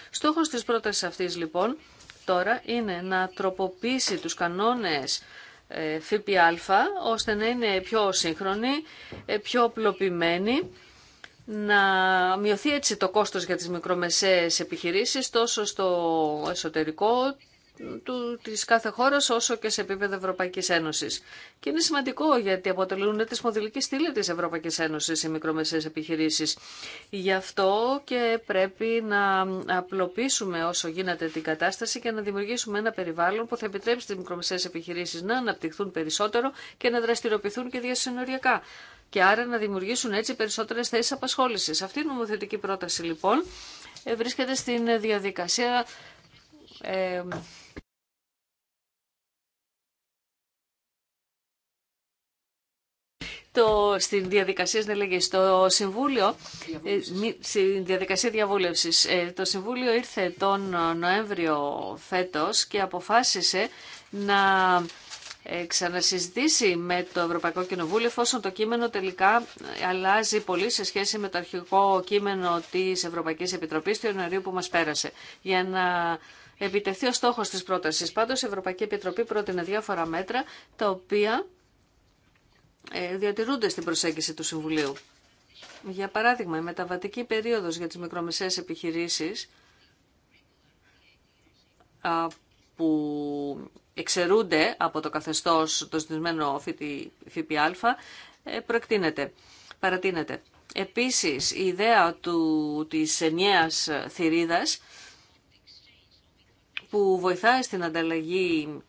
Στόχος της πρόταση αυτής λοιπόν τώρα είναι να τροποποιήσει τους κανόνες ε, ΦΠΑ ώστε να είναι πιο σύγχρονοι, ε, πιο απλοποιημένοι, να μειωθεί έτσι το κόστος για τις μικρομεσαίες επιχειρήσεις τόσο στο εσωτερικό του, της κάθε χώρας όσο και σε επίπεδο Ευρωπαϊκής Ένωσης. Και είναι σημαντικό γιατί αποτελούν τη σπονδυλική στήλη της Ευρωπαϊκής Ένωσης οι μικρομεσαίες επιχειρήσεις. Γι' αυτό και πρέπει να απλοποιήσουμε όσο γίνεται την κατάσταση και να δημιουργήσουμε ένα περιβάλλον που θα επιτρέψει τις μικρομεσαίες επιχειρήσεις να αναπτυχθούν περισσότερο και να δραστηριοποιηθούν και διασυνοριακά. Και άρα να δημιουργήσουν έτσι περισσότερες θέσεις απασχόλησης. Αυτή η νομοθετική πρόταση λοιπόν ε, βρίσκεται στην διαδικασία ε, το, στην διαδικασία, λέγε, στο Συμβούλιο, ε, στη διαδικασία διαβούλευσης, ε, το Συμβούλιο ήρθε τον Νοέμβριο φέτος και αποφάσισε να ε, ξανασυζητήσει με το Ευρωπαϊκό Κοινοβούλιο εφόσον το κείμενο τελικά αλλάζει πολύ σε σχέση με το αρχικό κείμενο της Ευρωπαϊκής Επιτροπής του Ιανουαρίου που μας πέρασε. Για να επιτεθεί ο στόχος της πρότασης. Πάντως η Ευρωπαϊκή Επιτροπή πρότεινε διάφορα μέτρα τα οποία ε, διατηρούνται στην προσέγγιση του Συμβουλίου. Για παράδειγμα, η μεταβατική περίοδος για τις μικρομεσαίες επιχειρήσεις που εξαιρούνται από το καθεστώς το συνδυσμένο ΦΠΑ ε, προεκτείνεται, παρατείνεται. Επίσης, η ιδέα του, της ενιαίας θηρίδας που βοηθάει στην ανταλλαγή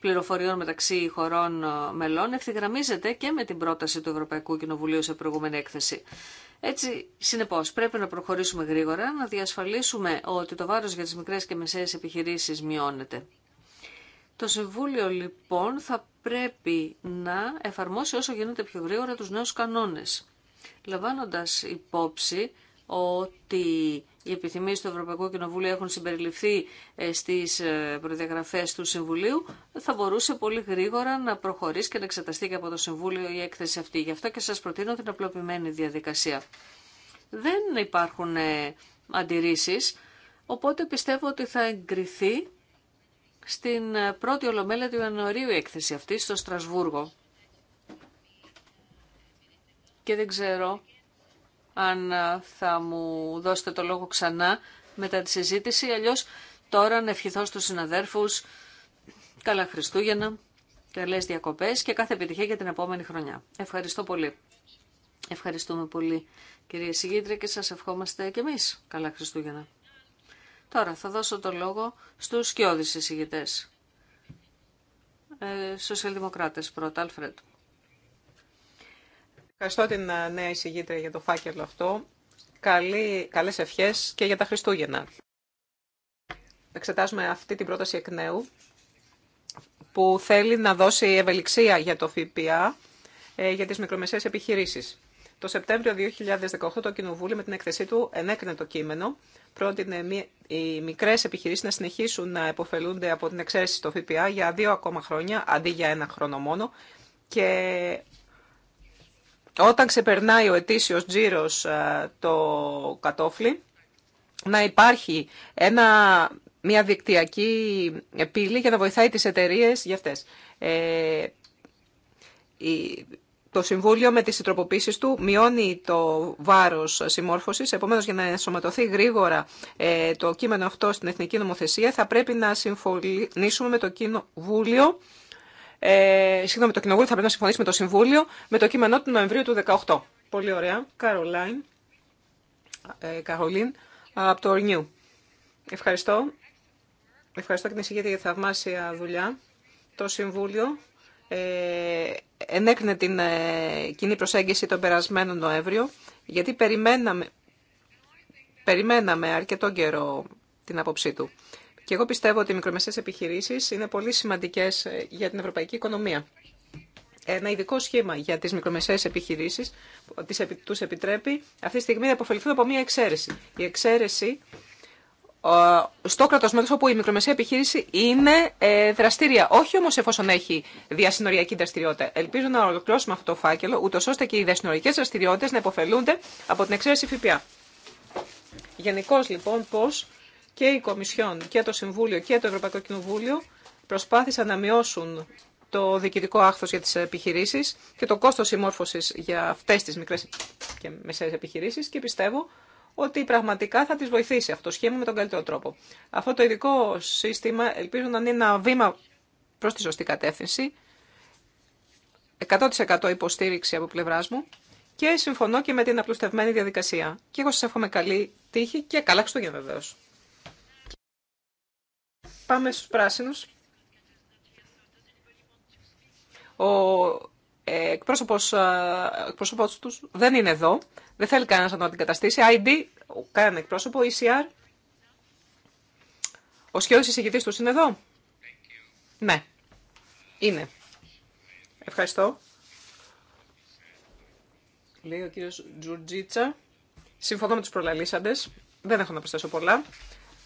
πληροφοριών μεταξύ χωρών ε, μελών ευθυγραμμίζεται και με την πρόταση του Ευρωπαϊκού Κοινοβουλίου σε προηγούμενη έκθεση. Έτσι, συνεπώ, πρέπει να προχωρήσουμε γρήγορα, να διασφαλίσουμε ότι το βάρο για τι μικρέ και μεσαίε επιχειρήσει μειώνεται. Το Συμβούλιο, λοιπόν, θα πρέπει να εφαρμόσει όσο γίνεται πιο γρήγορα τους νέους κανόνες, λαμβάνοντας υπόψη ότι οι επιθυμίες του Ευρωπαϊκού Κοινοβουλίου έχουν συμπεριληφθεί ε, στις ε, προδιαγραφές του Συμβουλίου, θα μπορούσε πολύ γρήγορα να προχωρήσει και να εξεταστεί και από το Συμβούλιο η έκθεση αυτή. Γι' αυτό και σας προτείνω την απλοποιημένη διαδικασία. Δεν υπάρχουν ε, αντιρρήσεις, οπότε πιστεύω ότι θα εγκριθεί στην πρώτη ολομέλεια του Ιανουαρίου η έκθεση αυτή στο Στρασβούργο. Και δεν ξέρω αν ε, θα μου δώσετε το λόγο ξανά μετά τη συζήτηση. Αλλιώς τώρα να ευχηθώ στους συναδέρφους καλά Χριστούγεννα, καλές διακοπές και κάθε επιτυχία για την επόμενη χρονιά. Ευχαριστώ πολύ. Ευχαριστούμε πολύ κυρία Συγήτρια και σας ευχόμαστε και εμείς καλά Χριστούγεννα. Τώρα θα δώσω το λόγο στους σκιώδεις εισηγητές. Ε, σοσιαλδημοκράτες πρώτα, Αλφρέτ. Ευχαριστώ την ε, νέα εισηγήτρια για το φάκελο αυτό. Καλή, καλές ευχές και για τα Χριστούγεννα. Εξετάζουμε αυτή την πρόταση εκ νέου που θέλει να δώσει ευελιξία για το ΦΠΑ ε, για τις μικρομεσαίες επιχειρήσεις. Το Σεπτέμβριο 2018 το Κοινοβούλιο με την έκθεσή του ενέκρινε το κείμενο. Πρότεινε οι μικρέ επιχειρήσει να συνεχίσουν να επωφελούνται από την εξαίρεση στο ΦΠΑ για δύο ακόμα χρόνια, αντί για ένα χρόνο μόνο. Και όταν ξεπερνάει ο ετήσιος τζίρος το κατόφλι, να υπάρχει ένα, μια δικτυακή πύλη για να βοηθάει τις εταιρείες για αυτές. Ε, το Συμβούλιο με τις συντροποποίησεις του μειώνει το βάρος συμμόρφωσης, επομένως για να ενσωματωθεί γρήγορα ε, το κείμενο αυτό στην Εθνική Νομοθεσία θα πρέπει να συμφωνήσουμε με το Κοινοβούλιο ε, συγγνώμη, το Κοινοβούλιο θα πρέπει να συμφωνήσει με το Συμβούλιο με το κείμενό του Νοεμβρίου του 2018. Πολύ ωραία. Καρολάιν, ε, Καρολίν, από το Ορνιού. Ευχαριστώ. Ευχαριστώ και την εισηγήτρια για τη θαυμάσια δουλειά. Το Συμβούλιο ε, ενέκρινε την ε, κοινή προσέγγιση τον περασμένο Νοέμβριο, γιατί περιμέναμε, περιμέναμε αρκετό καιρό την άποψή του. Και εγώ πιστεύω ότι οι μικρομεσαίες επιχειρήσεις είναι πολύ σημαντικές ε, για την ευρωπαϊκή οικονομία. Ένα ειδικό σχήμα για τις μικρομεσαίες επιχειρήσεις τους επιτρέπει αυτή τη στιγμή να υποφεληθούν από μία εξαίρεση. Η εξαίρεση στο κράτος μέλος όπου η μικρομεσαία επιχείρηση είναι ε, δραστήρια. Όχι όμως εφόσον έχει διασυνοριακή δραστηριότητα. Ελπίζω να ολοκληρώσουμε αυτό το φάκελο, ούτως ώστε και οι διασυνοριακές δραστηριότητες να υποφελούνται από την εξαίρεση ΦΠΑ. Γενικώ λοιπόν πώ και η Κομισιόν και το Συμβούλιο και το Ευρωπαϊκό Κοινοβούλιο προσπάθησαν να μειώσουν το διοικητικό άχθο για τι επιχειρήσει και το κόστο συμμόρφωση για αυτέ τι μικρέ και μεσαίες επιχειρήσει. και πιστεύω ότι πραγματικά θα τι βοηθήσει αυτό το σχήμα με τον καλύτερο τρόπο. Αυτό το ειδικό σύστημα ελπίζω να είναι ένα βήμα προ τη σωστή κατεύθυνση, 100% υποστήριξη από πλευρά μου και συμφωνώ και με την απλουστευμένη διαδικασία. Και εγώ σα εύχομαι καλή τύχη και καλά Χριστούγεννα βεβαιω. Πάμε στους πράσινους. Ο ε, εκπρόσωπος, ε, εκπρόσωπος τους δεν είναι εδώ. Δεν θέλει κανένας να τον αντικαταστήσει. ID, κανένα εκπρόσωπο, ECR. Ο σχεδόν εισηγητής τους είναι εδώ. Ναι, είναι. Ευχαριστώ. Λέει ο κύριος Τζουρτζίτσα. Συμφωνώ με τους προλαλήσαντες. Δεν έχω να προσθέσω πολλά.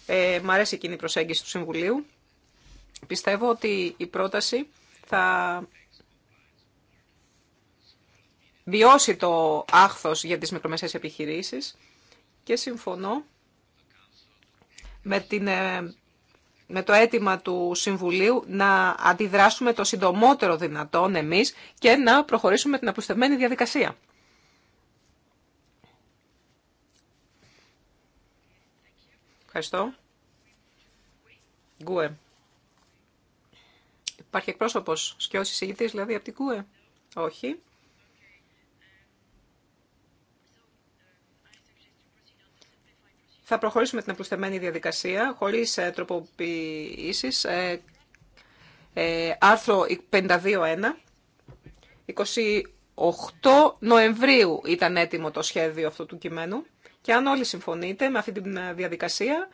Ε, μ' αρέσει εκείνη η προσέγγιση του Συμβουλίου. Πιστεύω ότι η πρόταση θα βιώσει το άχθος για τις μικρομεσαίες επιχειρήσεις και συμφωνώ με, ε, με το αίτημα του Συμβουλίου να αντιδράσουμε το συντομότερο δυνατόν εμείς και να προχωρήσουμε την αποστευμένη διαδικασία. Ευχαριστώ. Γκουε. Υπάρχει εκπρόσωπο σκιώση ηγητή, δηλαδή, από την Γκουε. Όχι. Θα προχωρήσουμε την απλουστεμένη διαδικασία, χωρίς ε, τροποποιήσεις. Ε, ε, άρθρο 52.1. 28 Νοεμβρίου ήταν έτοιμο το σχέδιο αυτού του κειμένου. Και αν όλοι συμφωνείτε με αυτή τη ε, διαδικασία,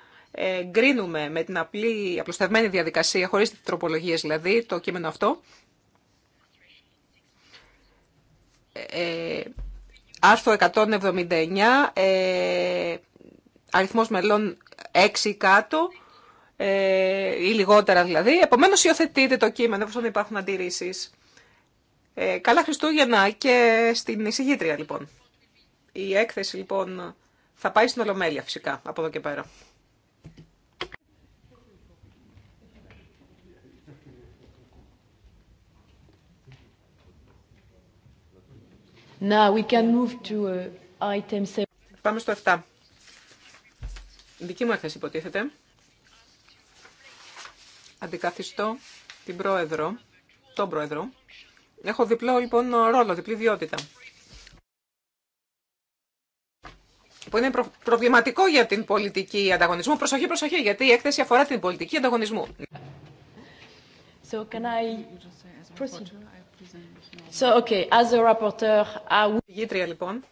γκρίνουμε με την απλή, απλουστευμένη διαδικασία, χωρίς τροπολογίες δηλαδή, το κείμενο αυτό. Ε, άρθρο 179, ε, αριθμός μελών 6 κάτω, ε, ή λιγότερα δηλαδή. Επομένως υιοθετείτε το κείμενο, εφόσον υπάρχουν αντιρρήσεις. Ε, καλά Χριστούγεννα και στην εισηγήτρια λοιπόν. Η έκθεση λοιπόν θα πάει στην Ολομέλεια φυσικά από εδώ και πέρα. Now we can move to uh, item Πάμε στο 7. Δική μου έκθεση υποτίθεται. Αντικαθιστώ την πρόεδρο, τον πρόεδρο. Έχω διπλό λοιπόν ρόλο, διπλή ιδιότητα. που είναι προβληματικό για την πολιτική ανταγωνισμού. Προσοχή, προσοχή, γιατί η έκθεση αφορά την πολιτική ανταγωνισμού. So λοιπόν.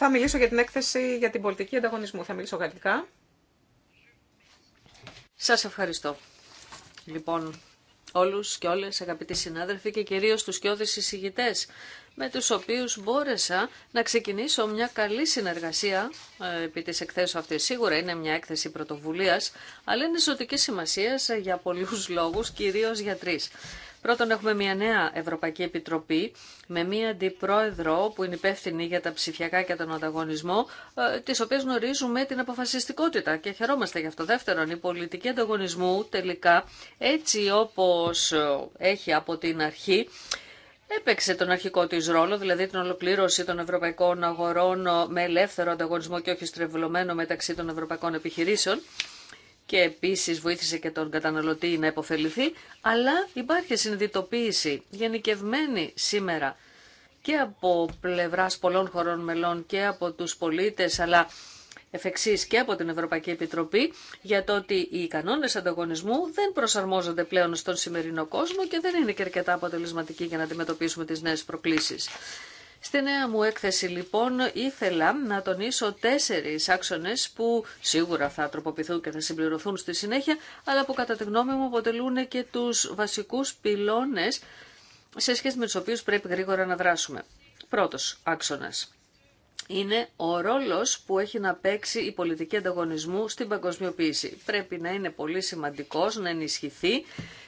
Θα μιλήσω για την έκθεση για την πολιτική ανταγωνισμού. Θα μιλήσω γαλλικά. Σας ευχαριστώ. Λοιπόν, όλους και όλες αγαπητοί συνάδελφοι και κυρίως τους κοιόδης εισηγητές με τους οποίους μπόρεσα να ξεκινήσω μια καλή συνεργασία ε, επί της εκθέσεως αυτής. Σίγουρα είναι μια έκθεση πρωτοβουλίας, αλλά είναι ζωτική σημασία για πολλούς λόγους, κυρίως για τρεις. Πρώτον έχουμε μια νέα Ευρωπαϊκή Επιτροπή με μια αντιπρόεδρο που είναι υπεύθυνη για τα ψηφιακά και τον ανταγωνισμό, ε, τη οποία γνωρίζουμε την αποφασιστικότητα και χαιρόμαστε γι' αυτό. Δεύτερον, η πολιτική ανταγωνισμού τελικά έτσι όπως ε, έχει από την αρχή έπαιξε τον αρχικό της ρόλο, δηλαδή την ολοκλήρωση των ευρωπαϊκών αγορών με ελεύθερο ανταγωνισμό και όχι στρεβλωμένο μεταξύ των ευρωπαϊκών επιχειρήσεων και επίσης βοήθησε και τον καταναλωτή να υποφεληθεί, αλλά υπάρχει συνειδητοποίηση γενικευμένη σήμερα και από πλευράς πολλών χωρών μελών και από τους πολίτες, αλλά εφ' και από την Ευρωπαϊκή Επιτροπή για το ότι οι κανόνες ανταγωνισμού δεν προσαρμόζονται πλέον στον σημερινό κόσμο και δεν είναι και αρκετά αποτελεσματικοί για να αντιμετωπίσουμε τις νέες προκλήσεις. Στη νέα μου έκθεση λοιπόν ήθελα να τονίσω τέσσερις άξονες που σίγουρα θα τροποποιηθούν και θα συμπληρωθούν στη συνέχεια, αλλά που κατά τη γνώμη μου αποτελούν και τους βασικούς πυλώνες σε σχέση με τους οποίους πρέπει γρήγορα να δράσουμε. Πρώτος άξονας είναι ο ρόλος που έχει να παίξει η πολιτική ανταγωνισμού στην παγκοσμιοποίηση. Πρέπει να είναι πολύ σημαντικός, να ενισχυθεί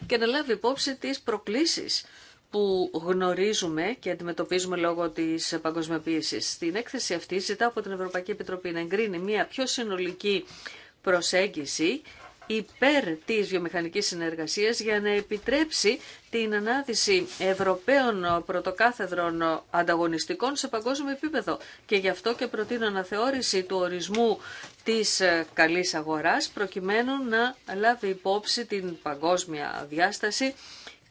και να λάβει υπόψη τις προκλήσεις που γνωρίζουμε και αντιμετωπίζουμε λόγω τη παγκοσμιοποίηση. Στην έκθεση αυτή ζητά από την Ευρωπαϊκή Επιτροπή να εγκρίνει μια πιο συνολική προσέγγιση υπέρ της βιομηχανικής συνεργασίας για να επιτρέψει την ανάδυση Ευρωπαίων πρωτοκάθεδρων ανταγωνιστικών σε παγκόσμιο επίπεδο. Και γι' αυτό και προτείνω αναθεώρηση του ορισμού της καλής αγοράς προκειμένου να λάβει υπόψη την παγκόσμια διάσταση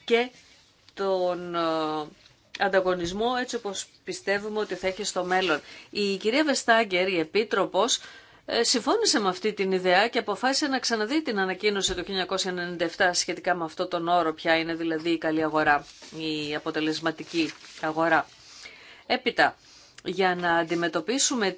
και τον ε, ανταγωνισμό έτσι όπως πιστεύουμε ότι θα έχει στο μέλλον. Η κυρία Βεστάγκερ, η Επίτροπος, ε, συμφώνησε με αυτή την ιδέα και αποφάσισε να ξαναδεί την ανακοίνωση του 1997 σχετικά με αυτό τον όρο, ποια είναι δηλαδή η καλή αγορά, η αποτελεσματική αγορά. Έπειτα, για να αντιμετωπίσουμε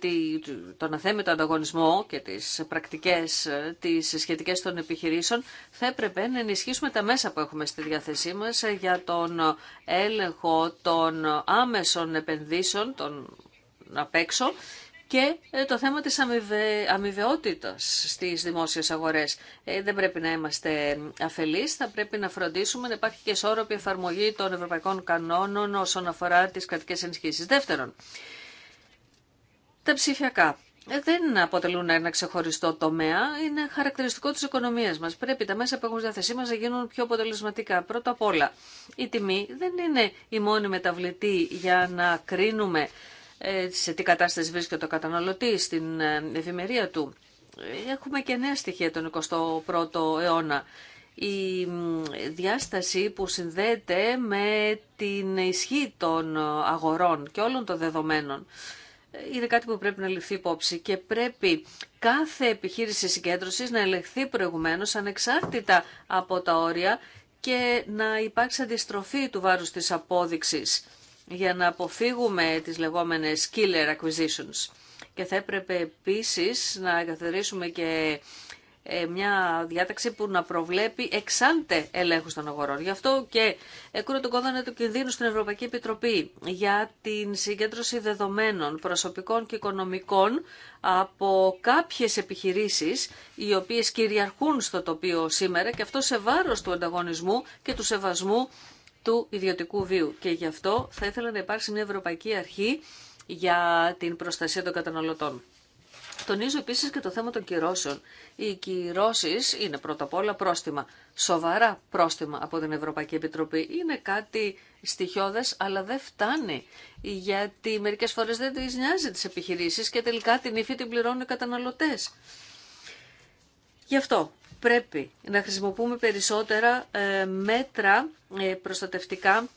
τον αθέμητο ανταγωνισμό και τις πρακτικές ε, τις σχετικές των επιχειρήσεων θα έπρεπε να ενισχύσουμε τα μέσα που έχουμε στη διάθεσή μας ε, για τον έλεγχο των άμεσων επενδύσεων των απ' και ε, το θέμα της αμοιβαι... αμοιβαιότητας στις δημόσιες αγορές. Ε, δεν πρέπει να είμαστε αφελείς, θα πρέπει να φροντίσουμε να υπάρχει και σώροπη εφαρμογή των ευρωπαϊκών κανόνων όσον αφορά τις κρατικές ενισχύσεις. Δεύτερον, τα ψηφιακά. Ε, δεν αποτελούν ένα ξεχωριστό τομέα, είναι χαρακτηριστικό της οικονομίας μας. Πρέπει τα μέσα που έχουμε στη διάθεσή μας να γίνουν πιο αποτελεσματικά. Πρώτα απ' όλα, η τιμή δεν είναι η μόνη μεταβλητή για να κρίνουμε ε, σε τι κατάσταση βρίσκεται ο καταναλωτή, στην ευημερία του. Έχουμε και νέα στοιχεία τον 21ο αιώνα. Η διάσταση που συνδέεται με την ισχύ των αγορών και όλων των δεδομένων ε, είναι κάτι που πρέπει να ληφθεί υπόψη και πρέπει κάθε επιχείρηση συγκέντρωσης να ελεγχθεί προηγουμένως ανεξάρτητα από τα όρια και να υπάρξει αντιστροφή του βάρους της απόδειξης για να αποφύγουμε τις λεγόμενες killer acquisitions. Και θα έπρεπε επίσης να εγκαθαρίσουμε και ε, μια διάταξη που να προβλέπει εξάντε ελέγχους των αγορών. Γι' αυτό και εκούρω τον κόδωνα του κινδύνου στην Ευρωπαϊκή Επιτροπή για την συγκέντρωση δεδομένων προσωπικών και οικονομικών από κάποιες επιχειρήσεις οι οποίες κυριαρχούν στο τοπίο σήμερα και αυτό σε βάρος του ανταγωνισμού και του σεβασμού του ιδιωτικού βίου. Και γι' αυτό θα ήθελα να υπάρξει μια Ευρωπαϊκή Αρχή για την προστασία των καταναλωτών. Τονίζω επίσης και το θέμα των κυρώσεων. Οι κυρώσει είναι πρώτα απ' όλα πρόστιμα. Σοβαρά πρόστιμα από την Ευρωπαϊκή Επιτροπή. Είναι κάτι στοιχειώδες, αλλά δεν φτάνει. Γιατί μερικές φορές δεν τις νοιάζει τις επιχειρήσεις και τελικά την ύφη την πληρώνουν οι καταναλωτές. Γι' αυτό πρέπει να χρησιμοποιούμε περισσότερα ε, μέτρα ε, προστατευτικά,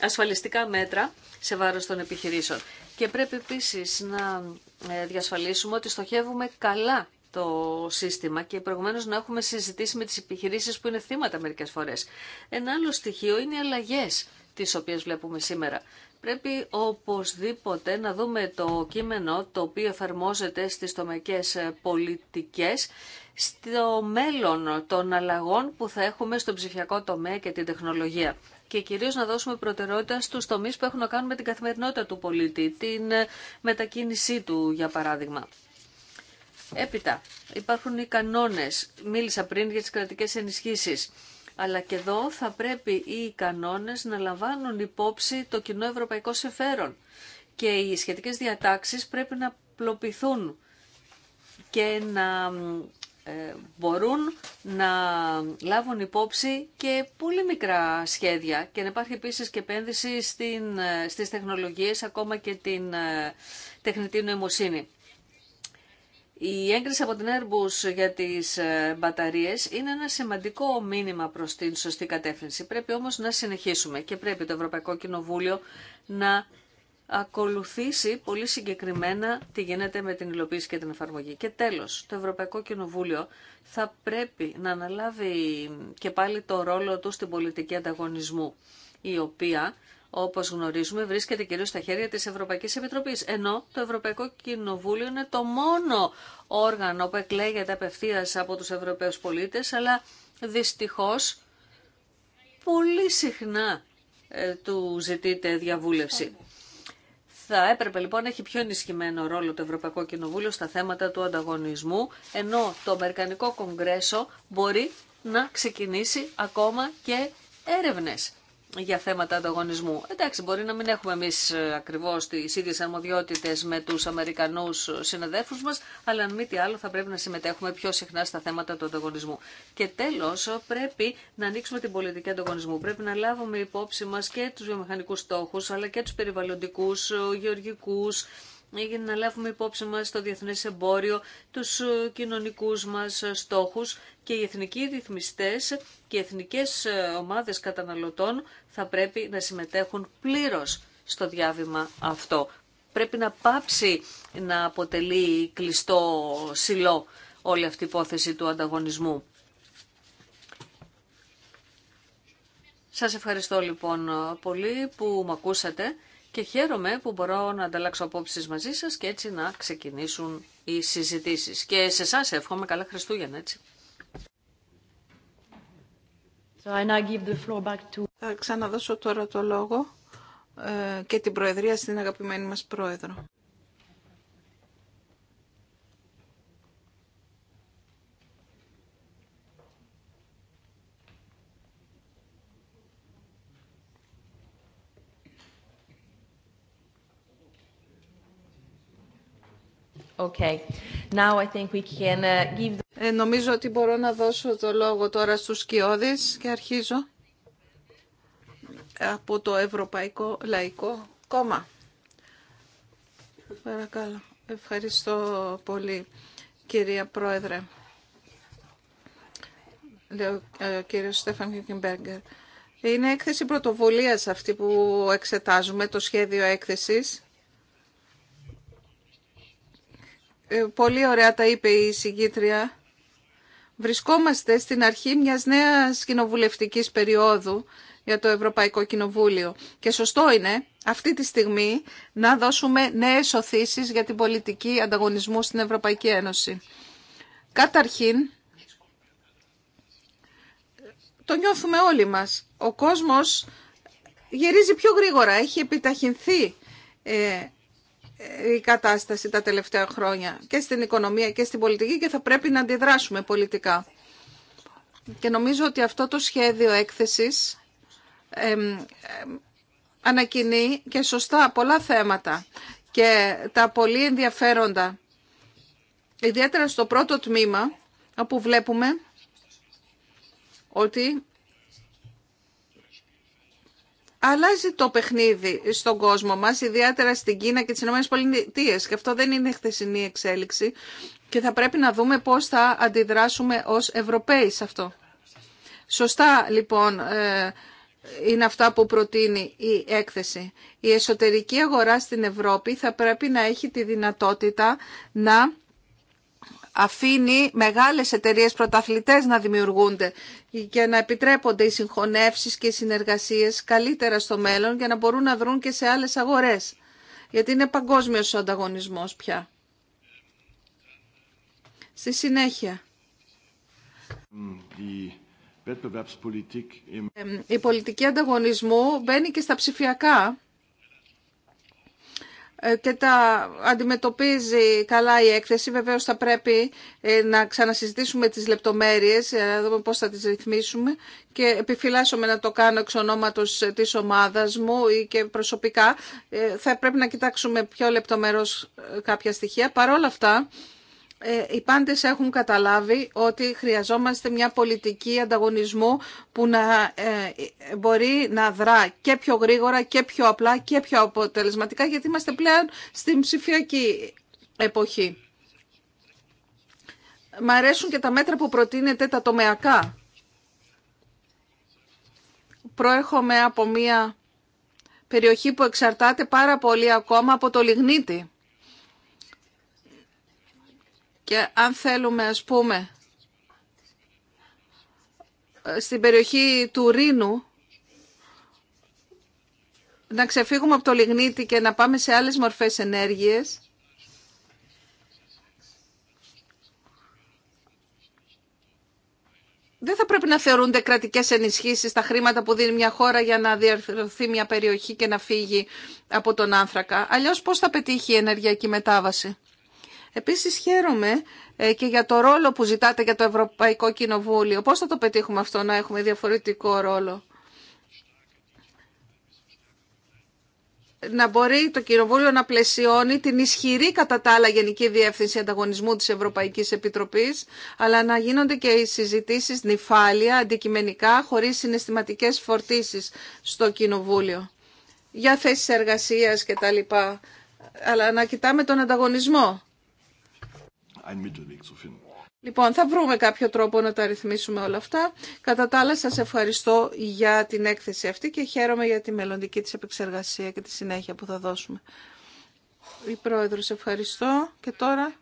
ασφαλιστικά μέτρα σε βάρος των επιχειρήσεων. Και πρέπει επίσης να ε, διασφαλίσουμε ότι στοχεύουμε καλά το σύστημα και προηγουμένω να έχουμε συζητήσει με τις επιχειρήσεις που είναι θύματα μερικές φορές. Ένα άλλο στοιχείο είναι οι αλλαγέ τις οποίες βλέπουμε σήμερα πρέπει οπωσδήποτε να δούμε το κείμενο το οποίο εφαρμόζεται στις τομεκές πολιτικές στο μέλλον των αλλαγών που θα έχουμε στον ψηφιακό τομέα και την τεχνολογία. Και κυρίως να δώσουμε προτεραιότητα στους τομείς που έχουν να κάνουν με την καθημερινότητα του πολίτη, την μετακίνησή του για παράδειγμα. Έπειτα, υπάρχουν οι κανόνε. Μίλησα πριν για τι κρατικές ενισχύσει. Αλλά και εδώ θα πρέπει οι κανόνες να λαμβάνουν υπόψη το κοινό ευρωπαϊκό συμφέρον. Και οι σχετικές διατάξεις πρέπει να πλοπηθούν και να ε, μπορούν να λάβουν υπόψη και πολύ μικρά σχέδια και να υπάρχει επίσης και επένδυση στην, ε, στις τεχνολογίες ακόμα και την ε, τεχνητή νοημοσύνη. Η έγκριση από την Airbus για τις ε, μπαταρίες είναι ένα σημαντικό μήνυμα προς την σωστή κατεύθυνση. Πρέπει όμως να συνεχίσουμε και πρέπει το Ευρωπαϊκό Κοινοβούλιο να ακολουθήσει πολύ συγκεκριμένα τι γίνεται με την υλοποίηση και την εφαρμογή. Και τέλος, το Ευρωπαϊκό Κοινοβούλιο θα πρέπει να αναλάβει και πάλι το ρόλο του στην πολιτική ανταγωνισμού, η οποία όπως γνωρίζουμε, βρίσκεται κυρίω στα χέρια της Ευρωπαϊκής Επιτροπής, ενώ το Ευρωπαϊκό Κοινοβούλιο είναι το μόνο όργανο που εκλέγεται απευθεία από τους Ευρωπαίους πολίτες, αλλά δυστυχώς πολύ συχνά ε, του ζητείται διαβούλευση. Θα έπρεπε λοιπόν να έχει πιο ενισχυμένο ρόλο το Ευρωπαϊκό Κοινοβούλιο στα θέματα του ανταγωνισμού, ενώ το Αμερικανικό Κογκρέσο μπορεί να ξεκινήσει ακόμα και έρευνες για θέματα ανταγωνισμού. Εντάξει, μπορεί να μην έχουμε εμεί ε, ακριβώ τι ίδιε αρμοδιότητε με του Αμερικανού συναδέλφου μα, αλλά αν μη τι άλλο θα πρέπει να συμμετέχουμε πιο συχνά στα θέματα του ανταγωνισμού. Και τέλο, πρέπει να ανοίξουμε την πολιτική ανταγωνισμού. Πρέπει να λάβουμε υπόψη μα και του βιομηχανικού στόχου, αλλά και του περιβαλλοντικού, γεωργικού, Έγινε να λάβουμε υπόψη μας το διεθνές εμπόριο, τους ε, κοινωνικούς μας ε, στόχους και οι εθνικοί ρυθμιστές και οι εθνικές ε, ομάδες καταναλωτών θα πρέπει να συμμετέχουν πλήρως στο διάβημα αυτό. Πρέπει να πάψει να αποτελεί κλειστό σιλό όλη αυτή η υπόθεση του ανταγωνισμού. Σας ευχαριστώ λοιπόν πολύ που με ακούσατε και χαίρομαι που μπορώ να ανταλλάξω απόψεις μαζί σας και έτσι να ξεκινήσουν οι συζητήσεις. Και σε εσά εύχομαι καλά Χριστούγεννα, έτσι. So I now give the floor back to... Θα ξαναδώσω τώρα το λόγο ε, και την Προεδρία στην αγαπημένη μας Πρόεδρο. Okay. Now I think we can uh, give... Ε, νομίζω ότι μπορώ να δώσω το λόγο τώρα στους Σκιώδης και αρχίζω από το Ευρωπαϊκό Λαϊκό Κόμμα. Παρακαλώ. Ευχαριστώ πολύ, κυρία Πρόεδρε. Λέω ε, ο κύριος Στέφαν Κιουκιμπέργκερ. Είναι έκθεση πρωτοβουλίας αυτή που εξετάζουμε, το σχέδιο έκθεσης Ε, πολύ ωραία τα είπε η συγκήτρια. Βρισκόμαστε στην αρχή μιας νέας κοινοβουλευτικής περίοδου για το Ευρωπαϊκό Κοινοβούλιο. Και σωστό είναι αυτή τη στιγμή να δώσουμε νέες οθήσεις για την πολιτική ανταγωνισμού στην Ευρωπαϊκή Ένωση. Καταρχήν, το νιώθουμε όλοι μας. Ο κόσμος γυρίζει πιο γρήγορα, έχει επιταχυνθεί ε, ε, η κατάσταση τα τελευταία χρόνια και στην οικονομία και στην πολιτική και θα πρέπει να αντιδράσουμε πολιτικά. Και νομίζω ότι αυτό το σχέδιο έκθεσης ε, ανακοινεί και σωστά πολλά θέματα και τα πολύ ενδιαφέροντα. Ιδιαίτερα στο πρώτο τμήμα, όπου βλέπουμε ότι αλλάζει το παιχνίδι στον κόσμο μας, ιδιαίτερα στην Κίνα και τις Ηνωμένες Πολιτείες. Και αυτό δεν είναι χθεσινή εξέλιξη και θα πρέπει να δούμε πώς θα αντιδράσουμε ως Ευρωπαίοι σε αυτό. Σωστά λοιπόν ε, είναι αυτά που προτείνει η έκθεση. Η εσωτερική αγορά στην Ευρώπη θα πρέπει να έχει τη δυνατότητα να αφήνει μεγάλες εταιρείες πρωταθλητές να δημιουργούνται και να επιτρέπονται οι συγχωνεύσεις και οι συνεργασίες καλύτερα στο μέλλον για να μπορούν να δρουν και σε άλλες αγορές. Γιατί είναι παγκόσμιος ο ανταγωνισμός πια. Στη συνέχεια. Η πολιτική ανταγωνισμού μπαίνει και στα ψηφιακά ε, και τα αντιμετωπίζει καλά η έκθεση. Βεβαίως θα πρέπει ε, να ξανασυζητήσουμε τις λεπτομέρειες, ε, να δούμε πώς θα τις ρυθμίσουμε και επιφυλάσσομαι να το κάνω εξ ονόματος της ομάδας μου ή και προσωπικά. Θα πρέπει να κοιτάξουμε πιο λεπτομερώς κάποια στοιχεία. Παρ' όλα αυτά, ε, οι πάντες έχουν καταλάβει ότι χρειαζόμαστε μια πολιτική ανταγωνισμού που να ε, μπορεί να δρά και πιο γρήγορα και πιο απλά και πιο αποτελεσματικά γιατί είμαστε πλέον στην ψηφιακή εποχή. Μ' αρέσουν και τα μέτρα που προτείνεται τα τομεακά. Προέρχομαι από μια περιοχή που εξαρτάται πάρα πολύ ακόμα από το λιγνίτη. Και αν θέλουμε, ας πούμε, στην περιοχή του Ρήνου, να ξεφύγουμε από το λιγνίτι και να πάμε σε άλλες μορφές ενέργειες, δεν θα πρέπει να θεωρούνται κρατικέ ενισχύσει τα χρήματα που δίνει μια χώρα για να διαρθρωθεί μια περιοχή και να φύγει από τον άνθρακα. Αλλιώ πώ θα πετύχει η ενεργειακή μετάβαση. Επίσης χαίρομαι ε, και για το ρόλο που ζητάτε για το Ευρωπαϊκό Κοινοβούλιο. Πώς θα το πετύχουμε αυτό να έχουμε διαφορετικό ρόλο. να μπορεί το Κοινοβούλιο να πλαισιώνει την ισχυρή κατά τα άλλα Γενική Διεύθυνση Ανταγωνισμού της Ευρωπαϊκής Επιτροπής, αλλά να γίνονται και οι συζητήσεις νυφάλια, αντικειμενικά, χωρίς συναισθηματικές φορτίσεις στο Κοινοβούλιο. Για θέσεις εργασίας και τα λοιπά, αλλά να κοιτάμε τον ανταγωνισμό. Λοιπόν, θα βρούμε κάποιο τρόπο να τα ρυθμίσουμε όλα αυτά. Κατά τα άλλα, σας ευχαριστώ για την έκθεση αυτή και χαίρομαι για τη μελλοντική της επεξεργασία και τη συνέχεια που θα δώσουμε. Η Πρόεδρος, ευχαριστώ. Και τώρα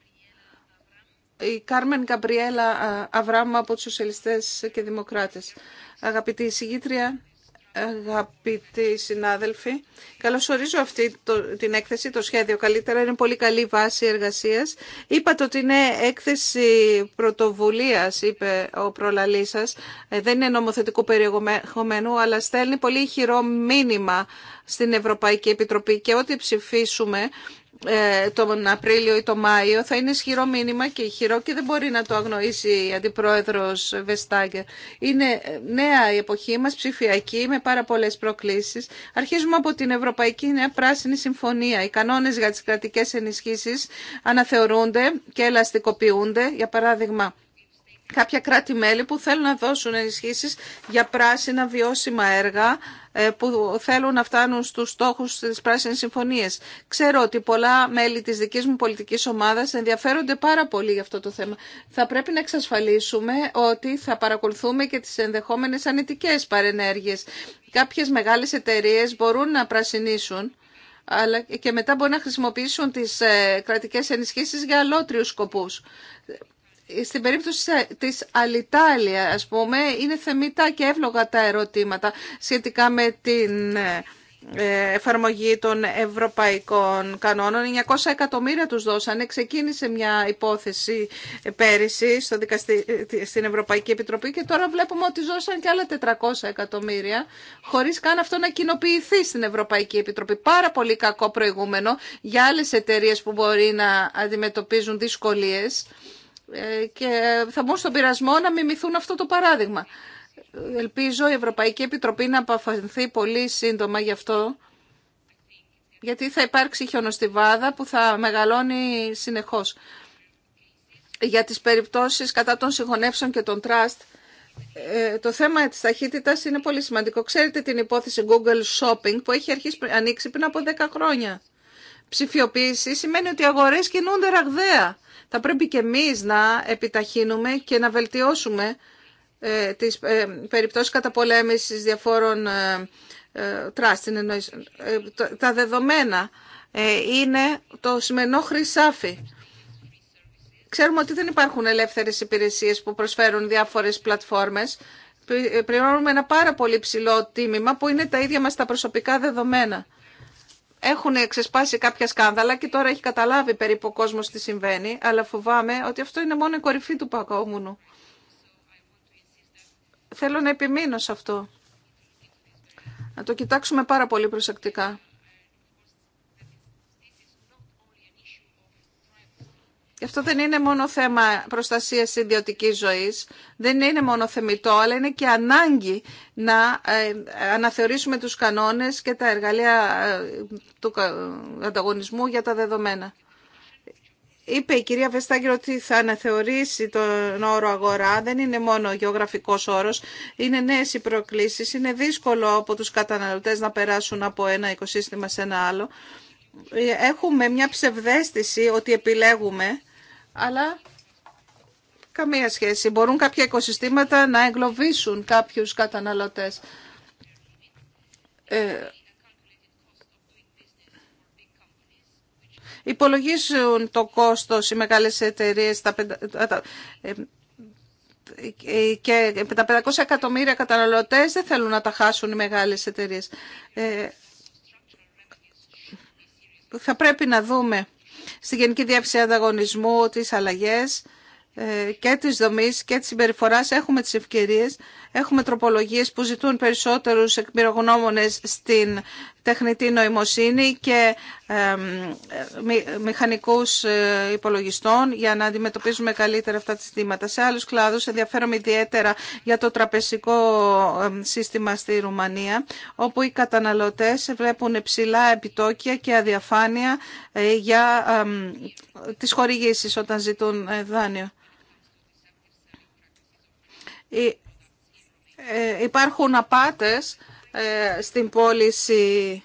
η Κάρμεν Καμπριέλα ε, Αβράμμα από τους Σοσιαλιστές και Δημοκράτες. Αγαπητή εισηγήτρια, Αγαπητοί συνάδελφοι, καλωσορίζω αυτή την έκθεση, το σχέδιο καλύτερα, είναι πολύ καλή βάση εργασίας. Είπατε ότι είναι έκθεση πρωτοβουλίας, είπε ο προλαλής σας. Ε, δεν είναι νομοθετικού περιεχομένου, αλλά στέλνει πολύ χειρό μήνυμα στην Ευρωπαϊκή Επιτροπή και ό,τι ψηφίσουμε ε, τον Απρίλιο ή τον Μάιο θα είναι ισχυρό μήνυμα και ισχυρό και δεν μπορεί να το αγνοήσει η Αντιπρόεδρος Βεστάγκερ. Είναι ε, νέα η εποχή μας, ψηφιακή, με πάρα πολλές προκλήσεις. Αρχίζουμε από την Ευρωπαϊκή Νέα Πράσινη Συμφωνία. Οι κανόνες για τις κρατικές ενισχύσεις αναθεωρούνται και ελαστικοποιούνται. Για παράδειγμα, κάποια κράτη-μέλη που θέλουν να δώσουν ενισχύσει για πράσινα βιώσιμα έργα ε, που θέλουν να φτάνουν στους στόχους της Πράσινης Συμφωνίας. Ξέρω ότι πολλά μέλη της δικής μου πολιτικής ομάδας ενδιαφέρονται πάρα πολύ για αυτό το θέμα. Θα πρέπει να εξασφαλίσουμε ότι θα παρακολουθούμε και τις ενδεχόμενες ανητικές παρενέργειες. Κάποιες μεγάλες εταιρείε μπορούν να πρασινίσουν αλλά και μετά μπορεί να χρησιμοποιήσουν τις ε, κρατικές ενισχύσεις για αλότριους σκοπούς στην περίπτωση της Αλιτάλια, ας πούμε, είναι θεμητά και εύλογα τα ερωτήματα σχετικά με την ε, ε, εφαρμογή των ευρωπαϊκών κανόνων. 900 εκατομμύρια τους δώσανε. Ξεκίνησε μια υπόθεση πέρυσι στο δικαστή, στην Ευρωπαϊκή Επιτροπή και τώρα βλέπουμε ότι δώσαν και άλλα 400 εκατομμύρια χωρίς καν αυτό να κοινοποιηθεί στην Ευρωπαϊκή Επιτροπή. Πάρα πολύ κακό προηγούμενο για άλλες εταιρείες που μπορεί να αντιμετωπίζουν δυσκολίες. Ε, και θα μπουν στον πειρασμό να μιμηθούν αυτό το παράδειγμα. Ελπίζω η Ευρωπαϊκή Επιτροπή να απαφανθεί πολύ σύντομα γι' αυτό, γιατί θα υπάρξει χιονοστιβάδα που θα μεγαλώνει συνεχώς. Για τις περιπτώσεις κατά των συγχωνεύσεων και των τραστ, ε, το θέμα της ταχύτητας είναι πολύ σημαντικό. Ξέρετε την υπόθεση Google Shopping που έχει αρχίσει, ανοίξει πριν από 10 χρόνια. Ψηφιοποίηση σημαίνει ότι οι αγορές κινούνται ραγδαία θα πρέπει και εμείς να επιταχύνουμε και να βελτιώσουμε ε, τις ε, περιπτώσεις καταπολέμησης διαφόρων ε, τράστιν. Τα δεδομένα είναι το σημερινό χρυσάφι. Ξέρουμε ότι δεν υπάρχουν ελεύθερες υπηρεσίες που προσφέρουν διάφορες πλατφόρμες. Πληρώνουμε ένα πάρα πολύ ψηλό τίμημα που είναι τα ίδια μας τα προσωπικά δεδομένα έχουν ξεσπάσει κάποια σκάνδαλα και τώρα έχει καταλάβει περίπου ο κόσμος τι συμβαίνει, αλλά φοβάμαι ότι αυτό είναι μόνο η κορυφή του παγκόμουνου. Θέλω να επιμείνω σε αυτό. Να το κοιτάξουμε πάρα πολύ προσεκτικά. Και αυτό δεν είναι μόνο θέμα προστασίας ιδιωτική ζωής, δεν είναι μόνο θεμητό, αλλά είναι και ανάγκη να ε, αναθεωρήσουμε τους κανόνες και τα εργαλεία ε, του ανταγωνισμού για τα δεδομένα. Είπε η κυρία Βεστάγκη ότι θα αναθεωρήσει τον όρο αγορά. Δεν είναι μόνο γεωγραφικός όρος. Είναι νέες οι προκλήσεις. Είναι δύσκολο από τους καταναλωτές να περάσουν από ένα οικοσύστημα σε ένα άλλο. Ε, έχουμε μια ψευδέστηση ότι επιλέγουμε αλλά καμία σχέση. Μπορούν κάποια οικοσυστήματα να εγκλωβίσουν κάποιους καταναλωτές. Ε, υπολογίζουν το κόστος οι μεγάλες εταιρείες τα, ε, και τα 500 εκατομμύρια καταναλωτές δεν θέλουν να τα χάσουν οι μεγάλες εταιρείες. Ε, θα πρέπει να δούμε στη Γενική Διεύθυνση Ανταγωνισμού τις αλλαγές ε, και της δομής και της συμπεριφορά έχουμε τις ευκαιρίες, έχουμε τροπολογίες που ζητούν περισσότερους εκπυρογνώμονες στην τεχνητή νοημοσύνη και μηχανικούς ε, υπολογιστών για να αντιμετωπίζουμε καλύτερα αυτά τα συστήματα. Σε άλλους κλάδους ενδιαφέρομαι ιδιαίτερα για το τραπεζικό σύστημα στη Ρουμανία, όπου οι καταναλωτές βλέπουν ψηλά επιτόκια και αδιαφάνεια ε, για τις χορηγήσεις όταν ζητούν ε, δάνειο. Υπάρχουν απάτες ε, στην πώληση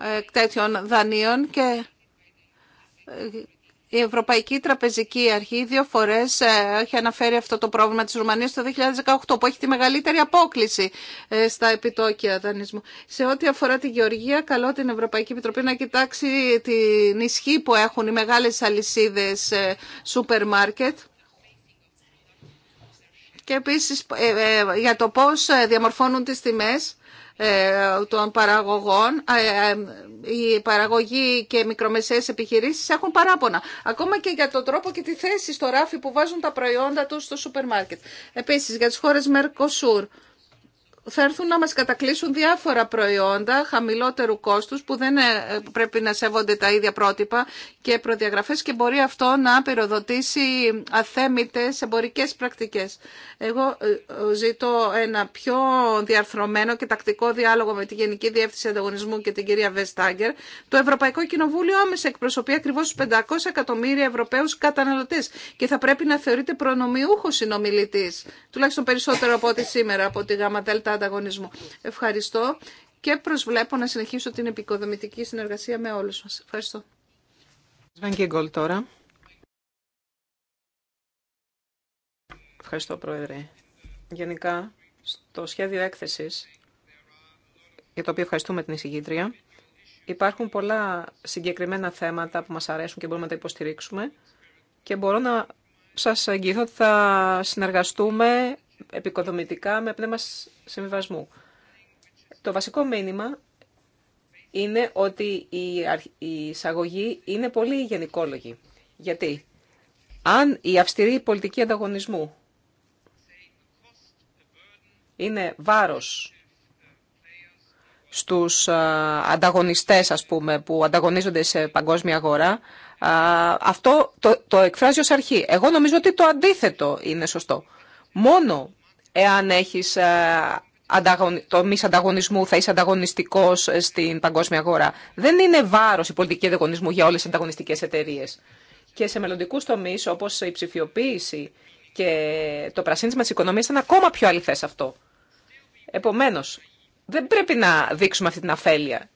ε, τέτοιων δανείων και ε, η Ευρωπαϊκή Τραπεζική Αρχή δύο φορές έχει αναφέρει αυτό το πρόβλημα της Ρουμανίας το 2018 που έχει τη μεγαλύτερη απόκληση στα επιτόκια δανεισμού. Σε ό,τι αφορά τη Γεωργία, καλώ την Ευρωπαϊκή Επιτροπή να κοιτάξει την ισχύ που έχουν οι μεγάλες αλυσίδες σούπερ μάρκετ και επίσης ε, ε, για το πώς ε, διαμορφώνουν τις τιμές των παραγωγών. Οι παραγωγοί και οι μικρομεσαίες επιχειρήσεις έχουν παράπονα. Ακόμα και για τον τρόπο και τη θέση στο ράφι που βάζουν τα προϊόντα τους στο σούπερ μάρκετ. Επίσης για τις χώρες Μερκοσούρ θα έρθουν να μας κατακλείσουν διάφορα προϊόντα χαμηλότερου κόστους που δεν ε, πρέπει να σέβονται τα ίδια πρότυπα και προδιαγραφές και μπορεί αυτό να πυροδοτήσει αθέμητες εμπορικές πρακτικές. Εγώ ε, ε, ζητώ ένα πιο διαρθρωμένο και τακτικό διάλογο με τη Γενική Διεύθυνση Ανταγωνισμού και την κυρία Βεστάγκερ. Το Ευρωπαϊκό Κοινοβούλιο άμεσα εκπροσωπεί ακριβώς τους 500 εκατομμύρια Ευρωπαίους καταναλωτές και θα πρέπει να θεωρείται προνομιούχος συνομιλητής, τουλάχιστον περισσότερο από ό,τι σήμερα από τη ανταγωνισμού. Ευχαριστώ και προσβλέπω να συνεχίσω την επικοδομητική συνεργασία με όλους μας. Ευχαριστώ. Ευχαριστώ, Πρόεδρε. Γενικά, στο σχέδιο έκθεσης, για το οποίο ευχαριστούμε την εισηγήτρια, υπάρχουν πολλά συγκεκριμένα θέματα που μας αρέσουν και μπορούμε να τα υποστηρίξουμε και μπορώ να σας εγγυηθώ ότι θα συνεργαστούμε επικοδομητικά με πνεύμα συμβιβασμού. Το βασικό μήνυμα είναι ότι η εισαγωγή είναι πολύ γενικόλογη. Γιατί αν η αυστηρή πολιτική ανταγωνισμού είναι βάρος στους ανταγωνιστές, ας πούμε, που ανταγωνίζονται σε παγκόσμια αγορά, αυτό το, το εκφράζει ως αρχή. Εγώ νομίζω ότι το αντίθετο είναι σωστό μόνο εάν έχεις ε, τομεί ανταγωνισμού θα είσαι ανταγωνιστικός στην παγκόσμια αγορά. Δεν είναι βάρος η πολιτική ανταγωνισμού για όλες τις ανταγωνιστικές εταιρείε. Και σε μελλοντικού τομεί όπω η ψηφιοποίηση και το πρασίνισμα τη οικονομία ήταν ακόμα πιο αληθέ αυτό. Επομένω, δεν πρέπει να δείξουμε αυτή την αφέλεια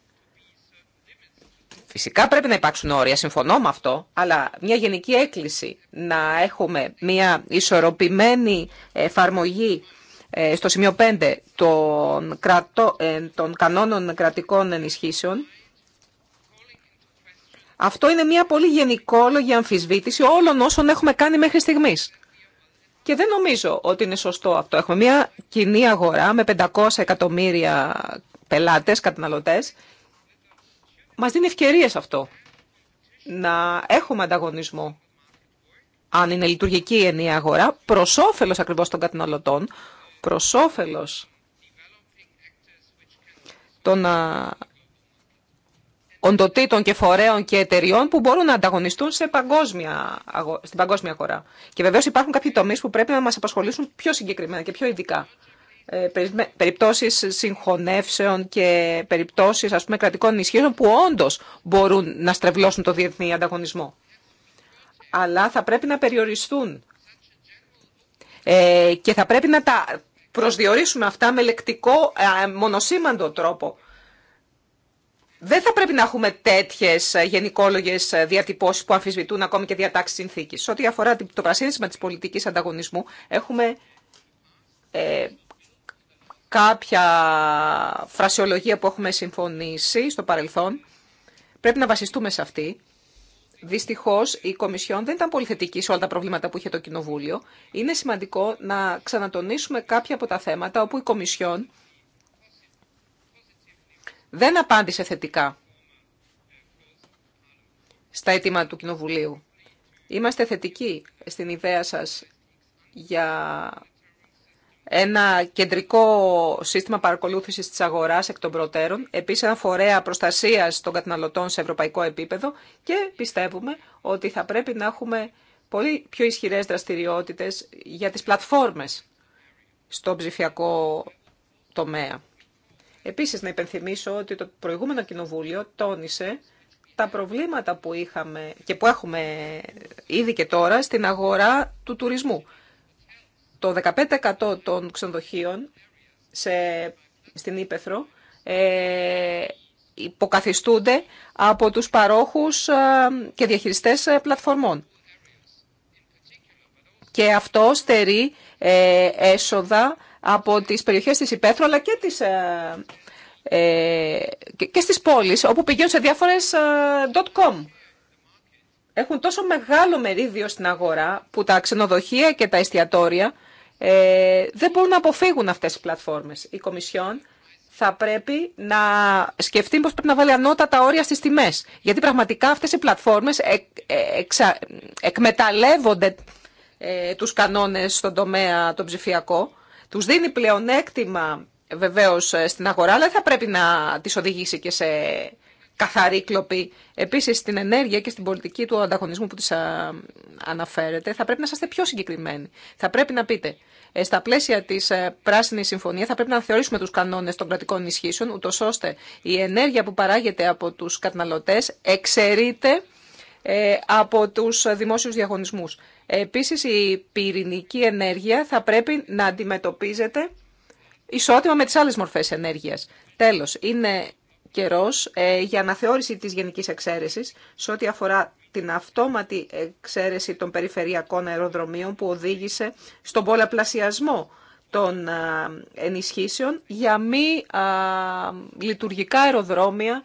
Φυσικά πρέπει να υπάρξουν όρια, συμφωνώ με αυτό, αλλά μια γενική έκκληση να έχουμε μια ισορροπημένη εφαρμογή ε, στο σημείο 5 ε, των, κανόνων κρατικών ενισχύσεων. Αυτό είναι μια πολύ γενικόλογη αμφισβήτηση όλων όσων έχουμε κάνει μέχρι στιγμής. Και δεν νομίζω ότι είναι σωστό αυτό. Έχουμε μια κοινή αγορά με 500 εκατομμύρια πελάτες, καταναλωτές μας δίνει ευκαιρίες αυτό. Να έχουμε ανταγωνισμό. Αν είναι λειτουργική η ενιαία αγορά, προς όφελος ακριβώς των καταναλωτών, προς όφελος των οντοτήτων και φορέων και εταιριών που μπορούν να ανταγωνιστούν σε παγκόσμια, στην παγκόσμια αγορά. Και βεβαίως υπάρχουν κάποιοι τομείς που πρέπει να μας απασχολήσουν πιο συγκεκριμένα και πιο ειδικά. Ε, περιπτώσεις συγχωνεύσεων και περιπτώσεις ας πούμε, κρατικών ενισχύσεων που όντως μπορούν να στρεβλώσουν το διεθνή ανταγωνισμό. Αλλά θα πρέπει να περιοριστούν ε, και θα πρέπει να τα προσδιορίσουμε αυτά με λεκτικό, ε, μονοσήμαντο τρόπο. Δεν θα πρέπει να έχουμε τέτοιε γενικόλογε διατυπώσει που αμφισβητούν ακόμη και διατάξει συνθήκη. Ό,τι αφορά το πρασίνισμα τη πολιτική ανταγωνισμού, έχουμε κάποια φρασιολογία που έχουμε συμφωνήσει στο παρελθόν. Πρέπει να βασιστούμε σε αυτή. Δυστυχώ η Κομισιόν δεν ήταν πολύ θετική σε όλα τα προβλήματα που είχε το Κοινοβούλιο. Είναι σημαντικό να ξανατονίσουμε κάποια από τα θέματα όπου η Κομισιόν δεν απάντησε θετικά στα αιτήματα του Κοινοβουλίου. Είμαστε θετικοί στην ιδέα σας για ένα κεντρικό σύστημα παρακολούθησης της αγοράς εκ των προτέρων, επίση ένα φορέα προστασίας των καταναλωτών σε ευρωπαϊκό επίπεδο και πιστεύουμε ότι θα πρέπει να έχουμε πολύ πιο ισχυρές δραστηριότητες για τις πλατφόρμες στο ψηφιακό τομέα. Επίσης να υπενθυμίσω ότι το προηγούμενο κοινοβούλιο τόνισε τα προβλήματα που είχαμε και που έχουμε ήδη και τώρα στην αγορά του τουρισμού το 15% των ξενοδοχείων σε, στην Ήπεθρο ε, υποκαθιστούνται από τους παρόχους ε, και διαχειριστές ε, πλατφορμών. Και αυτό στερεί ε, έσοδα από τις περιοχές της Ήπεθρο αλλά και, τις, και στις πόλεις όπου πηγαίνουν σε διάφορες .com. Έχουν τόσο μεγάλο μερίδιο στην αγορά που τα ξενοδοχεία και τα εστιατόρια ε, δεν μπορούν να αποφύγουν αυτές οι πλατφόρμες. Η Κομισιόν θα πρέπει να σκεφτεί πως πρέπει να βάλει ανώτατα όρια στις τιμές. Γιατί πραγματικά αυτές οι πλατφόρμες ε, εκμεταλλεύονται ε, τους κανόνες στον τομέα τον ψηφιακό. Τους δίνει πλεονέκτημα βεβαίως στην αγορά, αλλά θα πρέπει να τις οδηγήσει και σε καθαρή κλοπή. Επίσης, στην ενέργεια και στην πολιτική του ανταγωνισμού που τη αναφέρετε, θα πρέπει να είστε πιο συγκεκριμένοι. Θα πρέπει να πείτε, ε, στα πλαίσια της ε, πράσινη Συμφωνία θα πρέπει να θεωρήσουμε του κανόνε των κρατικών ισχύσεων, ούτω ώστε η ενέργεια που παράγεται από του καταναλωτέ εξαιρείται ε, από του δημόσιου διαγωνισμού. Επίση, η πυρηνική ενέργεια θα πρέπει να αντιμετωπίζεται ισότιμα με τι άλλε μορφέ ενέργεια. Τέλο, είναι ε, για αναθεώρηση της γενικής εξαίρεση σε ό,τι αφορά την αυτόματη εξαίρεση των περιφερειακών αεροδρομίων που οδήγησε στον πολλαπλασιασμό των ε, ενισχύσεων για μη λειτουργικά αεροδρόμια,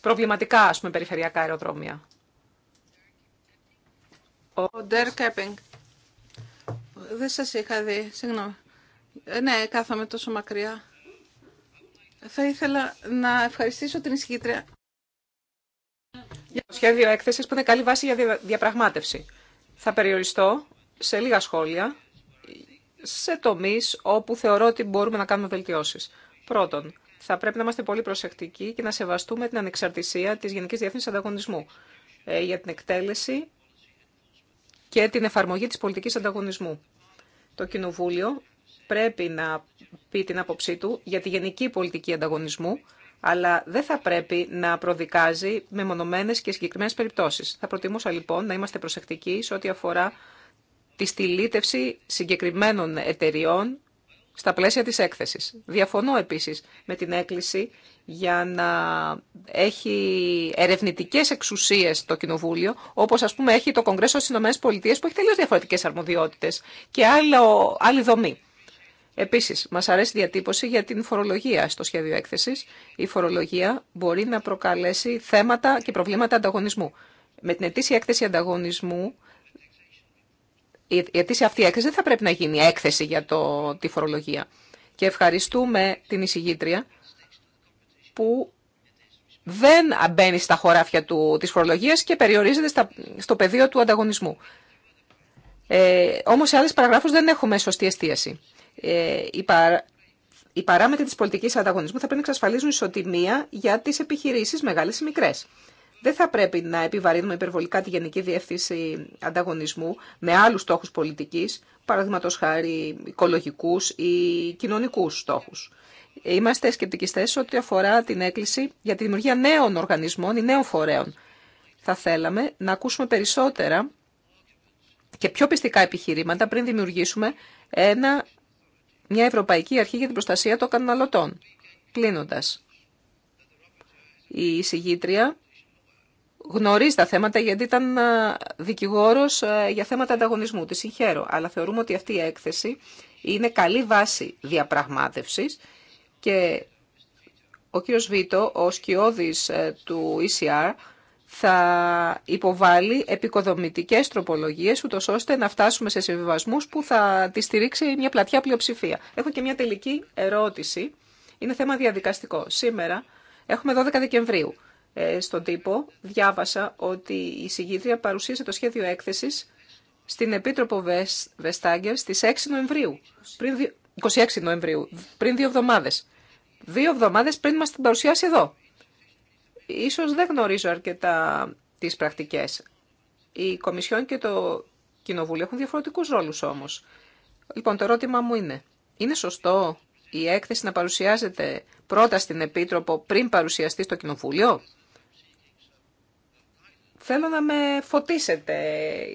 προβληματικά ας πούμε περιφερειακά αεροδρόμια. Ο Ντέρ Κέπινγκ. Δεν σας είχα δει, συγγνώμη. Ε, ναι, κάθομαι τόσο μακριά. Θα ήθελα να ευχαριστήσω την εισηγήτρια για το σχέδιο έκθεση που είναι καλή βάση για διαπραγμάτευση. Θα περιοριστώ σε λίγα σχόλια σε τομεί όπου θεωρώ ότι μπορούμε να κάνουμε βελτιώσει. Πρώτον, θα πρέπει να είμαστε πολύ προσεκτικοί και να σεβαστούμε την ανεξαρτησία τη Γενική Διεθνή Ανταγωνισμού ε, για την εκτέλεση και την εφαρμογή της πολιτική ανταγωνισμού. Το Κοινοβούλιο πρέπει να πει την άποψή του για τη γενική πολιτική ανταγωνισμού, αλλά δεν θα πρέπει να προδικάζει με μονομένες και συγκεκριμένε περιπτώσεις. Θα προτιμούσα λοιπόν να είμαστε προσεκτικοί σε ό,τι αφορά τη στυλίτευση συγκεκριμένων εταιριών στα πλαίσια της έκθεσης. Διαφωνώ επίσης με την έκκληση για να έχει ερευνητικές εξουσίες το Κοινοβούλιο, όπως ας πούμε έχει το Κογκρέσο στις ΗΠΑ που έχει τελείως διαφορετικές αρμοδιότητες και άλλο, άλλη δομή. Επίσης, μας αρέσει η διατύπωση για την φορολογία στο σχέδιο έκθεσης. Η φορολογία μπορεί να προκαλέσει θέματα και προβλήματα ανταγωνισμού. Με την ετήσια έκθεση ανταγωνισμού, η ετήσια αυτή έκθεση δεν θα πρέπει να γίνει έκθεση για το, τη φορολογία. Και ευχαριστούμε την εισηγήτρια που δεν μπαίνει στα χωράφια του, της φορολογίας και περιορίζεται στο πεδίο του ανταγωνισμού. Ε, όμως σε άλλες παραγράφους δεν έχουμε σωστή εστίαση. Ε, οι, παρά... οι παράμετροι της πολιτικής ανταγωνισμού θα πρέπει να εξασφαλίζουν ισοτιμία για τις επιχειρήσεις μεγάλες ή μικρές. Δεν θα πρέπει να επιβαρύνουμε υπερβολικά τη Γενική Διεύθυνση Ανταγωνισμού με άλλους στόχους πολιτικής, παραδείγματο χάρη οικολογικούς ή κοινωνικούς στόχους. Είμαστε σκεπτικιστές ό,τι αφορά την έκκληση για τη δημιουργία νέων οργανισμών ή νέων φορέων. Θα θέλαμε να ακούσουμε περισσότερα και πιο πιστικά επιχειρήματα πριν δημιουργήσουμε ένα μια Ευρωπαϊκή Αρχή για την Προστασία των Καταναλωτών. Κλείνοντα. Η εισηγήτρια γνωρίζει τα θέματα γιατί ήταν ε, δικηγόρος ε, για θέματα ανταγωνισμού. Τη συγχαίρω, αλλά θεωρούμε ότι αυτή η έκθεση είναι καλή βάση διαπραγμάτευσης και ο κύριος Βίτο, ο σκιώδης ε, του ECR, θα υποβάλει επικοδομητικές τροπολογίες, ούτως ώστε να φτάσουμε σε συμβιβασμού που θα τη στηρίξει μια πλατιά πλειοψηφία. Έχω και μια τελική ερώτηση. Είναι θέμα διαδικαστικό. Σήμερα έχουμε 12 Δεκεμβρίου. Ε, στον τύπο διάβασα ότι η συγγύτρια παρουσίασε το σχέδιο έκθεσης στην Επίτροπο Βεστάγκερ στις 6 Νοεμβρίου, πριν, 26 Νοεμβρίου, πριν δύο εβδομάδες. Δύο εβδομάδες πριν μας την παρουσιάσει εδώ ίσως δεν γνωρίζω αρκετά τις πρακτικές. Η Κομισιόν και το Κοινοβούλιο έχουν διαφορετικούς ρόλους όμως. Λοιπόν, το ερώτημα μου είναι, είναι σωστό η έκθεση να παρουσιάζεται πρώτα στην Επίτροπο πριν παρουσιαστεί στο Κοινοβούλιο. Θέλω να με φωτίσετε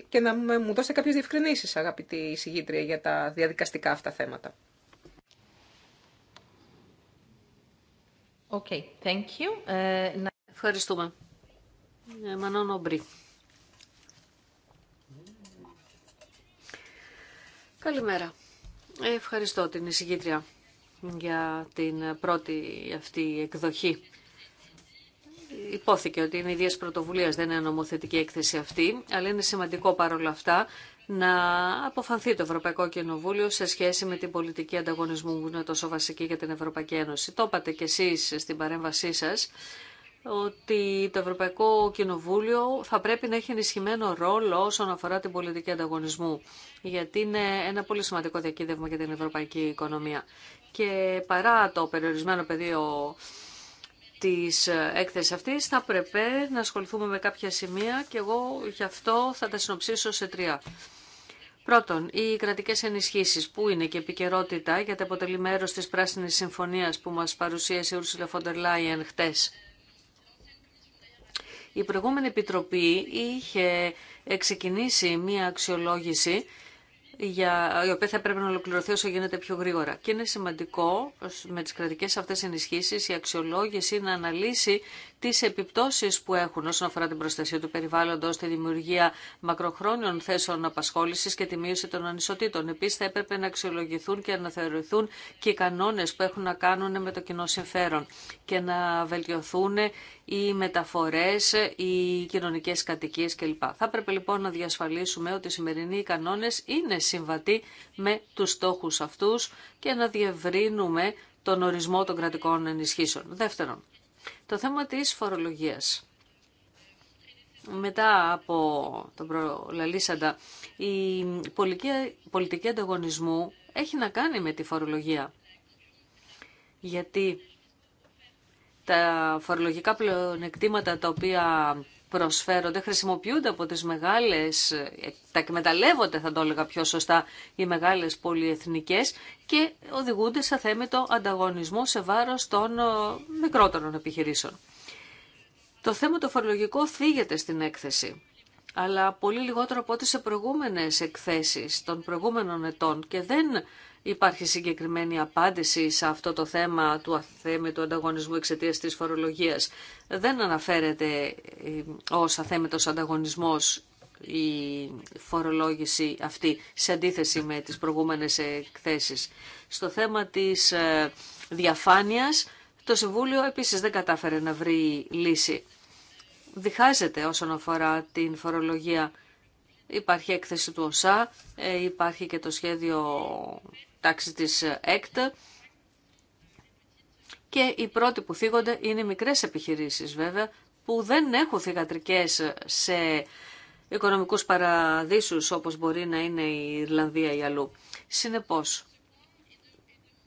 και να μου δώσετε κάποιες διευκρινήσεις, αγαπητή συγγήτρια, για τα διαδικαστικά αυτά θέματα. Ε, Ευχαριστούμε. Ε, Μανώνο Μπρι. Καλημέρα. Ευχαριστώ την εισηγήτρια για την πρώτη αυτή εκδοχή. Υπόθηκε ότι είναι ιδίας πρωτοβουλίας, δεν είναι νομοθετική έκθεση αυτή, αλλά είναι σημαντικό παρόλα αυτά να αποφανθεί το Ευρωπαϊκό Κοινοβούλιο σε σχέση με την πολιτική ανταγωνισμού που είναι τόσο βασική για την Ευρωπαϊκή Ένωση. Το είπατε κι εσείς στην παρέμβασή σας ότι το Ευρωπαϊκό Κοινοβούλιο θα πρέπει να έχει ενισχυμένο ρόλο όσον αφορά την πολιτική ανταγωνισμού, γιατί είναι ένα πολύ σημαντικό διακύδευμα για την ευρωπαϊκή οικονομία. Και παρά το περιορισμένο πεδίο της έκθεσης αυτής, θα πρέπει να ασχοληθούμε με κάποια σημεία και εγώ γι' αυτό θα τα συνοψίσω σε τρία. Πρώτον, οι κρατικέ ενισχύσει, που είναι και επικαιρότητα, γιατί αποτελεί μέρο τη Πράσινη Συμφωνία που μα παρουσίασε η Ursula von der Leyen χτε η προηγούμενη επιτροπή είχε ξεκινήσει μία αξιολόγηση για, η οποία θα πρέπει να ολοκληρωθεί όσο γίνεται πιο γρήγορα. Και είναι σημαντικό με τις κρατικές αυτές ενισχύσεις η αξιολόγηση να αναλύσει τι επιπτώσει που έχουν όσον αφορά την προστασία του περιβάλλοντο τη δημιουργία μακροχρόνιων θέσεων απασχόληση και τη μείωση των ανισοτήτων. Επίση θα έπρεπε να αξιολογηθούν και να θεωρηθούν και οι κανόνε που έχουν να κάνουν με το κοινό συμφέρον και να βελτιωθούν οι μεταφορέ, οι κοινωνικέ κατοικίε κλπ. Θα έπρεπε λοιπόν να διασφαλίσουμε ότι οι σημερινοί κανόνε είναι συμβατοί με του στόχου αυτού και να διευρύνουμε τον ορισμό των κρατικών ενισχύσεων. Δεύτερον, το θέμα της φορολογίας. Μετά από τον προλαλήσαντα, η πολιτική, πολιτική ανταγωνισμού έχει να κάνει με τη φορολογία. Γιατί τα φορολογικά πλεονεκτήματα τα οποία προσφέρονται, χρησιμοποιούνται από τις μεγάλες, τα εκμεταλλεύονται θα το έλεγα πιο σωστά, οι μεγάλες πολυεθνικές και οδηγούνται σε το ανταγωνισμό σε βάρος των ε, μικρότερων επιχειρήσεων. Το θέμα το φορολογικό φύγεται στην έκθεση, αλλά πολύ λιγότερο από ό,τι σε προηγούμενες εκθέσεις των προηγούμενων ετών και δεν Υπάρχει συγκεκριμένη απάντηση σε αυτό το θέμα του αθέμετου ανταγωνισμού εξαιτία της φορολογίας. Δεν αναφέρεται ε, ως αθέμετος ανταγωνισμός η φορολόγηση αυτή σε αντίθεση με τις προηγούμενες εκθέσεις. Στο θέμα της ε, διαφάνειας το Συμβούλιο επίσης δεν κατάφερε να βρει λύση. Διχάζεται όσον αφορά την φορολογία. Υπάρχει έκθεση του ΩΣΑ, ε, υπάρχει και το σχέδιο τάξη της ΕΚΤ και οι πρώτοι που θίγονται είναι οι μικρές επιχειρήσεις βέβαια που δεν έχουν θηγατρικές σε οικονομικούς παραδείσους όπως μπορεί να είναι η Ιρλανδία ή αλλού. Συνεπώς,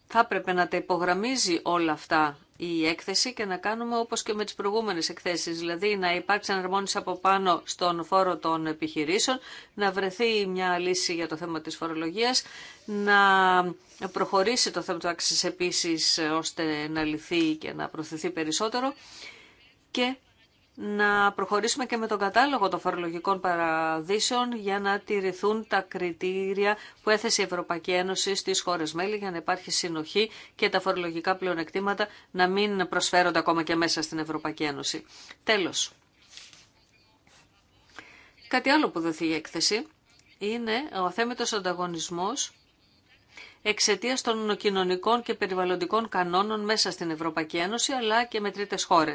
θα έπρεπε να τα υπογραμμίζει όλα αυτά η έκθεση και να κάνουμε όπως και με τις προηγούμενες εκθέσεις, δηλαδή να υπάρξει αναρμόνιση από πάνω στον φόρο των επιχειρήσεων, να βρεθεί μια λύση για το θέμα της φορολογίας, να προχωρήσει το θέμα του άξης επίσης ώστε να λυθεί και να προωθηθεί περισσότερο και να προχωρήσουμε και με τον κατάλογο των φορολογικών παραδείσεων για να τηρηθούν τα κριτήρια που έθεσε η Ευρωπαϊκή Ένωση στις χώρες μέλη για να υπάρχει συνοχή και τα φορολογικά πλεονεκτήματα να μην προσφέρονται ακόμα και μέσα στην Ευρωπαϊκή Ένωση. Τέλος, κάτι άλλο που δοθεί η έκθεση είναι ο αθέμητος ανταγωνισμός εξαιτία των κοινωνικών και περιβαλλοντικών κανόνων μέσα στην Ευρωπαϊκή Ένωση αλλά και με τρίτε χώρε.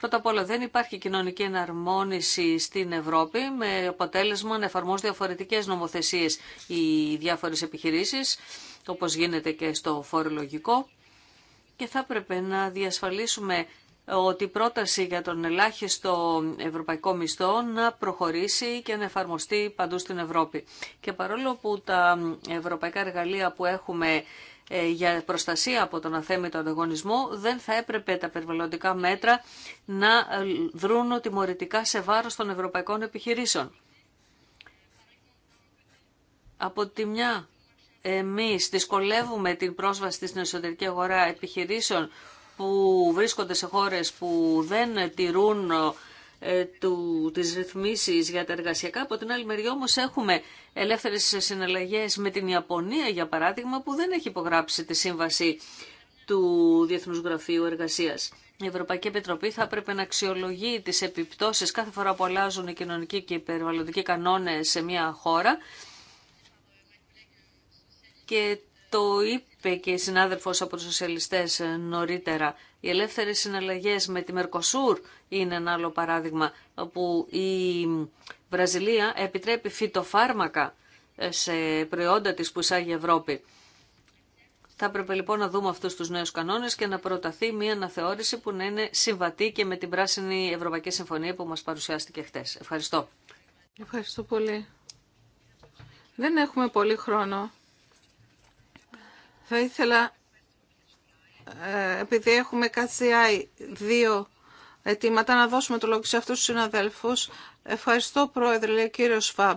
Πρώτα απ' όλα, δεν υπάρχει κοινωνική εναρμόνιση στην Ευρώπη με αποτέλεσμα να εφαρμόζουν διαφορετικέ νομοθεσίε οι διάφορε επιχειρήσει, όπω γίνεται και στο φορολογικό. Και θα έπρεπε να διασφαλίσουμε ότι η πρόταση για τον ελάχιστο ευρωπαϊκό μισθό να προχωρήσει και να εφαρμοστεί παντού στην Ευρώπη. Και παρόλο που τα ευρωπαϊκά εργαλεία που έχουμε ε, για προστασία από τον αθέμητο ανταγωνισμό δεν θα έπρεπε τα περιβαλλοντικά μέτρα να ε, δρούν τιμωρητικά σε βάρος των ευρωπαϊκών επιχειρήσεων. Από τη μια εμείς δυσκολεύουμε την πρόσβαση στην εσωτερική αγορά επιχειρήσεων που βρίσκονται σε χώρες που δεν τηρούν ε, του, τις ρυθμίσεις για τα εργασιακά. Από την άλλη μεριά όμως έχουμε ελεύθερες συναλλαγές με την Ιαπωνία για παράδειγμα που δεν έχει υπογράψει τη σύμβαση του Διεθνούς Γραφείου Εργασίας. Η Ευρωπαϊκή Επιτροπή θα έπρεπε να αξιολογεί τις επιπτώσεις κάθε φορά που αλλάζουν οι κοινωνικοί και οι περιβαλλοντικοί κανόνες σε μια χώρα και το είπε και η συνάδελφο από του σοσιαλιστέ ε, νωρίτερα, οι ελεύθερε συναλλαγέ με τη Μερκοσούρ είναι ένα άλλο παράδειγμα, όπου η Βραζιλία επιτρέπει φυτοφάρμακα ε, σε προϊόντα τη που εισάγει η Ευρώπη. Θα έπρεπε λοιπόν να δούμε αυτού του νέου κανόνε και να προταθεί μια αναθεώρηση που να είναι συμβατή και με την Πράσινη Ευρωπαϊκή Συμφωνία που μα παρουσιάστηκε χτες. Ευχαριστώ. Ευχαριστώ πολύ. Δεν έχουμε πολύ χρόνο. Θα ήθελα, ε, επειδή έχουμε κάτι δύο αιτήματα, να δώσουμε το λόγο σε αυτούς τους συναδέλφους. Ευχαριστώ, Πρόεδρε, λέει ο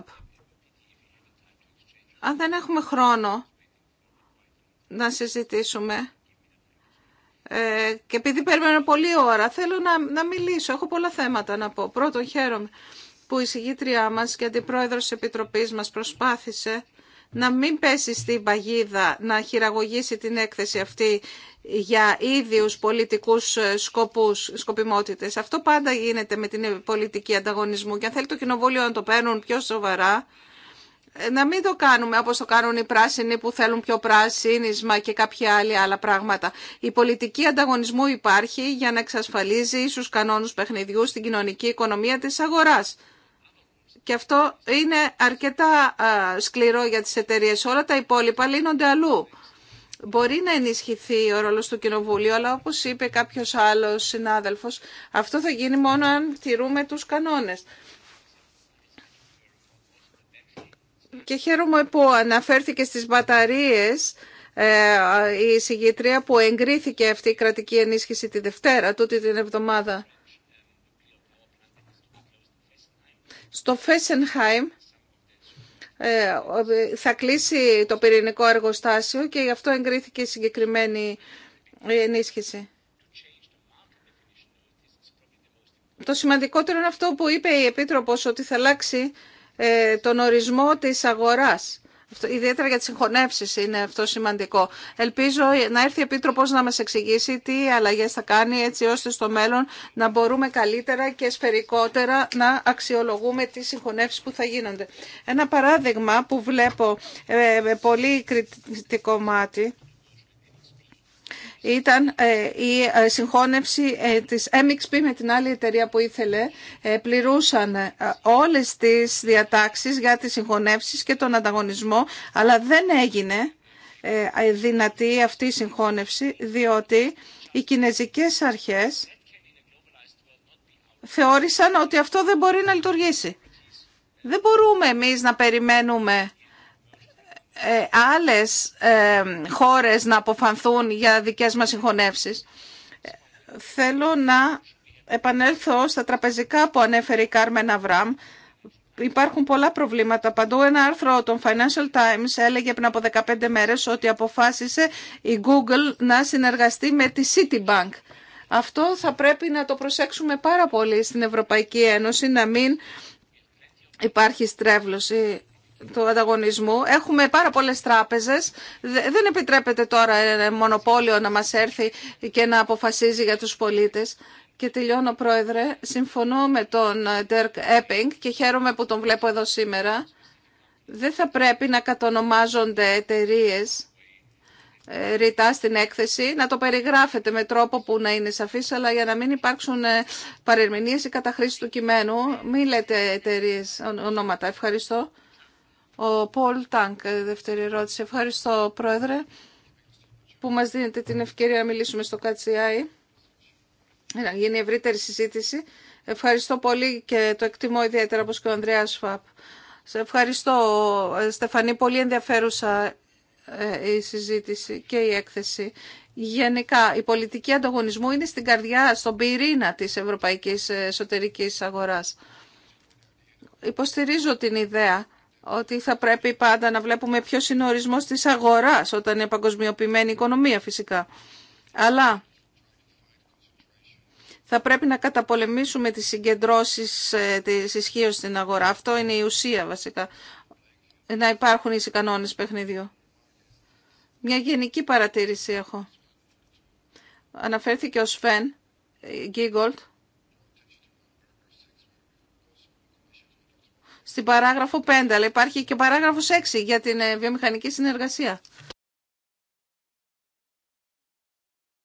Αν δεν έχουμε χρόνο να συζητήσουμε, ε, και επειδή περιμένω πολλή ώρα, θέλω να, να μιλήσω. Έχω πολλά θέματα να πω. Πρώτον, χαίρομαι που η συγγήτριά μας και αντιπρόεδρος της Επιτροπής μας προσπάθησε να μην πέσει στην παγίδα να χειραγωγήσει την έκθεση αυτή για ίδιους πολιτικούς σκοπούς, σκοπιμότητες. Αυτό πάντα γίνεται με την πολιτική ανταγωνισμού και αν θέλει το κοινοβούλιο να το παίρνουν πιο σοβαρά, να μην το κάνουμε όπως το κάνουν οι πράσινοι που θέλουν πιο πράσινισμα και κάποια άλλη άλλα πράγματα. Η πολιτική ανταγωνισμού υπάρχει για να εξασφαλίζει ίσους κανόνους παιχνιδιού στην κοινωνική οικονομία της αγοράς. Και αυτό είναι αρκετά σκληρό για τις εταιρείε. Όλα τα υπόλοιπα λύνονται αλλού. Μπορεί να ενισχυθεί ο ρόλος του Κοινοβουλίου, αλλά όπως είπε κάποιος άλλος συνάδελφος, αυτό θα γίνει μόνο αν τηρούμε τους κανόνες. Και χαίρομαι που αναφέρθηκε στις μπαταρίες ε, η συγγετρία που εγκρίθηκε αυτή η κρατική ενίσχυση τη Δευτέρα, τούτη την εβδομάδα. Στο Φέσενχάιμ θα κλείσει το πυρηνικό εργοστάσιο και γι' αυτό εγκρίθηκε η συγκεκριμένη ενίσχυση. Το σημαντικότερο είναι αυτό που είπε η Επίτροπος ότι θα αλλάξει ε, τον ορισμό της αγοράς Ιδιαίτερα για τι συγχωνεύσει είναι αυτό σημαντικό. Ελπίζω να έρθει η Επίτροπος να μας εξηγήσει τι αλλαγέ θα κάνει έτσι ώστε στο μέλλον να μπορούμε καλύτερα και σφαιρικότερα να αξιολογούμε τι συγχωνεύσει που θα γίνονται. Ένα παράδειγμα που βλέπω ε, με πολύ κριτικό μάτι ήταν ε, η ε, συγχώνευση ε, της MXP με την άλλη εταιρεία που ήθελε. Πληρούσαν όλες τις διατάξεις για τις συγχωνεύσεις και τον ανταγωνισμό, αλλά δεν έγινε δυνατή αυτή η συγχώνευση, διότι οι κινέζικες αρχές θεώρησαν ότι αυτό δεν μπορεί να λειτουργήσει. Δεν μπορούμε εμείς να περιμένουμε ε, άλλες ε, χώρες να αποφανθούν για δικές μας συγχωνεύσεις. Θέλω να επανέλθω στα τραπεζικά που ανέφερε η Κάρμεν Αβραμ. Υπάρχουν πολλά προβλήματα. Παντού ένα άρθρο των Financial Times έλεγε πριν από 15 μέρες ότι αποφάσισε η Google να συνεργαστεί με τη Citibank. Αυτό θα πρέπει να το προσέξουμε πάρα πολύ στην Ευρωπαϊκή Ένωση, να μην υπάρχει στρέβλωση του ανταγωνισμού. Έχουμε πάρα πολλές τράπεζες. Δεν επιτρέπεται τώρα ένα ε, ε, μονοπόλιο να μας έρθει και να αποφασίζει για τους πολίτες. Και τελειώνω, Πρόεδρε. Συμφωνώ με τον ε, Dirk Epping και χαίρομαι που τον βλέπω εδώ σήμερα. Δεν θα πρέπει να κατονομάζονται εταιρείε ρητά στην έκθεση, να το περιγράφετε με τρόπο που να είναι σαφής, αλλά για να μην υπάρξουν παρερμηνίες ή καταχρήσεις του κειμένου, μην λέτε εταιρείε ονόματα. Ευχαριστώ. Ο Πολ Τάνκ, δεύτερη ερώτηση. Ευχαριστώ, Πρόεδρε, που μας δίνετε την ευκαιρία να μιλήσουμε στο ΚΑΤΣΙΑΙ, να γίνει ευρύτερη συζήτηση. Ευχαριστώ πολύ και το εκτιμώ ιδιαίτερα, όπως και ο Ανδρέας Φαπ. Σε ευχαριστώ, Στεφανή. Πολύ ενδιαφέρουσα ε, η συζήτηση και η έκθεση. Γενικά, η πολιτική ανταγωνισμού είναι στην καρδιά, στον πυρήνα της ευρωπαϊκής ε, εσωτερικής αγοράς. Υποστηρίζω την ιδέα ότι θα πρέπει πάντα να βλέπουμε ποιος είναι ο ορισμό της αγοράς όταν είναι παγκοσμιοποιημένη οικονομία φυσικά. Αλλά θα πρέπει να καταπολεμήσουμε τις συγκεντρώσεις ε, της ισχύω στην αγορά. Αυτό είναι η ουσία βασικά, να υπάρχουν οι κανόνες παιχνιδιού. Μια γενική παρατήρηση έχω. Αναφέρθηκε ο Σφεν Γκίγκολτ στην παράγραφο 5, αλλά υπάρχει και παράγραφος 6 για την ε, βιομηχανική συνεργασία.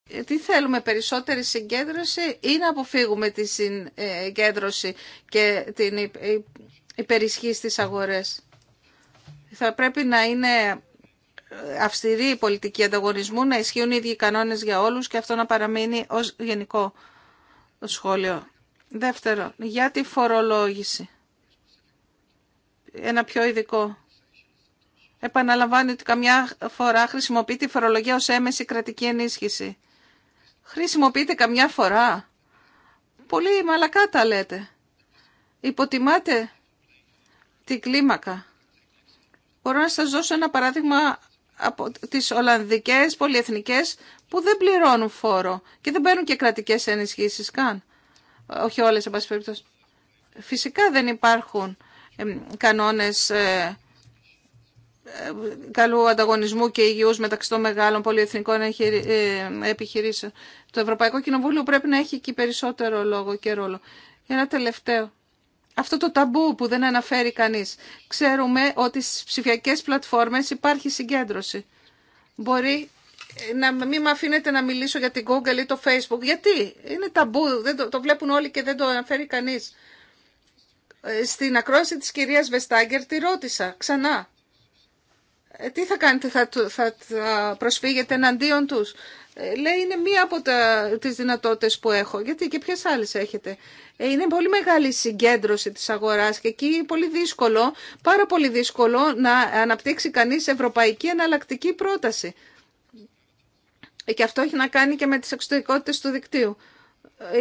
Ε, τι θέλουμε, περισσότερη συγκέντρωση ή να αποφύγουμε τη συγκέντρωση και την ε, υπερισχύ στις αγορές. Θα πρέπει να είναι αυστηρή η πολιτική ανταγωνισμού, να ισχύουν οι ίδιοι κανόνες για όλους και αυτό να παραμείνει ως γενικό σχόλιο. Δεύτερο, για τη φορολόγηση ένα πιο ειδικό. Επαναλαμβάνει ότι καμιά φορά χρησιμοποιείται η φορολογία ως έμεση κρατική ενίσχυση. Χρησιμοποιείται καμιά φορά. Πολύ μαλακά τα λέτε. Υποτιμάτε την κλίμακα. Μπορώ να σας δώσω ένα παράδειγμα από τις Ολλανδικές πολυεθνικές που δεν πληρώνουν φόρο και δεν παίρνουν και κρατικές ενισχύσεις καν. Όχι όλες, εν πάση Φυσικά δεν υπάρχουν κανόνες ε, ε, καλού ανταγωνισμού και υγιούς μεταξύ των μεγάλων πολυεθνικών ε, επιχειρήσεων. Το Ευρωπαϊκό Κοινοβούλιο πρέπει να έχει και περισσότερο λόγο και ρόλο. Ένα τελευταίο. Αυτό το ταμπού που δεν αναφέρει κανείς. Ξέρουμε ότι στις ψηφιακές πλατφόρμες υπάρχει συγκέντρωση. Μπορεί να μην με αφήνετε να μιλήσω για την Google ή το Facebook. Γιατί είναι ταμπού, δεν το, το βλέπουν όλοι και δεν το αναφέρει κανείς. Ε, στην ακρόση της κυρίας Βεστάγκερ τη ρώτησα ξανά. Ε, τι θα κάνετε, θα, θα, θα προσφύγετε εναντίον τους. Ε, λέει είναι μία από τα, τις δυνατότητες που έχω. Γιατί και ποιες άλλες έχετε. Είναι πολύ μεγάλη συγκέντρωση της αγοράς και εκεί πολύ δύσκολο, πάρα πολύ δύσκολο να αναπτύξει κανείς ευρωπαϊκή εναλλακτική πρόταση. Και αυτό έχει να κάνει και με τις εξωτερικότητες του δικτύου.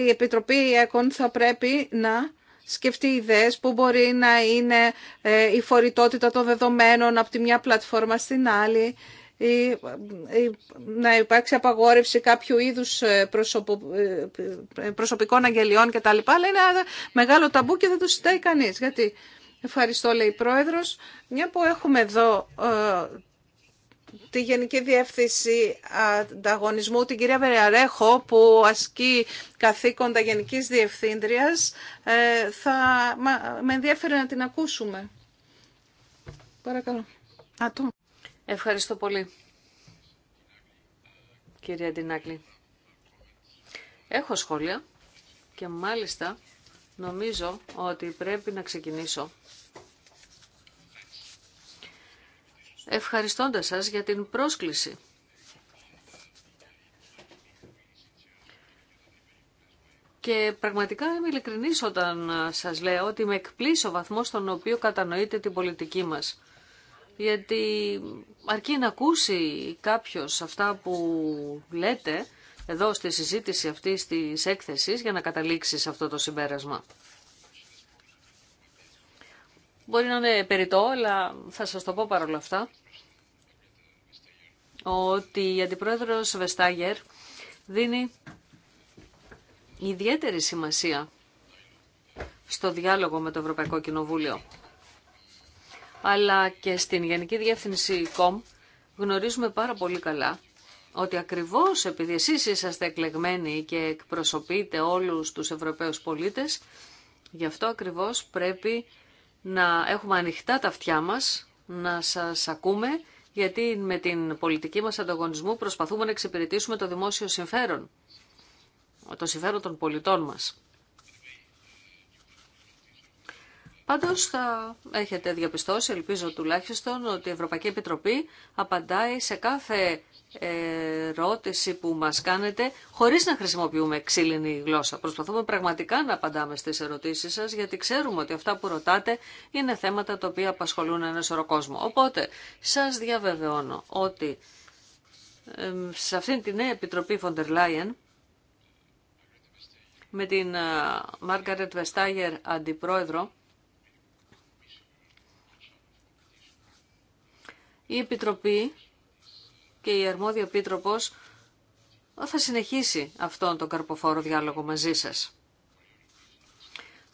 Η Επιτροπή ΕΚΟΝ θα πρέπει να σκεφτεί ιδέες που μπορεί να είναι ε, η φορητότητα των δεδομένων από τη μια πλατφόρμα στην άλλη ή να υπάρξει απαγόρευση κάποιου είδους ε, ε, προσωπικών αγγελιών κτλ. Αλλά είναι μεγάλο ταμπού και δεν το συζητάει κανείς. Γιατί, ευχαριστώ λέει η Πρόεδρος, μια που έχουμε εδώ τη Γενική Διεύθυνση Ανταγωνισμού, την κυρία Βεραρέχο, που ασκεί καθήκοντα Γενικής Διευθύντριας. Ε, θα, με ενδιαφέρει να την ακούσουμε. Παρακαλώ. Α, Ευχαριστώ πολύ, κυρία Ντινάκλη. Έχω σχόλια και μάλιστα νομίζω ότι πρέπει να ξεκινήσω ευχαριστώντας σας για την πρόσκληση. Και πραγματικά είμαι ειλικρινής όταν σας λέω ότι με εκπλήσω ο βαθμός στον οποίο κατανοείτε την πολιτική μας. Γιατί αρκεί να ακούσει κάποιος αυτά που λέτε εδώ στη συζήτηση αυτή της έκθεσης για να καταλήξει σε αυτό το συμπέρασμα. Μπορεί να είναι περιττό, αλλά θα σας το πω παρόλα αυτά, ότι η Αντιπρόεδρο Βεστάγερ δίνει ιδιαίτερη σημασία στο διάλογο με το Ευρωπαϊκό Κοινοβούλιο. Αλλά και στην Γενική Διεύθυνση ΚΟΜ γνωρίζουμε πάρα πολύ καλά ότι ακριβώς επειδή εσείς είσαστε εκλεγμένοι και εκπροσωπείτε όλους τους Ευρωπαίους πολίτες, γι' αυτό ακριβώς πρέπει να έχουμε ανοιχτά τα αυτιά μας, να σας ακούμε, γιατί με την πολιτική μας ανταγωνισμού προσπαθούμε να εξυπηρετήσουμε το δημόσιο συμφέρον, το συμφέρον των πολιτών μας. Πάντως θα έχετε διαπιστώσει, ελπίζω τουλάχιστον, ότι η Ευρωπαϊκή Επιτροπή απαντάει σε κάθε ερώτηση που μας κάνετε χωρίς να χρησιμοποιούμε ξύλινη γλώσσα. Προσπαθούμε πραγματικά να απαντάμε στις ερωτήσεις σας γιατί ξέρουμε ότι αυτά που ρωτάτε είναι θέματα τα οποία απασχολούν ένα σωρό κόσμο. Οπότε σας διαβεβαιώνω ότι σε αυτήν την νέα επιτροπή Φοντερ Λάιεν με την Μάργαρετ Βεστάγερ αντιπρόεδρο η Επιτροπή και η αρμόδια επίτροπος θα συνεχίσει αυτόν τον καρποφόρο διάλογο μαζί σας.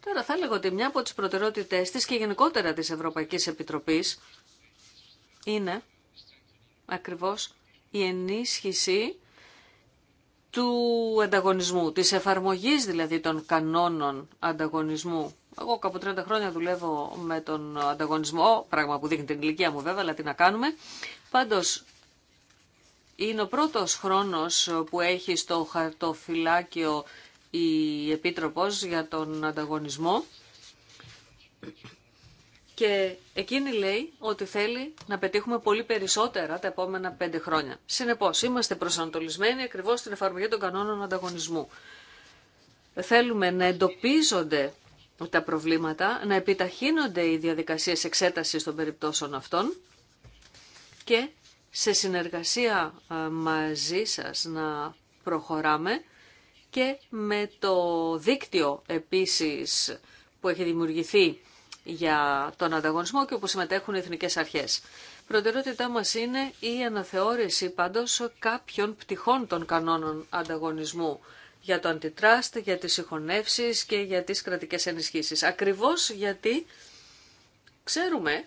Τώρα θα έλεγα ότι μια από τις προτεραιότητές της και γενικότερα της Ευρωπαϊκής Επιτροπής είναι ακριβώς η ενίσχυση του ανταγωνισμού, της εφαρμογής δηλαδή των κανόνων ανταγωνισμού. Εγώ κάπου 30 χρόνια δουλεύω με τον ανταγωνισμό, πράγμα που δείχνει την ηλικία μου βέβαια, αλλά τι να κάνουμε. Πάντως είναι ο πρώτος χρόνος που έχει στο χαρτοφυλάκιο η Επίτροπος για τον ανταγωνισμό και εκείνη λέει ότι θέλει να πετύχουμε πολύ περισσότερα τα επόμενα πέντε χρόνια. Συνεπώς, είμαστε προσανατολισμένοι ακριβώς στην εφαρμογή των κανόνων ανταγωνισμού. Θέλουμε να εντοπίζονται τα προβλήματα, να επιταχύνονται οι διαδικασίες εξέτασης των περιπτώσεων αυτών και σε συνεργασία ε, μαζί σας να προχωράμε και με το δίκτυο επίσης που έχει δημιουργηθεί για τον ανταγωνισμό και όπου συμμετέχουν οι εθνικές αρχές. Προτεραιότητά μας είναι η αναθεώρηση πάντως κάποιων πτυχών των κανόνων ανταγωνισμού για το αντιτράστ, για τις συγχωνεύσεις και για τις κρατικές ενισχύσεις. Ακριβώς γιατί ξέρουμε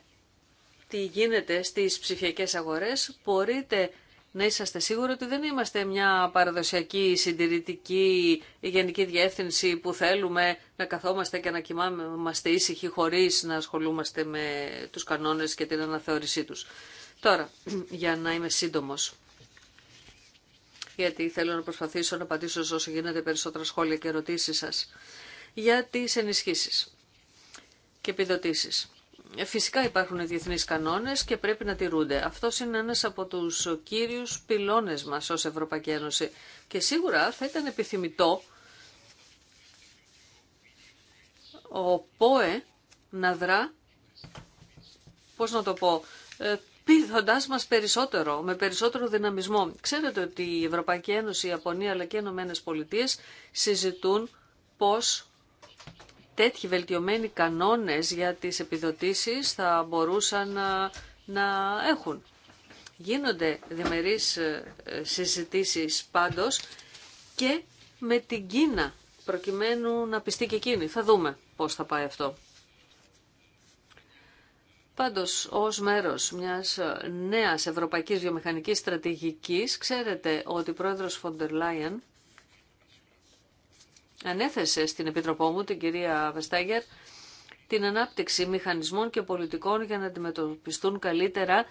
τι γίνεται στις ψηφιακές αγορές, μπορείτε να είσαστε σίγουροι ότι δεν είμαστε μια παραδοσιακή, συντηρητική γενική διεύθυνση που θέλουμε να καθόμαστε και να κοιμάμαστε ήσυχοι χωρίς να ασχολούμαστε με τους κανόνες και την αναθεώρησή τους. Τώρα, για να είμαι σύντομος, γιατί θέλω να προσπαθήσω να απαντήσω όσο γίνεται περισσότερα σχόλια και ερωτήσεις σας, για τις ενισχύσεις και επιδοτήσεις. Φυσικά υπάρχουν διεθνείς κανόνες και πρέπει να τηρούνται. Αυτό είναι ένας από τους κύριους πυλώνες μας ως Ευρωπαϊκή Ένωση. Και σίγουρα θα ήταν επιθυμητό ο ΠΟΕ να δρά, πώς να το πω, ε, πείθοντάς μας περισσότερο, με περισσότερο δυναμισμό. Ξέρετε ότι η Ευρωπαϊκή Ένωση, η Ιαπωνία αλλά και οι Ηνωμένες συζητούν πώς τέτοιοι βελτιωμένοι κανόνες για τις επιδοτήσεις θα μπορούσαν ε, να, έχουν. Γίνονται διμερείς ε, συζητήσεις πάντως και με την Κίνα προκειμένου να πιστεί και εκείνη. Θα δούμε πώς θα πάει αυτό. Πάντως, ως μέρος μιας ε, νέας ευρωπαϊκής βιομηχανικής στρατηγικής, ξέρετε ότι ο πρόεδρος Φοντερ Λάιεν ανέθεσε στην Επιτροπό μου, την κυρία Βεστάγερ, την ανάπτυξη μηχανισμών και πολιτικών για να αντιμετωπιστούν καλύτερα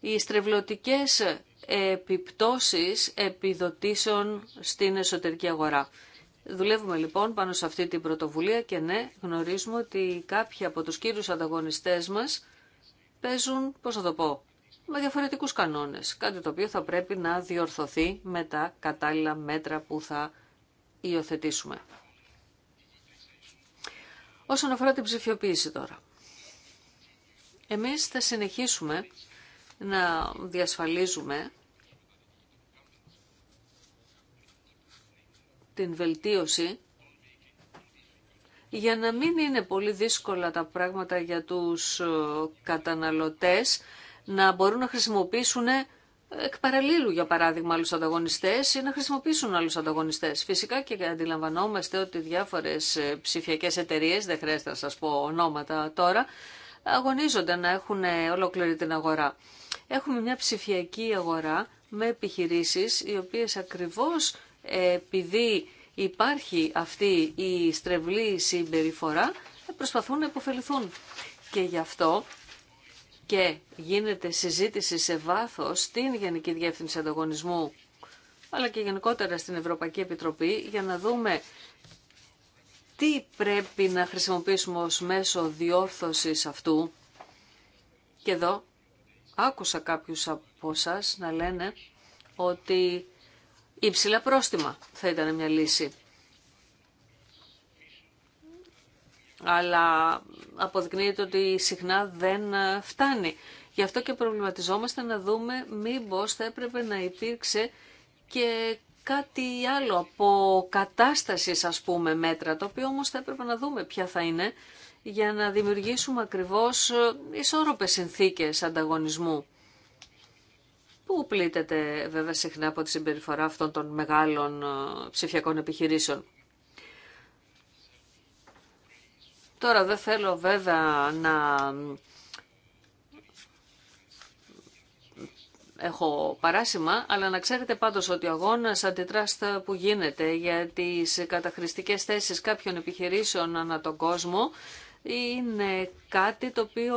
οι στρεβλωτικές επιπτώσεις επιδοτήσεων στην εσωτερική αγορά. Δουλεύουμε λοιπόν πάνω σε αυτή την πρωτοβουλία και ναι, γνωρίζουμε ότι κάποιοι από τους κύριους ανταγωνιστές μας παίζουν, πώς θα το πω, με διαφορετικούς κανόνες. Κάτι το οποίο θα πρέπει να διορθωθεί με τα κατάλληλα μέτρα που θα υιοθετήσουμε. Όσον αφορά την ψηφιοποίηση τώρα. Εμείς θα συνεχίσουμε να διασφαλίζουμε την βελτίωση για να μην είναι πολύ δύσκολα τα πράγματα για τους καταναλωτές να μπορούν να χρησιμοποιήσουν εκ για παράδειγμα, άλλους ανταγωνιστές ή να χρησιμοποιήσουν άλλους ανταγωνιστές. Φυσικά και αντιλαμβανόμαστε ότι διάφορες ε, ψηφιακές εταιρείε, δεν χρειάζεται να σας πω ονόματα τώρα, αγωνίζονται να έχουν ε, ολόκληρη την αγορά. Έχουμε μια ψηφιακή αγορά με επιχειρήσεις οι οποίες ακριβώς ε, επειδή υπάρχει αυτή η στρεβλή συμπεριφορά προσπαθούν να υποφεληθούν. Και γι' αυτό και γίνεται συζήτηση σε βάθος στην Γενική Διεύθυνση Ανταγωνισμού αλλά και γενικότερα στην Ευρωπαϊκή Επιτροπή για να δούμε τι πρέπει να χρησιμοποιήσουμε ως μέσο διόρθωσης αυτού. Και εδώ άκουσα κάποιους από εσά να λένε ότι υψηλά πρόστιμα θα ήταν μια λύση. αλλά αποδεικνύεται ότι συχνά δεν ε, φτάνει. Γι' αυτό και προβληματιζόμαστε να δούμε μήπως θα έπρεπε να υπήρξε και κάτι άλλο από κατάσταση ας πούμε μέτρα, το οποίο όμως θα έπρεπε να δούμε ποια θα είναι για να δημιουργήσουμε ακριβώς ε, ισόρροπες συνθήκες ανταγωνισμού που πλήττεται βέβαια συχνά από τη συμπεριφορά αυτών των μεγάλων ε, ψηφιακών επιχειρήσεων. Τώρα δεν θέλω βέβαια να έχω παράσημα, αλλά να ξέρετε πάντως ότι ο αγώνας αντιτράστ που γίνεται για τις καταχρηστικές θέσεις κάποιων επιχειρήσεων ανά τον κόσμο είναι κάτι το οποίο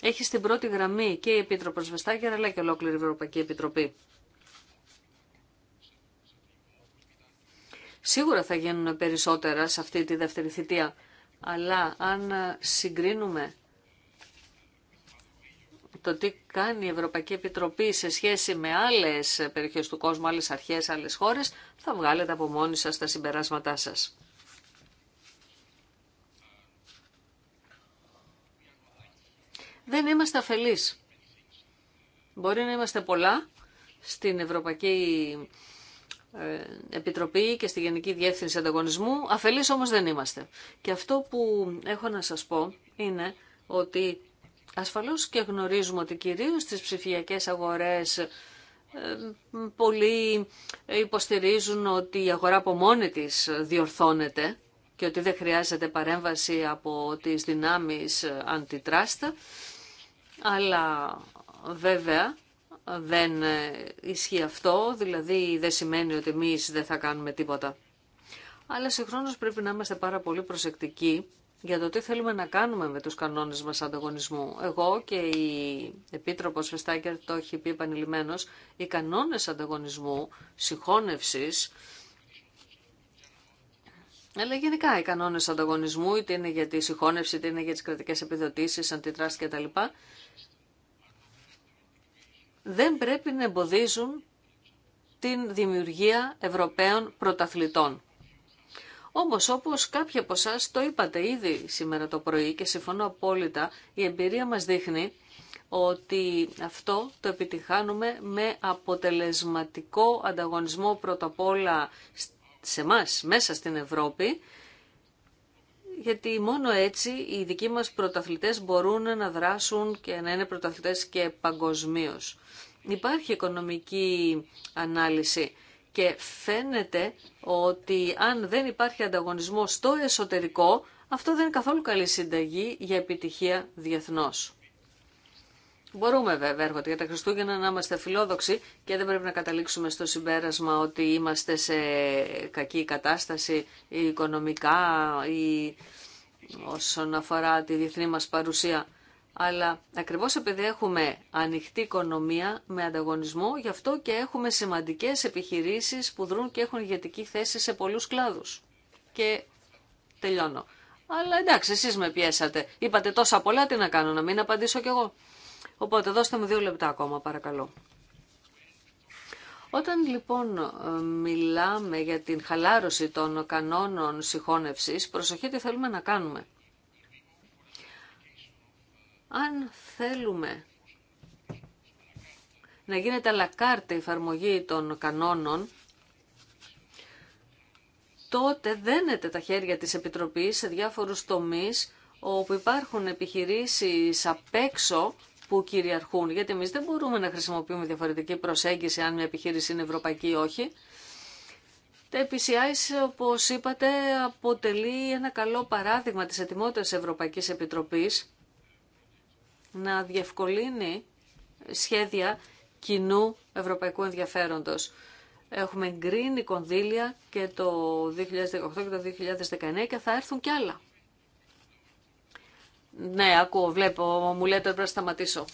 έχει στην πρώτη γραμμή και η Επίτροπος αλλά και ολόκληρη η Ευρωπαϊκή Επιτροπή. Σίγουρα θα γίνουν περισσότερα σε αυτή τη δεύτερη θητεία. Αλλά αν ε, συγκρίνουμε το τι κάνει η Ευρωπαϊκή Επιτροπή σε σχέση με άλλες περιοχές του κόσμου, άλλες αρχές, άλλες χώρες, θα βγάλετε από μόνοι σας τα συμπεράσματά σας. Δεν είμαστε αφελείς. Μπορεί να είμαστε πολλά στην Ευρωπαϊκή ε, Επιτροπή και στη Γενική Διεύθυνση Ανταγωνισμού. Αφελείς όμως δεν είμαστε. Και αυτό που έχω να σας πω είναι ότι ασφαλώς και γνωρίζουμε ότι κυρίως στις ψηφιακές αγορές ε, πολλοί υποστηρίζουν ότι η αγορά από μόνη της διορθώνεται και ότι δεν χρειάζεται παρέμβαση από τις δυνάμεις αντιτράστα, ε, αλλά βέβαια δεν ε, ισχύει αυτό, δηλαδή δεν σημαίνει ότι εμεί δεν θα κάνουμε τίποτα. Αλλά συγχρόνως πρέπει να είμαστε πάρα πολύ προσεκτικοί για το τι θέλουμε να κάνουμε με τους κανόνες μας ανταγωνισμού. Εγώ και η Επίτροπος Φεστάκερ το έχει πει επανειλημμένος, οι κανόνες ανταγωνισμού, συγχώνευσης, αλλά γενικά οι κανόνες ανταγωνισμού, είτε είναι για τη συγχώνευση, είτε είναι για τις κρατικές επιδοτήσεις, αντιτράστη κτλ δεν πρέπει να εμποδίζουν την δημιουργία Ευρωπαίων πρωταθλητών. Όμως όπως κάποιοι από εσά το είπατε ήδη σήμερα το πρωί και συμφωνώ απόλυτα, η εμπειρία μας δείχνει ότι αυτό το επιτυχάνουμε με αποτελεσματικό ανταγωνισμό πρώτα απ' όλα σε εμά μέσα στην Ευρώπη, γιατί μόνο έτσι οι δικοί μας πρωταθλητές μπορούν να δράσουν και να είναι πρωταθλητές και παγκοσμίως. Υπάρχει οικονομική ανάλυση και φαίνεται ότι αν δεν υπάρχει ανταγωνισμό στο εσωτερικό, αυτό δεν είναι καθόλου καλή συνταγή για επιτυχία διεθνώς. Μπορούμε βέβαια, έρχονται για τα Χριστούγεννα, να είμαστε φιλόδοξοι και δεν πρέπει να καταλήξουμε στο συμπέρασμα ότι είμαστε σε κακή κατάσταση οικονομικά ή όσον αφορά τη διεθνή μας παρουσία. Αλλά ακριβώς επειδή έχουμε ανοιχτή οικονομία με ανταγωνισμό, γι' αυτό και έχουμε σημαντικές επιχειρήσεις που δρούν και έχουν ηγετική θέση σε πολλούς κλάδους. Και τελειώνω. Αλλά εντάξει, εσείς με πιέσατε. Είπατε τόσα πολλά, τι να κάνω, να μην απαντήσω κι εγώ. Οπότε δώστε μου δύο λεπτά ακόμα, παρακαλώ. Όταν λοιπόν ε, μιλάμε για την χαλάρωση των κανόνων συγχώνευσης, προσοχή τι θέλουμε να κάνουμε. Αν θέλουμε να γίνεται αλακάρτη η εφαρμογή των κανόνων, τότε δένεται τα χέρια της Επιτροπής σε διάφορους τομείς όπου υπάρχουν επιχειρήσεις απ' έξω που κυριαρχούν. Γιατί εμεί δεν μπορούμε να χρησιμοποιούμε διαφορετική προσέγγιση αν μια επιχείρηση είναι ευρωπαϊκή ή όχι. Τα PCI, όπως είπατε, αποτελεί ένα καλό παράδειγμα της ετοιμότητας Ευρωπαϊκής Επιτροπής να διευκολύνει σχέδια κοινού ευρωπαϊκού ενδιαφέροντος. Έχουμε γκρινει κονδύλια και το 2018 και το 2019 και θα έρθουν κι άλλα. Ναι, ακούω, βλέπω, μου λέτε πρέπει να σταματήσω.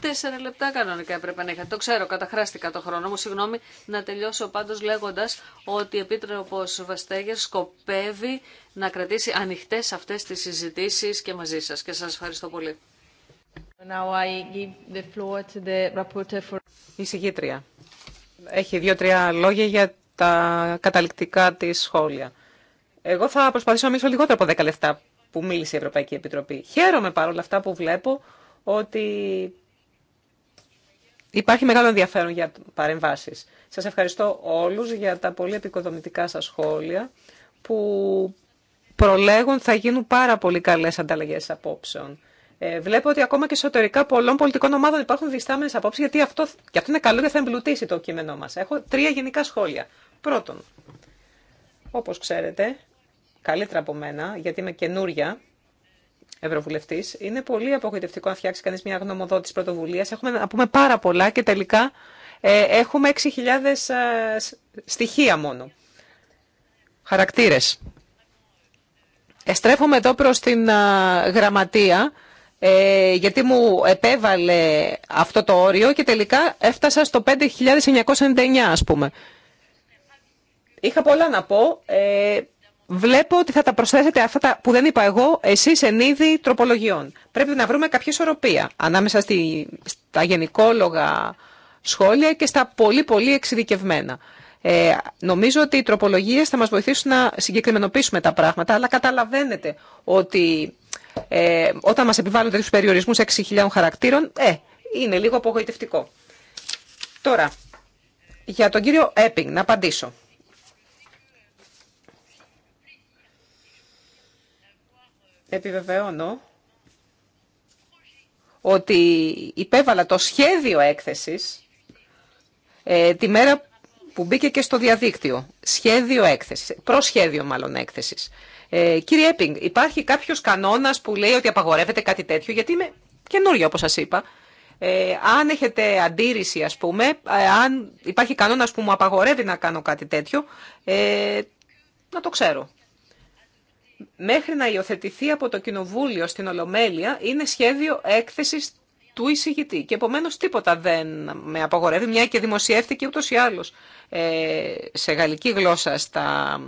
Τέσσερα λεπτά κανονικά έπρεπε να είχα. Το ξέρω, καταχράστηκα το χρόνο μου. Συγγνώμη να τελειώσω πάντως λέγοντας ότι η Επίτροπος Βαστέγερ σκοπεύει να κρατήσει ανοιχτές αυτές τις συζητήσεις και μαζί σας. Και σας ευχαριστώ πολύ. Η εχει έχει δύο-τρία λόγια για τα καταληκτικά της σχόλια. Εγώ θα προσπαθήσω να μιλήσω λιγότερο από 10 λεπτά που μίλησε η Ευρωπαϊκή Επιτροπή. Χαίρομαι παρόλα αυτά που βλέπω ότι υπάρχει μεγάλο ενδιαφέρον για παρεμβάσεις. Σας ευχαριστώ όλους για τα πολύ επικοδομητικά σας σχόλια που προλέγουν θα γίνουν πάρα πολύ καλές ανταλλαγές απόψεων. Ε, βλέπω ότι ακόμα και εσωτερικά πολλών πολιτικών ομάδων υπάρχουν διστάμενε απόψει, γιατί αυτό, και αυτό είναι καλό και θα εμπλουτίσει το κείμενό μα. Έχω τρία γενικά σχόλια. Πρώτον, όπω ξέρετε, καλύτερα από μένα, γιατί είμαι καινούρια Ευρωβουλευτή, είναι πολύ απογοητευτικό να φτιάξει κανεί μια γνωμοδότηση πρωτοβουλία. Έχουμε να πούμε πάρα πολλά και τελικά ε, έχουμε 6.000 ε, στοιχεία μόνο. Χαρακτήρε. Εστρέφομαι εδώ προς την γραμματεία ε, γιατί μου επέβαλε αυτό το όριο και τελικά έφτασα στο 5.999 ας πούμε. Είχα πολλά να πω. Ε, βλέπω ότι θα τα προσθέσετε αυτά τα που δεν είπα εγώ, εσείς εν είδη τροπολογιών. Πρέπει να βρούμε κάποια ισορροπία ανάμεσα στη, στα γενικόλογα σχόλια και στα πολύ πολύ εξειδικευμένα. Ε, νομίζω ότι οι τροπολογίες θα μας βοηθήσουν να συγκεκριμενοποιήσουμε τα πράγματα, αλλά καταλαβαίνετε ότι ε, όταν μας επιβάλλονται τους περιορισμούς 6.000 χαρακτήρων, ε, είναι λίγο απογοητευτικό. Τώρα, για τον κύριο Έπινγκ, να απαντήσω. Επιβεβαιώνω ότι υπέβαλα το σχέδιο έκθεσης ε, τη μέρα που μπήκε και στο διαδίκτυο. Σχέδιο έκθεσης, προσχέδιο μάλλον έκθεσης. Ε, κύριε Έπινγκ, υπάρχει κάποιος κανόνας που λέει ότι απαγορεύεται κάτι τέτοιο, γιατί είμαι καινούργια όπως σας είπα. Ε, αν έχετε αντίρρηση, ας πούμε, ε, αν υπάρχει κανόνας που μου απαγορεύει να κάνω κάτι τέτοιο, ε, να το ξέρω. Μέχρι να υιοθετηθεί από το Κοινοβούλιο στην Ολομέλεια, είναι σχέδιο έκθεσης του εισηγητή. Και επομένω τίποτα δεν με απαγορεύει, μια και δημοσιεύτηκε ούτω ή άλλω ε, σε γαλλική γλώσσα στα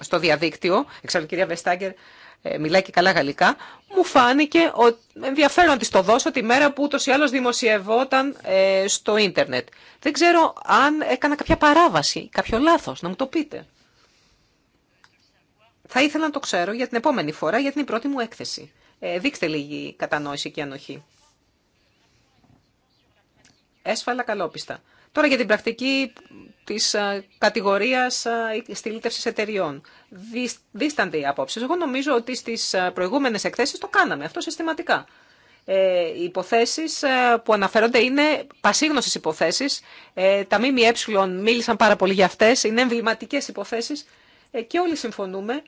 στο διαδίκτυο, εξάλλου η κυρία Βεστάγκερ ε, μιλάει και καλά γαλλικά, μου φάνηκε ότι ενδιαφέρον να της το δώσω τη μέρα που ούτως ή άλλως δημοσιευόταν ε, στο ίντερνετ. Δεν ξέρω αν έκανα κάποια παράβαση, κάποιο λάθος, να μου το πείτε. Θα ήθελα να το ξέρω για την επόμενη φορά, γιατί την πρώτη μου έκθεση. Ε, δείξτε λίγη κατανόηση και ανοχή. Έσφαλα καλόπιστα. Τώρα για την πρακτική της ε, κατηγορίας ε, στηλίτευσης εταιριών. Δίστανται οι απόψεις. Εγώ νομίζω ότι στις ε, προηγούμενες εκθέσεις το κάναμε αυτό συστηματικά. Ε, οι υποθέσεις που αναφέρονται είναι πασίγνωσες υποθέσεις. Ε, τα ΜΜΕ μίλησαν πάρα πολύ για αυτές. Είναι εμβληματικέ υποθέσεις. και όλοι συμφωνούμε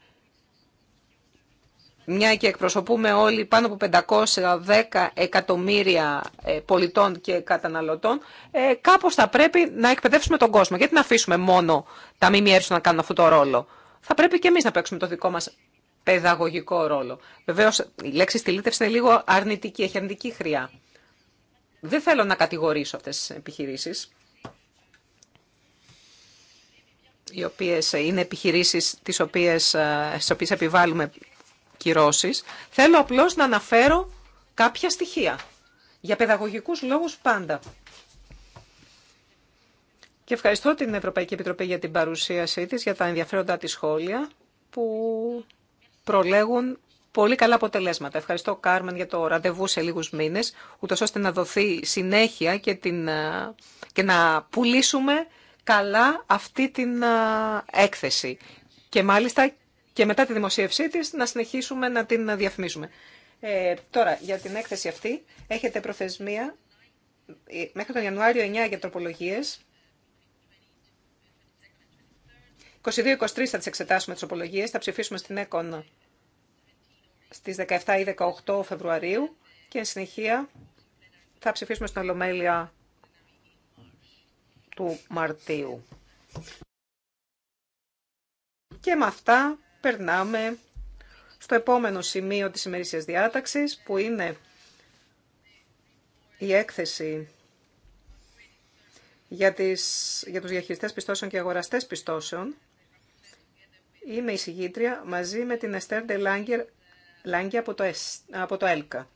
μια και εκπροσωπούμε όλοι πάνω από 510 εκατομμύρια ε, πολιτών και καταναλωτών, ε, κάπως θα πρέπει να εκπαιδεύσουμε τον κόσμο. Γιατί να αφήσουμε μόνο τα ΜΜΕ να κάνουν αυτό το ρόλο. Θα πρέπει και εμείς να παίξουμε το δικό μας παιδαγωγικό ρόλο. Βεβαίως, η λέξη στυλίτευση είναι λίγο αρνητική, έχει αρνητική χρειά. Δεν θέλω να κατηγορήσω αυτές τις επιχειρήσεις οι οποίες είναι επιχειρήσεις τις οποίες, ε, στις οποίες επιβάλλουμε κυρώσεις, θέλω απλώς να αναφέρω κάποια στοιχεία. Για παιδαγωγικούς λόγους πάντα. Και ευχαριστώ την Ευρωπαϊκή Επιτροπή για την παρουσίασή της, για τα ενδιαφέροντα της σχόλια που προλέγουν πολύ καλά αποτελέσματα. Ευχαριστώ Κάρμεν για το ραντεβού σε λίγους μήνες, ούτως ώστε να δοθεί συνέχεια και, την, ε, και να πουλήσουμε καλά αυτή την ε, έκθεση. Και μάλιστα και μετά τη δημοσίευσή τη να συνεχίσουμε να την διαφημίζουμε. Ε, τώρα, για την έκθεση αυτή έχετε προθεσμία ε, μέχρι τον Ιανουάριο 9 για τροπολογιε 22 22-23 θα τι εξετάσουμε τις τροπολογίες, θα ψηφίσουμε στην ΕΚΟΝ στις 17 ή 18 Φεβρουαρίου και εν συνεχεία θα ψηφίσουμε στην Ολομέλεια του Μαρτίου. Και με αυτά περνάμε στο επόμενο σημείο της ημερήσιας διάταξης που είναι η έκθεση για, τις, για τους διαχειριστές πιστώσεων και αγοραστές πιστώσεων. Είμαι η συγγήτρια μαζί με την Εστέρ Ντε από το, ΕΛΚΑ.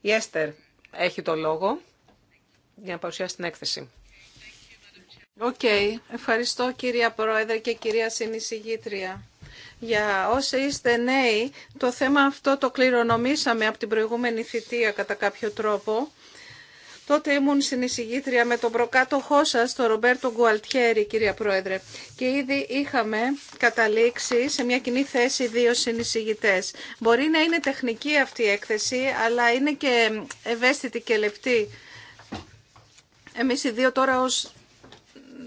Η Έστερ έχει το λόγο για να παρουσιάσει την έκθεση. Οκ. Ευχαριστώ κυρία Πρόεδρε και κυρία Συνεισηγήτρια για όσοι είστε νέοι, το θέμα αυτό το κληρονομήσαμε από την προηγούμενη θητεία κατά κάποιο τρόπο. Τότε ήμουν συνεισηγήτρια με τον προκάτοχό σας, τον Ρομπέρτο Γκουαλτιέρη, κυρία Πρόεδρε. Και ήδη είχαμε καταλήξει σε μια κοινή θέση δύο συνεισηγητές. Μπορεί να είναι τεχνική αυτή η έκθεση, αλλά είναι και ευαίσθητη και λεπτή. Εμείς οι δύο τώρα ως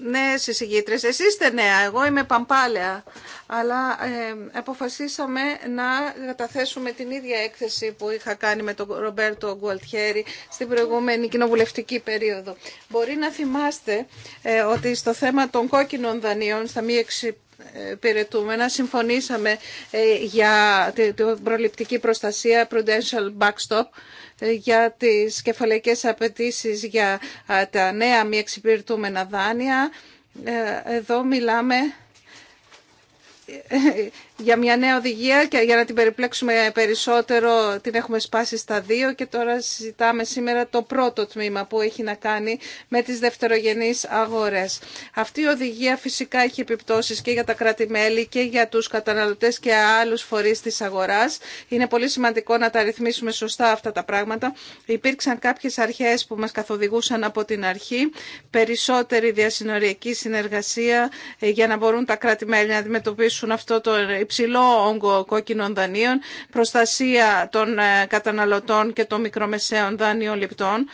ναι εισηγήτρες. Εσείς είστε νέα, εγώ είμαι παμπάλαια. Αλλά ε, αποφασίσαμε να καταθέσουμε την ίδια έκθεση που είχα κάνει με τον Ρομπέρτο Γκουαλτιέρη στην προηγούμενη κοινοβουλευτική περίοδο. Μπορεί να θυμάστε ε, ότι στο θέμα των κόκκινων δανείων στα μη εξυπηρετούμενα Συμφωνήσαμε ε, για την προληπτική προστασία, prudential backstop, για τις κεφαλαϊκές απαιτήσεις για τα νέα μη εξυπηρετούμενα δάνεια. Ε, εδώ μιλάμε ε, για μια νέα οδηγία και για να την περιπλέξουμε περισσότερο την έχουμε σπάσει στα δύο και τώρα συζητάμε σήμερα το πρώτο τμήμα που έχει να κάνει με τις δευτερογενείς αγορές. Αυτή η οδηγία φυσικά έχει επιπτώσεις και για τα κράτη-μέλη και για τους καταναλωτές και άλλους φορείς της αγοράς. Είναι πολύ σημαντικό να τα ρυθμίσουμε σωστά αυτά τα πράγματα. Υπήρξαν κάποιες αρχές που μας καθοδηγούσαν από την αρχή, περισσότερη διασυνοριακή συνεργασία ε, για να μπορούν τα κρατη να αντιμετωπίσουν αυτό το υψηλό όγκο κόκκινων δανείων, προστασία των ε, καταναλωτών και των μικρομεσαίων δανείων λιπτών,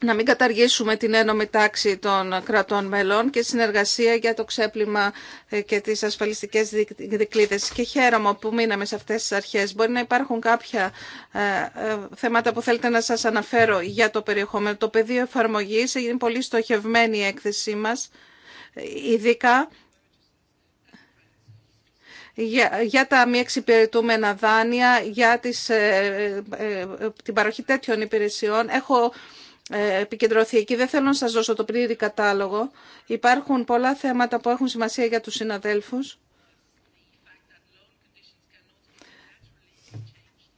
να μην καταργήσουμε την ένωμη τάξη των κρατών μελών και συνεργασία για το ξέπλυμα ε, και τις ασφαλιστικές δικλείδες. Και χαίρομαι που μείναμε σε αυτές τις αρχές. Μπορεί να υπάρχουν κάποια ε, θέματα που θέλετε να σας αναφέρω για το περιεχόμενο. Το πεδίο εφαρμογής είναι πολύ στοχευμένη η έκθεσή μας, ειδικά για, τα μη εξυπηρετούμενα δάνεια, για τις, ε, ε, ε, την παροχή τέτοιων υπηρεσιών. Έχω επικεντρωθεί εκεί. Δεν θέλω να σας δώσω το πλήρη κατάλογο. Υπάρχουν πολλά θέματα που έχουν σημασία για τους συναδέλφους.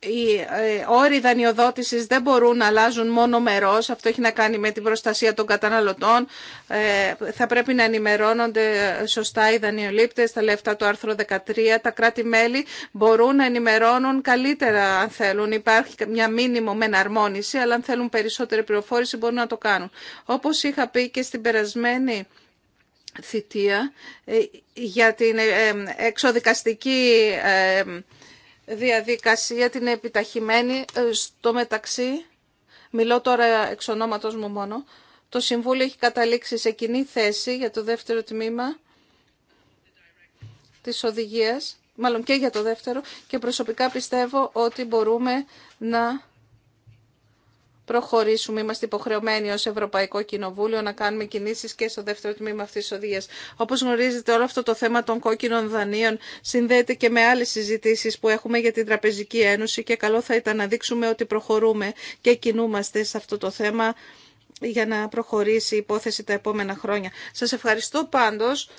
οι ε, όροι δανειοδότησης δεν μπορούν να αλλάζουν μόνο μερός. Αυτό έχει να κάνει με την προστασία των καταναλωτών. Ε, θα πρέπει να ενημερώνονται σωστά οι δανειολήπτες, τα λεφτά του άρθρου 13. Τα κράτη-μέλη μπορούν να ενημερώνουν καλύτερα αν θέλουν. Υπάρχει μια μήνυμο με εναρμόνιση, αλλά αν θέλουν περισσότερη πληροφόρηση μπορούν να το κάνουν. Όπως είχα πει και στην περασμένη θητεία ε, για την εξοδικαστική διαδικασία την επιταχυμένη ε, στο μεταξύ, μιλώ τώρα εξ ονόματος μου μόνο, το Συμβούλιο έχει καταλήξει σε κοινή θέση για το δεύτερο τμήμα της οδηγίας, μάλλον και για το δεύτερο, και προσωπικά πιστεύω ότι μπορούμε να προχωρήσουμε. Είμαστε υποχρεωμένοι ω Ευρωπαϊκό Κοινοβούλιο να κάνουμε κινήσει και στο δεύτερο τμήμα αυτή τη οδηγίας. Όπω γνωρίζετε όλο αυτό το θέμα των κόκκινων δανείων συνδέεται και με άλλε συζητήσει που έχουμε για την Τραπεζική Ένωση και καλό θα ήταν να δείξουμε ότι προχωρούμε και κινούμαστε σε αυτό το θέμα για να προχωρήσει η υπόθεση τα επόμενα χρόνια. Σας ευχαριστώ πάντως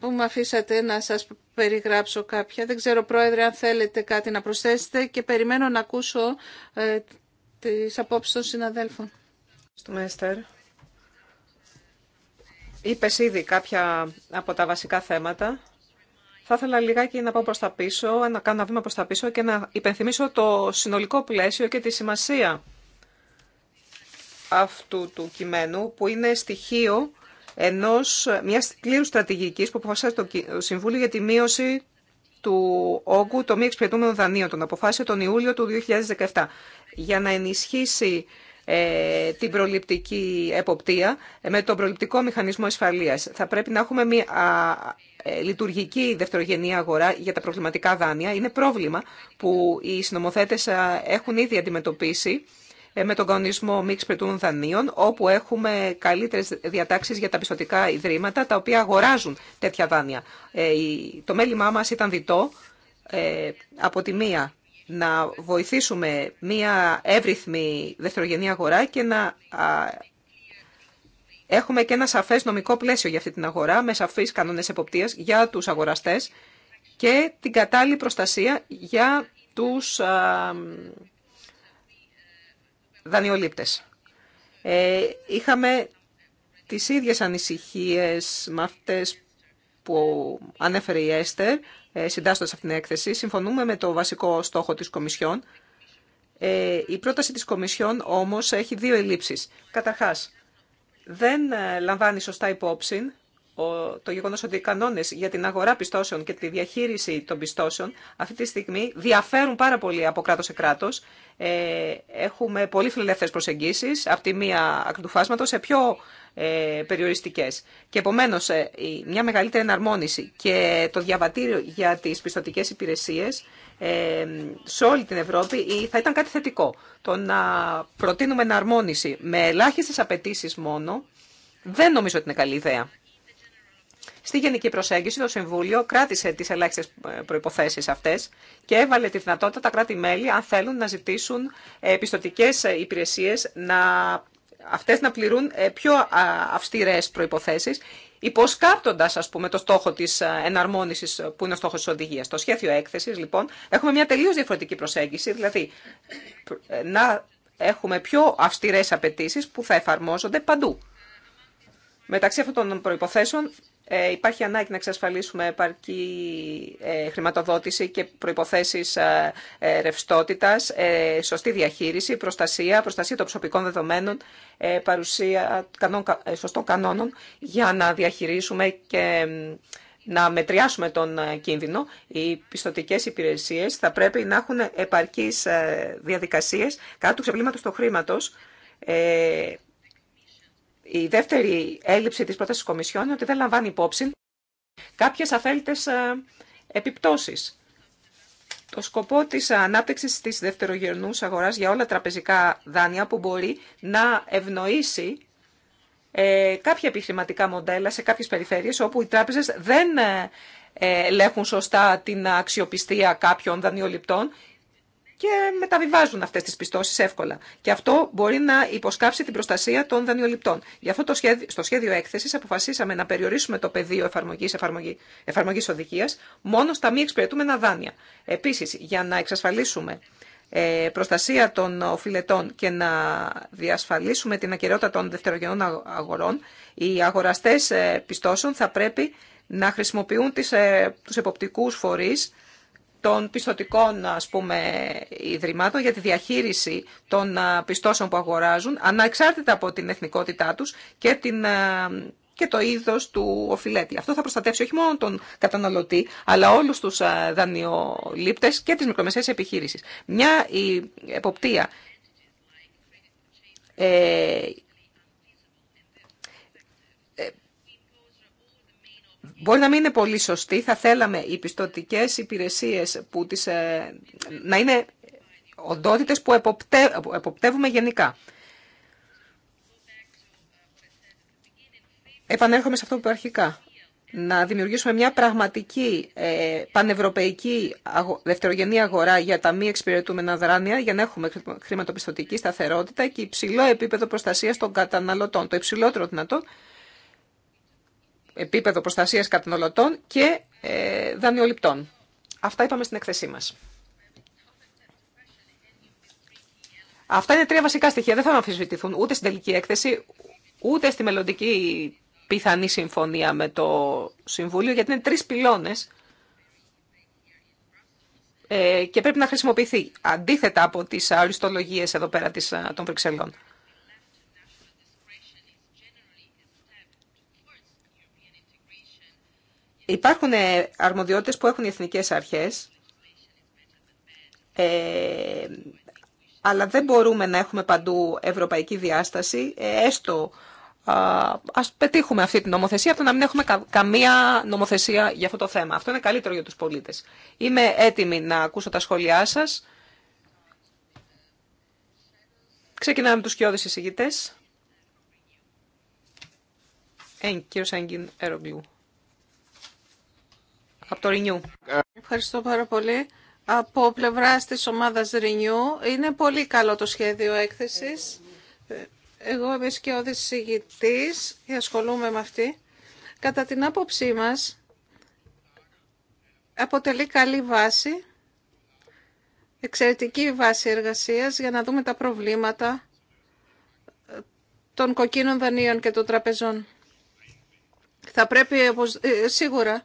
που με αφήσατε να σας περιγράψω κάποια. Δεν ξέρω, Πρόεδρε, αν θέλετε κάτι να προσθέσετε και περιμένω να ακούσω ε, τις απόψεις των συναδέλφων. Στο Μέστερ, είπε ήδη κάποια από τα βασικά θέματα. Θα ήθελα λιγάκι να πάω προς τα πίσω, να κάνω ένα βήμα προς τα πίσω και να υπενθυμίσω το συνολικό πλαίσιο και τη σημασία αυτού του κειμένου, που είναι στοιχείο ενός, μιας κλήρου στρατηγικής που αποφασίζει το Συμβούλιο για τη μείωση του όγκου το μη εξυπηρετούμενο δανείο, τον αποφάσισε τον Ιούλιο του 2017, για να ενισχύσει ε, την προληπτική εποπτεία ε, με τον προληπτικό μηχανισμό ασφαλείας. Θα πρέπει να έχουμε μια ε, λειτουργική δευτερογενή αγορά για τα προβληματικά δάνεια. Είναι πρόβλημα που οι συνομοθέτες έχουν ήδη αντιμετωπίσει ε, με τον κανονισμό Μίξ Πρετούν δανείων, όπου έχουμε καλύτερε διατάξεις για τα πιστοτικά ιδρύματα, τα οποία αγοράζουν τέτοια δάνεια. Ε, το μέλημά μα ήταν διτό, ε, από τη μία να βοηθήσουμε μία εύρυθμη δευτερογενή αγορά και να έχουμε και ένα σαφές νομικό πλαίσιο για αυτή την αγορά, με σαφείς κανόνες εποπτείας για τους αγοραστές και την κατάλληλη προστασία για τους δανειολήπτες. Ε, είχαμε τις ίδιες ανησυχίες με αυτές που ανέφερε η Έστερ, ε, συντάσσοντας αυτήν την έκθεση. Συμφωνούμε με το βασικό στόχο της Κομισιόν. Ε, η πρόταση της Κομισιόν όμως έχει δύο ελλείψεις. Καταρχάς, δεν λαμβάνει σωστά υπόψη το γεγονό ότι οι κανόνε για την αγορά πιστώσεων και τη διαχείριση των πιστώσεων αυτή τη στιγμή διαφέρουν πάρα πολύ από κράτο σε κράτος. Ε, έχουμε πολύ φιλελεύθερε προσεγγίσεις από τη μία άκρη του σε πιο ε, περιοριστικές. Και επομένως ε, μια μεγαλύτερη εναρμόνιση και το διαβατήριο για τι πιστοτικέ υπηρεσίε ε, σε όλη την Ευρώπη θα ήταν κάτι θετικό. Το να προτείνουμε εναρμόνιση με ελάχιστε απαιτήσει μόνο δεν νομίζω ότι είναι καλή ιδέα. Στη γενική προσέγγιση, το Συμβούλιο κράτησε τι ελάχιστε ε, προποθέσει αυτέ και έβαλε τη δυνατότητα τα κράτη-μέλη, αν θέλουν, να ζητήσουν επιστοτικέ ε, υπηρεσίε να αυτές να πληρούν ε, πιο αυστηρές προϋποθέσεις, υποσκάπτοντας, α πούμε, το στόχο της εναρμόνισης που είναι ο στόχος της οδηγίας. Στο σχέδιο έκθεσης, λοιπόν, έχουμε μια τελείως διαφορετική προσέγγιση, δηλαδή να έχουμε πιο αυστηρές απαιτήσει που θα εφαρμόζονται παντού. Μεταξύ αυτών των προϋποθέσεων ε, υπάρχει ανάγκη να εξασφαλίσουμε επαρκή ε, χρηματοδότηση και προϋποθέσεις ε, ε ρευστότητας, ε, σωστή διαχείριση, προστασία, προστασία των προσωπικών δεδομένων, παρουσία κανόν, σωστών κανόνων για να διαχειρίσουμε και να μετριάσουμε τον κίνδυνο. Οι πιστοτικές υπηρεσίες θα πρέπει να έχουν επαρκείς διαδικασίε κάτω του ξεπλήματο του χρήματος, η δεύτερη έλλειψη της πρότασης Κομισιόν είναι ότι δεν λαμβάνει υπόψη κάποιες αφέλτες ε, επιπτώσεις. Το σκοπό της ανάπτυξης της δευτερογερνούς αγοράς για όλα τραπεζικά δάνεια που μπορεί να ευνοήσει ε, κάποια επιχειρηματικά μοντέλα σε κάποιες περιφέρειες όπου οι τράπεζες δεν ε, ελέγχουν σωστά την αξιοπιστία κάποιων δανειοληπτών και μεταβιβάζουν αυτέ τι πιστώσει εύκολα. Και αυτό μπορεί να υποσκάψει την προστασία των δανειοληπτών. Γι' αυτό το σχέδιο, στο σχέδιο έκθεση αποφασίσαμε να περιορίσουμε το πεδίο εφαρμογή εφαρμογή, εφαρμογής οδηγία μόνο στα μη εξυπηρετούμενα δάνεια. Επίση, για να εξασφαλίσουμε ε, προστασία των οφειλετών και να διασφαλίσουμε την ακαιρεότητα των δευτερογενών αγορών, οι αγοραστές ε, πιστώσεων θα πρέπει να χρησιμοποιούν τις, ε, τους εποπτικούς φορείς των πιστοτικών ας πούμε, ιδρυμάτων για τη διαχείριση των πιστώσεων που αγοράζουν, ανεξάρτητα από την εθνικότητά τους και, την, και το είδος του οφειλέτη. Αυτό θα προστατεύσει όχι μόνο τον καταναλωτή, αλλά όλους τους δανειολήπτες και τις μικρομεσαίες επιχείρησεις. Μια η εποπτεία ε, Μπορεί να μην είναι πολύ σωστή, θα θέλαμε οι πιστοτικέ υπηρεσίες που ε, να είναι οντότητε που εποπτεύουμε γενικά. Επανέρχομαι σε αυτό που αρχικά. Να δημιουργήσουμε μια πραγματική ε, πανευρωπαϊκή δευτερογενή αγορά για τα μη εξυπηρετούμενα δράνεια για να έχουμε χρηματοπιστωτική σταθερότητα και υψηλό επίπεδο προστασία των καταναλωτών, το υψηλότερο δυνατό επίπεδο προστασίας καταναλωτών και ε, δανειοληπτών. Αυτά είπαμε στην εκθεσή μας. Αυτά είναι τρία βασικά στοιχεία. Δεν θα αμφισβητηθούν ούτε στην τελική έκθεση, ούτε στη μελλοντική πιθανή συμφωνία με το Συμβούλιο, γιατί είναι τρεις πυλώνες ε, και πρέπει να χρησιμοποιηθεί αντίθετα από τις αριστολογίες εδώ πέρα ε, των Βρυξελών. Υπάρχουν ε, αρμοδιότητες που έχουν οι εθνικές αρχές, ε, αλλά δεν μπορούμε να έχουμε παντού ευρωπαϊκή διάσταση, ε, έστω ας πετύχουμε αυτή την νομοθεσία, αυτό να μην έχουμε καμία νομοθεσία για αυτό το θέμα. Αυτό είναι καλύτερο για τους πολίτες. Είμαι έτοιμη να ακούσω τα σχόλιά σας. Ξεκινάμε τους κοιόδης εισηγητές. κύριος Αγγίν από το Renew. Ευχαριστώ πάρα πολύ. Από πλευρά τη ομάδα Renew είναι πολύ καλό το σχέδιο έκθεση. Εγώ είμαι και ο και ασχολούμαι με αυτή. Κατά την άποψή μα αποτελεί καλή βάση, εξαιρετική βάση εργασία για να δούμε τα προβλήματα των κοκκίνων δανείων και των τραπεζών. Θα πρέπει ε, σίγουρα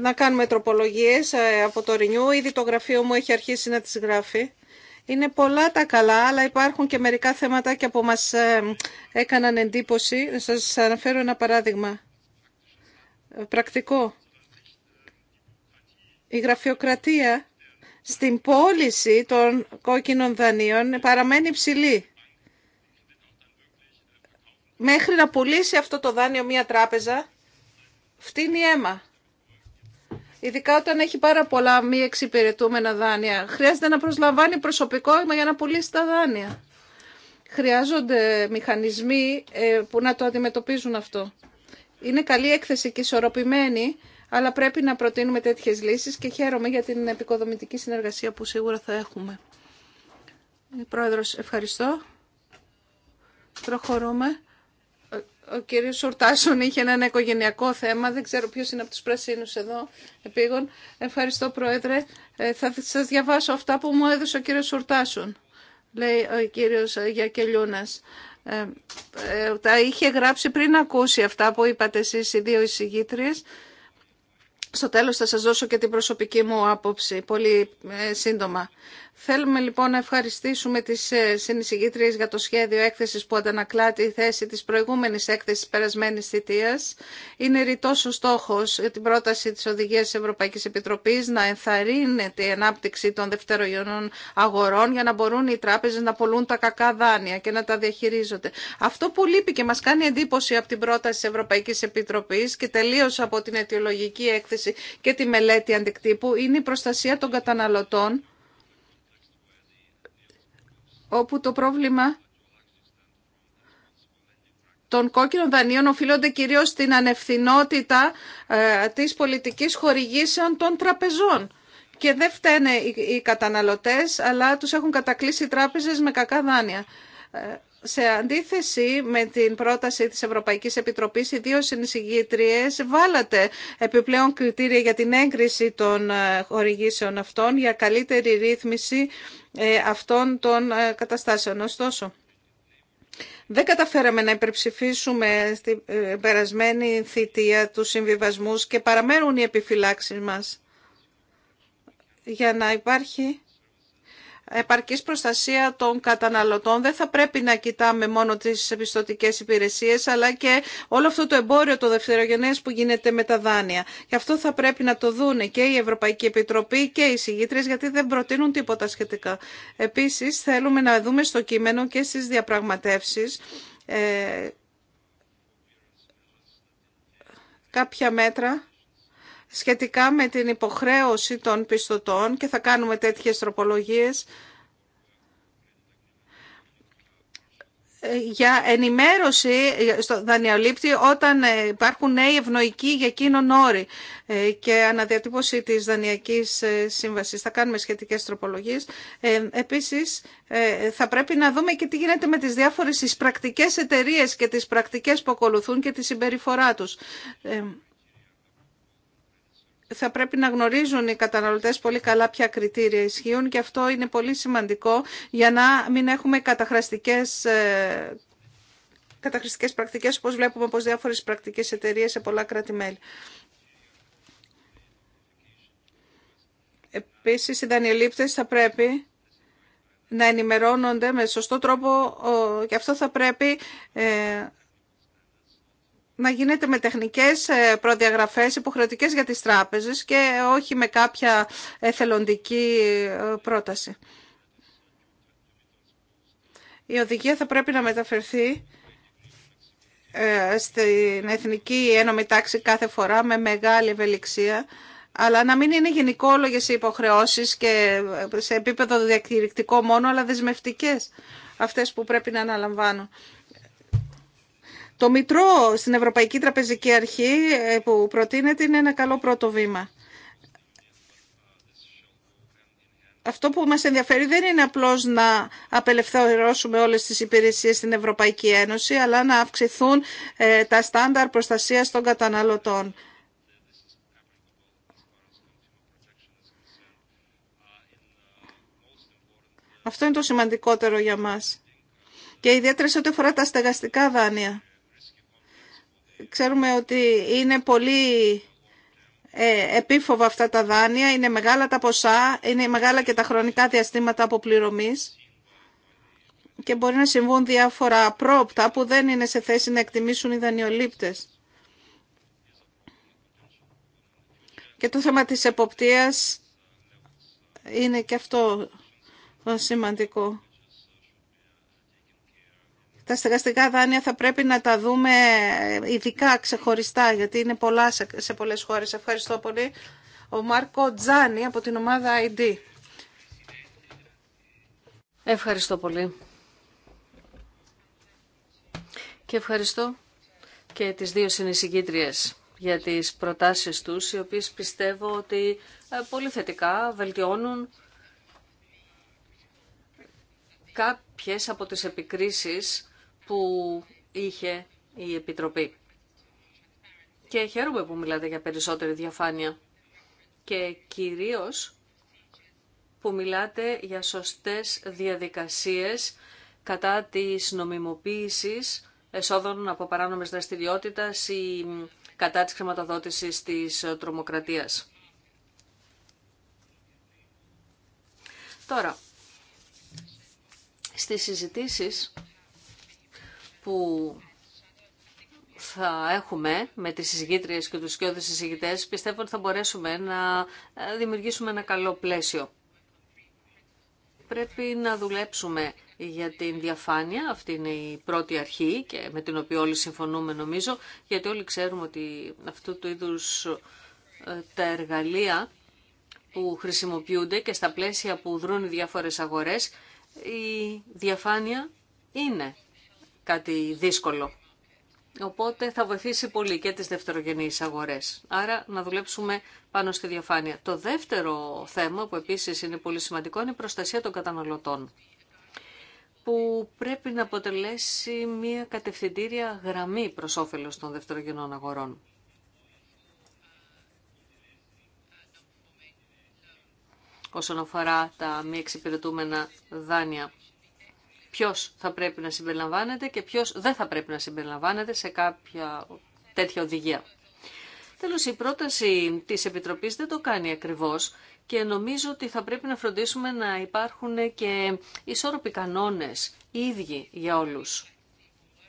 να κάνουμε τροπολογίες ε, από το Ρινιού. Ήδη το γραφείο μου έχει αρχίσει να τις γράφει. Είναι πολλά τα καλά, αλλά υπάρχουν και μερικά θέματα που μας ε, έκαναν εντύπωση. σας αναφέρω ένα παράδειγμα. Ε, πρακτικό. Η γραφειοκρατία στην πώληση των κόκκινων δανείων παραμένει ψηλή. Μέχρι να πουλήσει αυτό το δάνειο μία τράπεζα, φτύνει αίμα. Ειδικά όταν έχει πάρα πολλά μη εξυπηρετούμενα δάνεια. Χρειάζεται να προσλαμβάνει προσωπικό για να πουλήσει τα δάνεια. Χρειάζονται μηχανισμοί ε, που να το αντιμετωπίζουν αυτό. Είναι καλή έκθεση και ισορροπημένη, αλλά πρέπει να προτείνουμε τέτοιες λύσεις και χαίρομαι για την επικοδομητική συνεργασία που σίγουρα θα έχουμε. Ε, πρόεδρος, ευχαριστώ. Προχωρούμε ο κύριο Σουρτάσον είχε ένα οικογενειακό θέμα. Δεν ξέρω ποιο είναι από τους πρασίνους εδώ επίγον. Ευχαριστώ Πρόεδρε. Ε, θα σας διαβάσω αυτά που μου έδωσε ο κύριο Σουρτάσον. Λέει ο κύριο Γιακελιούνα. Ε, ε, τα είχε γράψει πριν ακούσει αυτά που είπατε εσεί οι δύο εισηγήτριε. Στο τέλος θα σας δώσω και την προσωπική μου άποψη, πολύ ε, σύντομα. Θέλουμε λοιπόν να ευχαριστήσουμε τι ε, συνεισηγήτριε για το σχέδιο έκθεση που αντανακλά τη θέση τη προηγούμενη έκθεση περασμένη θητείας. Είναι ρητό ο στόχος ε, την πρόταση της Οδηγίας Ευρωπαϊκή Επιτροπή να ενθαρρύνεται η ανάπτυξη των δευτερογενών αγορών για να μπορούν οι τράπεζε να πολλούν τα κακά δάνεια και να τα διαχειρίζονται. Αυτό που λείπει και μα κάνει εντύπωση από την πρόταση της Ευρωπαϊκής Επιτροπής και τελείω από την αιτιολογική έκθεση και τη μελέτη αντικτύπου είναι η προστασία των καταναλωτών όπου το πρόβλημα των κόκκινων δανείων οφείλονται κυρίως στην ανευθυνότητα ε, της πολιτικής χορηγήσεων των τραπεζών. Και δεν φταίνε οι καταναλωτές, αλλά τους έχουν κατακλείσει οι τράπεζες με κακά δάνεια. Ε, σε αντίθεση με την πρόταση της Ευρωπαϊκής Επιτροπής, οι δύο συνεισηγήτριες βάλατε επιπλέον κριτήρια για την έγκριση των ε, χορηγήσεων αυτών για καλύτερη ρύθμιση ε, αυτών των ε, καταστάσεων. Ωστόσο, δεν καταφέραμε να υπερψηφίσουμε στην ε, περασμένη θητεία του συμβιβασμούς και παραμένουν οι επιφυλάξεις μας για να υπάρχει επαρκής προστασία των καταναλωτών. Δεν θα πρέπει να κοιτάμε μόνο τις επιστοτικές υπηρεσίες, αλλά και όλο αυτό το εμπόριο το δευτερογενές που γίνεται με τα δάνεια. Και αυτό θα πρέπει να το δούνε και η Ευρωπαϊκή Επιτροπή και οι συγγήτρες, γιατί δεν προτείνουν τίποτα σχετικά. Επίσης, θέλουμε να δούμε στο κείμενο και στις διαπραγματεύσεις ε, κάποια μέτρα σχετικά με την υποχρέωση των πιστωτών και θα κάνουμε τέτοιες τροπολογίες ε, για ενημέρωση στο δανειολήπτη όταν ε, υπάρχουν νέοι ευνοϊκοί για εκείνον όροι ε, και αναδιατύπωση της δανειακής σύμβασης. Θα κάνουμε σχετικές τροπολογίες. Επίσης, θα πρέπει να δούμε και τι γίνεται με τις διάφορες τις πρακτικές εταιρείες και τις πρακτικές που ακολουθούν και τη συμπεριφορά τους θα πρέπει να γνωρίζουν οι καταναλωτές πολύ καλά ποια κριτήρια ισχύουν και αυτό είναι πολύ σημαντικό για να μην έχουμε καταχραστικές ε, καταχρηστικές πρακτικές όπως βλέπουμε από διάφορες πρακτικές εταιρείες σε πολλά κράτη-μέλη. Επίσης, οι δανειολήπτες θα πρέπει να ενημερώνονται με σωστό τρόπο και αυτό θα πρέπει ε, να γίνεται με τεχνικές ε, προδιαγραφές υποχρεωτικές για τις τράπεζες και όχι με κάποια εθελοντική ε, πρόταση. Η οδηγία θα πρέπει να μεταφερθεί ε, στην Εθνική Ένωμη Τάξη κάθε φορά με μεγάλη ευελιξία, αλλά να μην είναι γενικόλογες οι υποχρεώσεις και σε επίπεδο διακηρυκτικό μόνο, αλλά δεσμευτικές αυτές που πρέπει να αναλαμβάνουν. Το Μητρό στην Ευρωπαϊκή Τραπεζική Αρχή ε, που προτείνεται είναι ένα καλό πρώτο βήμα. Αυτό που μας ενδιαφέρει δεν είναι απλώς να απελευθερώσουμε όλες τις υπηρεσίες στην Ευρωπαϊκή Ένωση, αλλά να αυξηθούν ε, τα στάνταρ προστασίας των καταναλωτών. Αυτό είναι το σημαντικότερο για μας. Και ιδιαίτερα σε ό,τι αφορά τα στεγαστικά δάνεια. Ξέρουμε ότι είναι πολύ ε, επίφοβα αυτά τα δάνεια, είναι μεγάλα τα ποσά, είναι μεγάλα και τα χρονικά διαστήματα αποπληρωμής και μπορεί να συμβούν διάφορα πρόπτα που δεν είναι σε θέση να εκτιμήσουν οι δανειολήπτες. Και το θέμα της εποπτείας είναι και αυτό σημαντικό. Τα στεγαστικά δάνεια θα πρέπει να τα δούμε ειδικά, ξεχωριστά, γιατί είναι πολλά σε πολλές χώρες. Ευχαριστώ πολύ. Ο Μάρκο Τζάνι από την ομάδα ID. Ευχαριστώ πολύ. Και ευχαριστώ και τις δύο συνεισηγήτριες για τις προτάσεις τους, οι οποίες πιστεύω ότι ε, πολύ θετικά βελτιώνουν κάποιες από τις επικρίσεις που είχε η Επιτροπή. Και χαίρομαι που μιλάτε για περισσότερη διαφάνεια και κυρίως που μιλάτε για σωστές διαδικασίες κατά της νομιμοποίησης εσόδων από παράνομες δραστηριότητας ή κατά της χρηματοδότησης της τρομοκρατίας. Τώρα, στις συζητήσεις που θα έχουμε με τις συζητήτριες και τους σκιώδες συζητητές, πιστεύω ότι θα μπορέσουμε να ε, δημιουργήσουμε ένα καλό πλαίσιο. Πρέπει να δουλέψουμε για την διαφάνεια, αυτή είναι η πρώτη αρχή και με την οποία όλοι συμφωνούμε νομίζω, γιατί όλοι ξέρουμε ότι αυτού του είδους ε, τα εργαλεία που χρησιμοποιούνται και στα πλαίσια που δρούν οι διάφορες αγορές, η διαφάνεια είναι κάτι δύσκολο. Οπότε θα βοηθήσει πολύ και τις δευτερογενείς αγορές. Άρα να δουλέψουμε πάνω στη διαφάνεια. Το δεύτερο θέμα που επίσης είναι πολύ σημαντικό είναι η προστασία των καταναλωτών που πρέπει να αποτελέσει μια κατευθυντήρια γραμμή προς όφελος των δευτερογενών αγορών. όσον αφορά τα μη εξυπηρετούμενα δάνεια ποιος θα πρέπει να συμπεριλαμβάνεται και ποιος δεν θα πρέπει να συμπεριλαμβάνεται σε κάποια τέτοια οδηγία. Τέλος, η πρόταση της Επιτροπής δεν το κάνει ακριβώς και νομίζω ότι θα πρέπει να φροντίσουμε να υπάρχουν και ισόρροποι κανόνες, ίδιοι για όλους.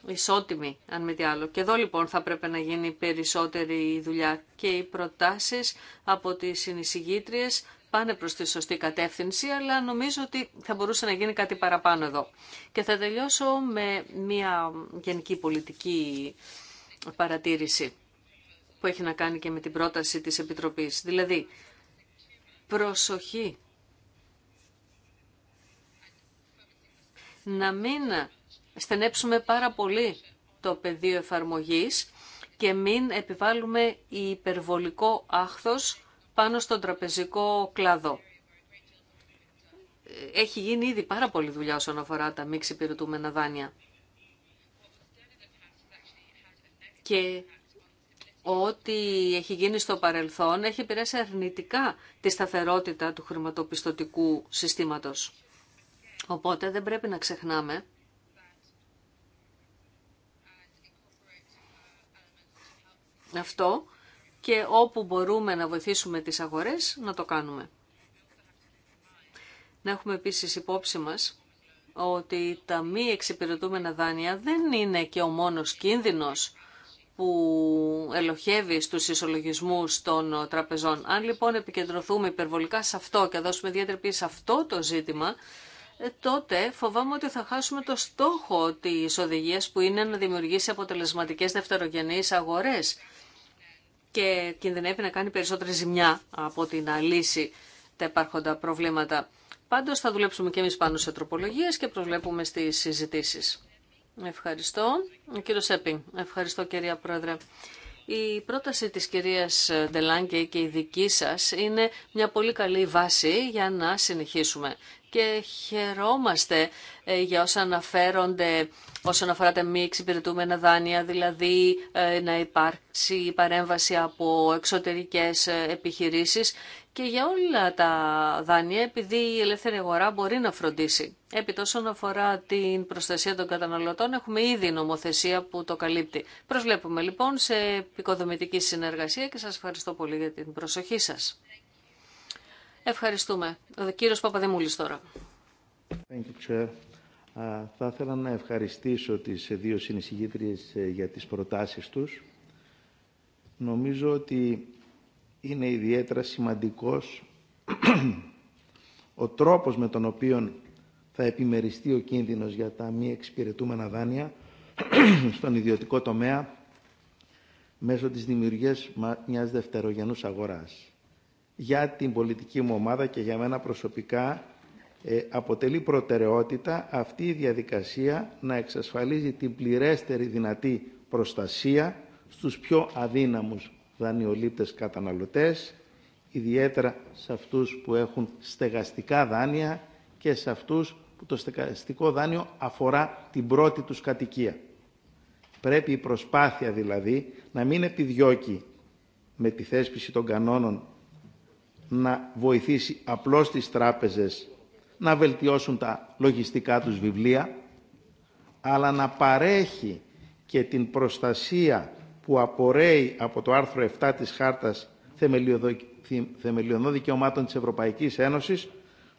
Ισότιμοι, αν με τι άλλο. Και εδώ λοιπόν θα πρέπει να γίνει περισσότερη δουλειά και οι προτάσεις από τις συνεισηγήτριες πάνε προς τη σωστή κατεύθυνση, αλλά νομίζω ότι θα μπορούσε να γίνει κάτι παραπάνω εδώ. Και θα τελειώσω με μια γενική πολιτική παρατήρηση που έχει να κάνει και με την πρόταση της Επιτροπής. Δηλαδή, προσοχή να μην στενέψουμε πάρα πολύ το πεδίο εφαρμογής και μην επιβάλλουμε υπερβολικό άχθος πάνω στον τραπεζικό κλάδο. Έχει γίνει ήδη πάρα πολύ δουλειά όσον αφορά τα μη ξυπηρετούμενα δάνεια. Και ό,τι έχει γίνει στο παρελθόν έχει επηρεάσει αρνητικά τη σταθερότητα του χρηματοπιστωτικού συστήματος. Οπότε δεν πρέπει να ξεχνάμε αυτό και όπου μπορούμε να βοηθήσουμε τις αγορές να το κάνουμε. Να έχουμε επίσης υπόψη μας ότι τα μη εξυπηρετούμενα δάνεια δεν είναι και ο μόνος κίνδυνος που ελοχεύει στους ισολογισμούς των τραπεζών. Αν λοιπόν επικεντρωθούμε υπερβολικά σε αυτό και δώσουμε ιδιαίτερη σε αυτό το ζήτημα, ε, τότε φοβάμαι ότι θα χάσουμε το στόχο της οδηγίας που είναι να δημιουργήσει αποτελεσματικές δευτερογενείς αγορές και κινδυνεύει να κάνει περισσότερη ζημιά από ότι να λύσει τα υπάρχοντα προβλήματα. πάντω, θα δουλέψουμε και εμεί πάνω σε τροπολογίε και προβλέπουμε στις συζητήσει. Ευχαριστώ. Κύριο Σέπι, ευχαριστώ κυρία Πρόεδρε. Η πρόταση της κυρίας Ντελάνκε και η δική σας είναι μια πολύ καλή βάση για να συνεχίσουμε και χαιρόμαστε ε, για όσα αναφέρονται όσον αφορά τα μη εξυπηρετούμενα δάνεια, δηλαδή ε, να υπάρξει παρέμβαση από εξωτερικές ε, επιχειρήσεις και για όλα τα δάνεια, επειδή η ελεύθερη αγορά μπορεί να φροντίσει. Έπειτα όσον αφορά την προστασία των καταναλωτών, έχουμε ήδη νομοθεσία που το καλύπτει. Προσβλέπουμε λοιπόν σε επικοδομητική συνεργασία και σας ευχαριστώ πολύ για την προσοχή σας. Ευχαριστούμε. Ο κύριος Παπαδημούλης τώρα. Θα ήθελα να ευχαριστήσω τις δύο συνεισηγήτριες ε, για τις προτάσεις τους. Νομίζω ότι είναι ιδιαίτερα σημαντικός ο τρόπος με τον οποίο θα επιμεριστεί ο κίνδυνος για τα μη εξυπηρετούμενα δάνεια στον ιδιωτικό τομέα μέσω της δημιουργίας μιας δευτερογενούς αγοράς για την πολιτική μου ομάδα και για μένα προσωπικά ε, αποτελεί προτεραιότητα αυτή η διαδικασία να εξασφαλίζει την πληρέστερη δυνατή προστασία στους πιο αδύναμους δανειολήπτες καταναλωτές, ιδιαίτερα σε αυτούς που έχουν στεγαστικά δάνεια και σε αυτούς που το στεγαστικό δάνειο αφορά την πρώτη τους κατοικία. Πρέπει η προσπάθεια δηλαδή να μην επιδιώκει με τη θέσπιση των κανόνων να βοηθήσει απλώς τις τράπεζες να βελτιώσουν τα λογιστικά τους βιβλία, αλλά να παρέχει και την προστασία που απορρέει από το άρθρο 7 της Χάρτας Θεμελιωδών Δικαιωμάτων της Ευρωπαϊκής Ένωσης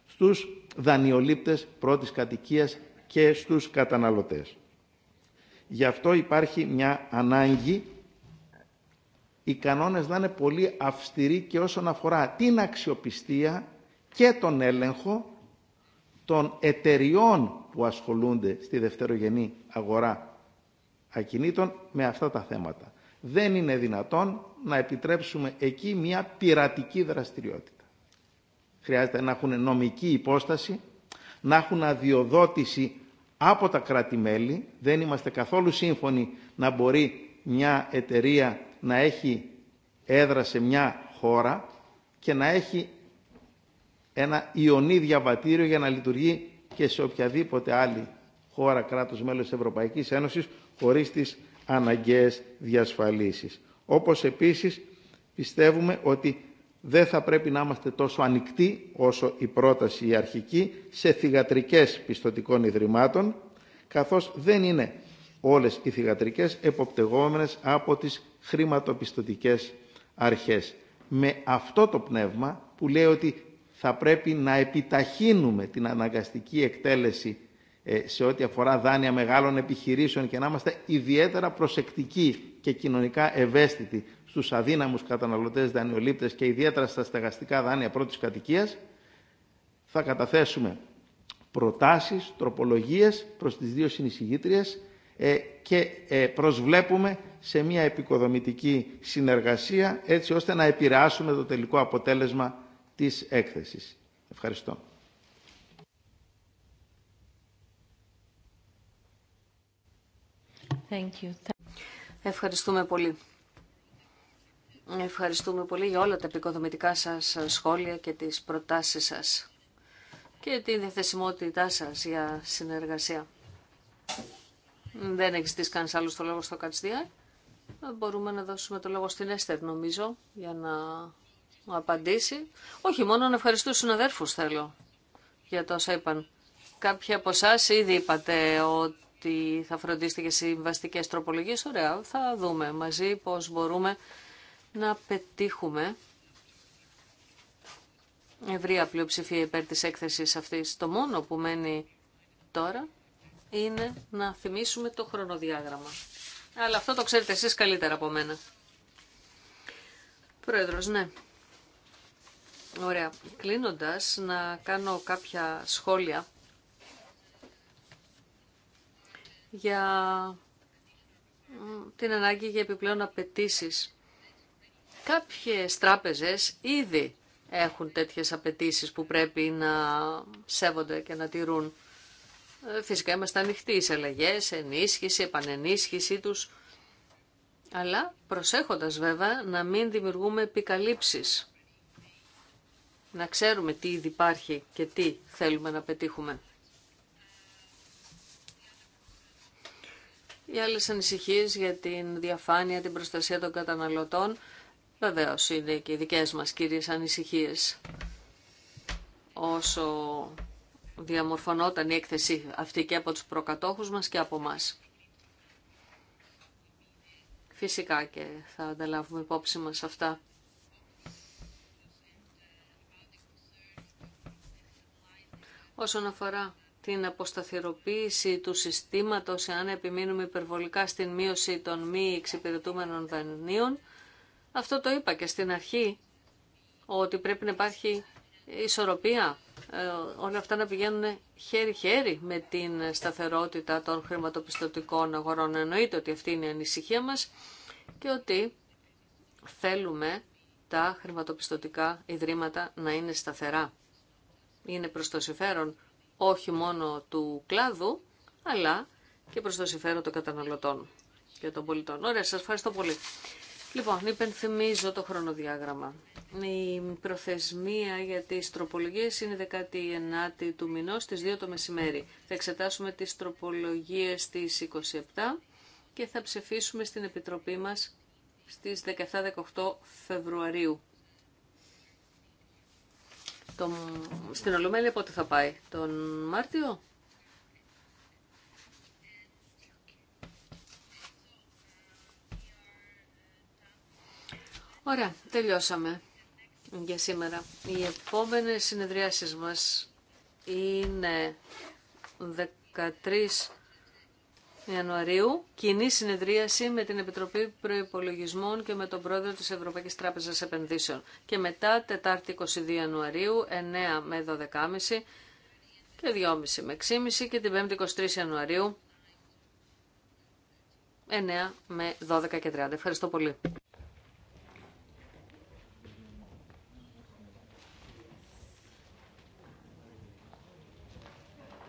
στους δανειολήπτες πρώτης κατοικίας και στους καταναλωτές. Γι' αυτό υπάρχει μια ανάγκη οι κανόνες να είναι πολύ αυστηροί και όσον αφορά την αξιοπιστία και τον έλεγχο των εταιριών που ασχολούνται στη δευτερογενή αγορά ακινήτων με αυτά τα θέματα. Δεν είναι δυνατόν να επιτρέψουμε εκεί μια πειρατική δραστηριότητα. Χρειάζεται να έχουν νομική υπόσταση, να έχουν αδειοδότηση από τα κράτη-μέλη. Δεν είμαστε καθόλου σύμφωνοι να μπορεί μια εταιρεία να έχει έδρα σε μια χώρα και να έχει ένα ιονί διαβατήριο για να λειτουργεί και σε οποιαδήποτε άλλη χώρα κράτος μέλος Ευρωπαϊκής Ένωσης χωρίς τις αναγκαίες διασφαλίσεις. Όπως επίσης πιστεύουμε ότι δεν θα πρέπει να είμαστε τόσο ανοιχτοί όσο η πρόταση η αρχική σε θυγατρικές πιστοτικών ιδρυμάτων καθώς δεν είναι όλες οι θυγατρικές εποπτεγόμενες από τις χρηματοπιστωτικές αρχές. Με αυτό το πνεύμα που λέει ότι θα πρέπει να επιταχύνουμε την αναγκαστική εκτέλεση ε, σε ό,τι αφορά δάνεια μεγάλων επιχειρήσεων και να είμαστε ιδιαίτερα προσεκτικοί και κοινωνικά ευαίσθητοι στους αδύναμους καταναλωτές δανειολήπτες και ιδιαίτερα στα στεγαστικά δάνεια πρώτης κατοικίας, θα καταθέσουμε προτάσεις, τροπολογίες προς τις δύο συνεισηγήτριες ε, και ε, προσβλέπουμε σε μια επικοδομητική συνεργασία έτσι ώστε να επηρεάσουμε το τελικό αποτέλεσμα της έκθεσης. Ευχαριστώ. Thank you. Ευχαριστούμε πολύ. Ευχαριστούμε πολύ για όλα τα επικοδομητικά σας σχόλια και τις προτάσεις σας και τη διαθεσιμότητά σας για συνεργασία. Δεν έχεις στήσει κανείς το λόγο στο Κατσδιά. Μπορούμε να δώσουμε το λόγο στην Έστερ, νομίζω, για να απαντήσει. Όχι, μόνο να ευχαριστώ αδέρφους θέλω για το όσα είπαν. Κάποιοι από εσά ήδη είπατε ότι θα φροντίσετε και συμβαστικές τροπολογίες. Ωραία, θα δούμε μαζί πώς μπορούμε να πετύχουμε ευρεία πλειοψηφία υπέρ της έκθεσης αυτής. Το μόνο που μένει τώρα είναι να θυμίσουμε το χρονοδιάγραμμα. Αλλά αυτό το ξέρετε εσείς καλύτερα από μένα. Πρόεδρος, ναι. Ωραία. Κλείνοντας, να κάνω κάποια σχόλια για την ανάγκη για επιπλέον απαιτήσει. Κάποιες τράπεζες ήδη έχουν τέτοιες απαιτήσει που πρέπει να σέβονται και να τηρούν. Φυσικά είμαστε ανοιχτοί σε αλλαγέ, ενίσχυση, επανενίσχυσή τους, αλλά προσέχοντας βέβαια να μην δημιουργούμε επικαλύψει. Να ξέρουμε τι ήδη υπάρχει και τι θέλουμε να πετύχουμε. Οι άλλες ανησυχίες για την διαφάνεια, την προστασία των καταναλωτών, Βεβαίω είναι και οι δικές μας κύριες ανησυχίες. Όσο διαμορφωνόταν η έκθεση αυτή και από τους προκατόχους μας και από μας. Φυσικά και θα ανταλάβουμε υπόψη μας αυτά. Όσον αφορά την αποσταθεροποίηση του συστήματος, εάν επιμείνουμε υπερβολικά στην μείωση των μη εξυπηρετούμενων δανείων, αυτό το είπα και στην αρχή, ότι πρέπει να υπάρχει ισορροπία, ε, όλα αυτά να πηγαίνουν χέρι-χέρι με την σταθερότητα των χρηματοπιστωτικών αγορών. Εννοείται ότι αυτή είναι η ανησυχία μας και ότι θέλουμε τα χρηματοπιστωτικά ιδρύματα να είναι σταθερά. Είναι προς το συμφέρον όχι μόνο του κλάδου, αλλά και προς το συμφέρον των καταναλωτών και των πολιτών. Ωραία, σας ευχαριστώ πολύ. Λοιπόν, υπενθυμίζω το χρονοδιάγραμμα. Η προθεσμία για τις τροπολογίες είναι 19η του μηνός στις 2 το μεσημέρι. Θα εξετάσουμε τις τροπολογίες στις 27 και θα ψηφίσουμε στην Επιτροπή μας στις 17-18 Φεβρουαρίου. Στην Ολομέλεια πότε θα πάει, τον Μάρτιο? Ωραία, τελειώσαμε για σήμερα. Οι επόμενες συνεδριάσεις μας είναι 13 Ιανουαρίου, κοινή συνεδρίαση με την Επιτροπή Προϋπολογισμών και με τον Πρόεδρο της Ευρωπαϊκής Τράπεζας Επενδύσεων. Και μετά, Τετάρτη 22 Ιανουαρίου, 9 με 12.30 και 2.30 με 6.30 και την 5η 23 Ιανουαρίου, 9 με 12.30. Ευχαριστώ πολύ.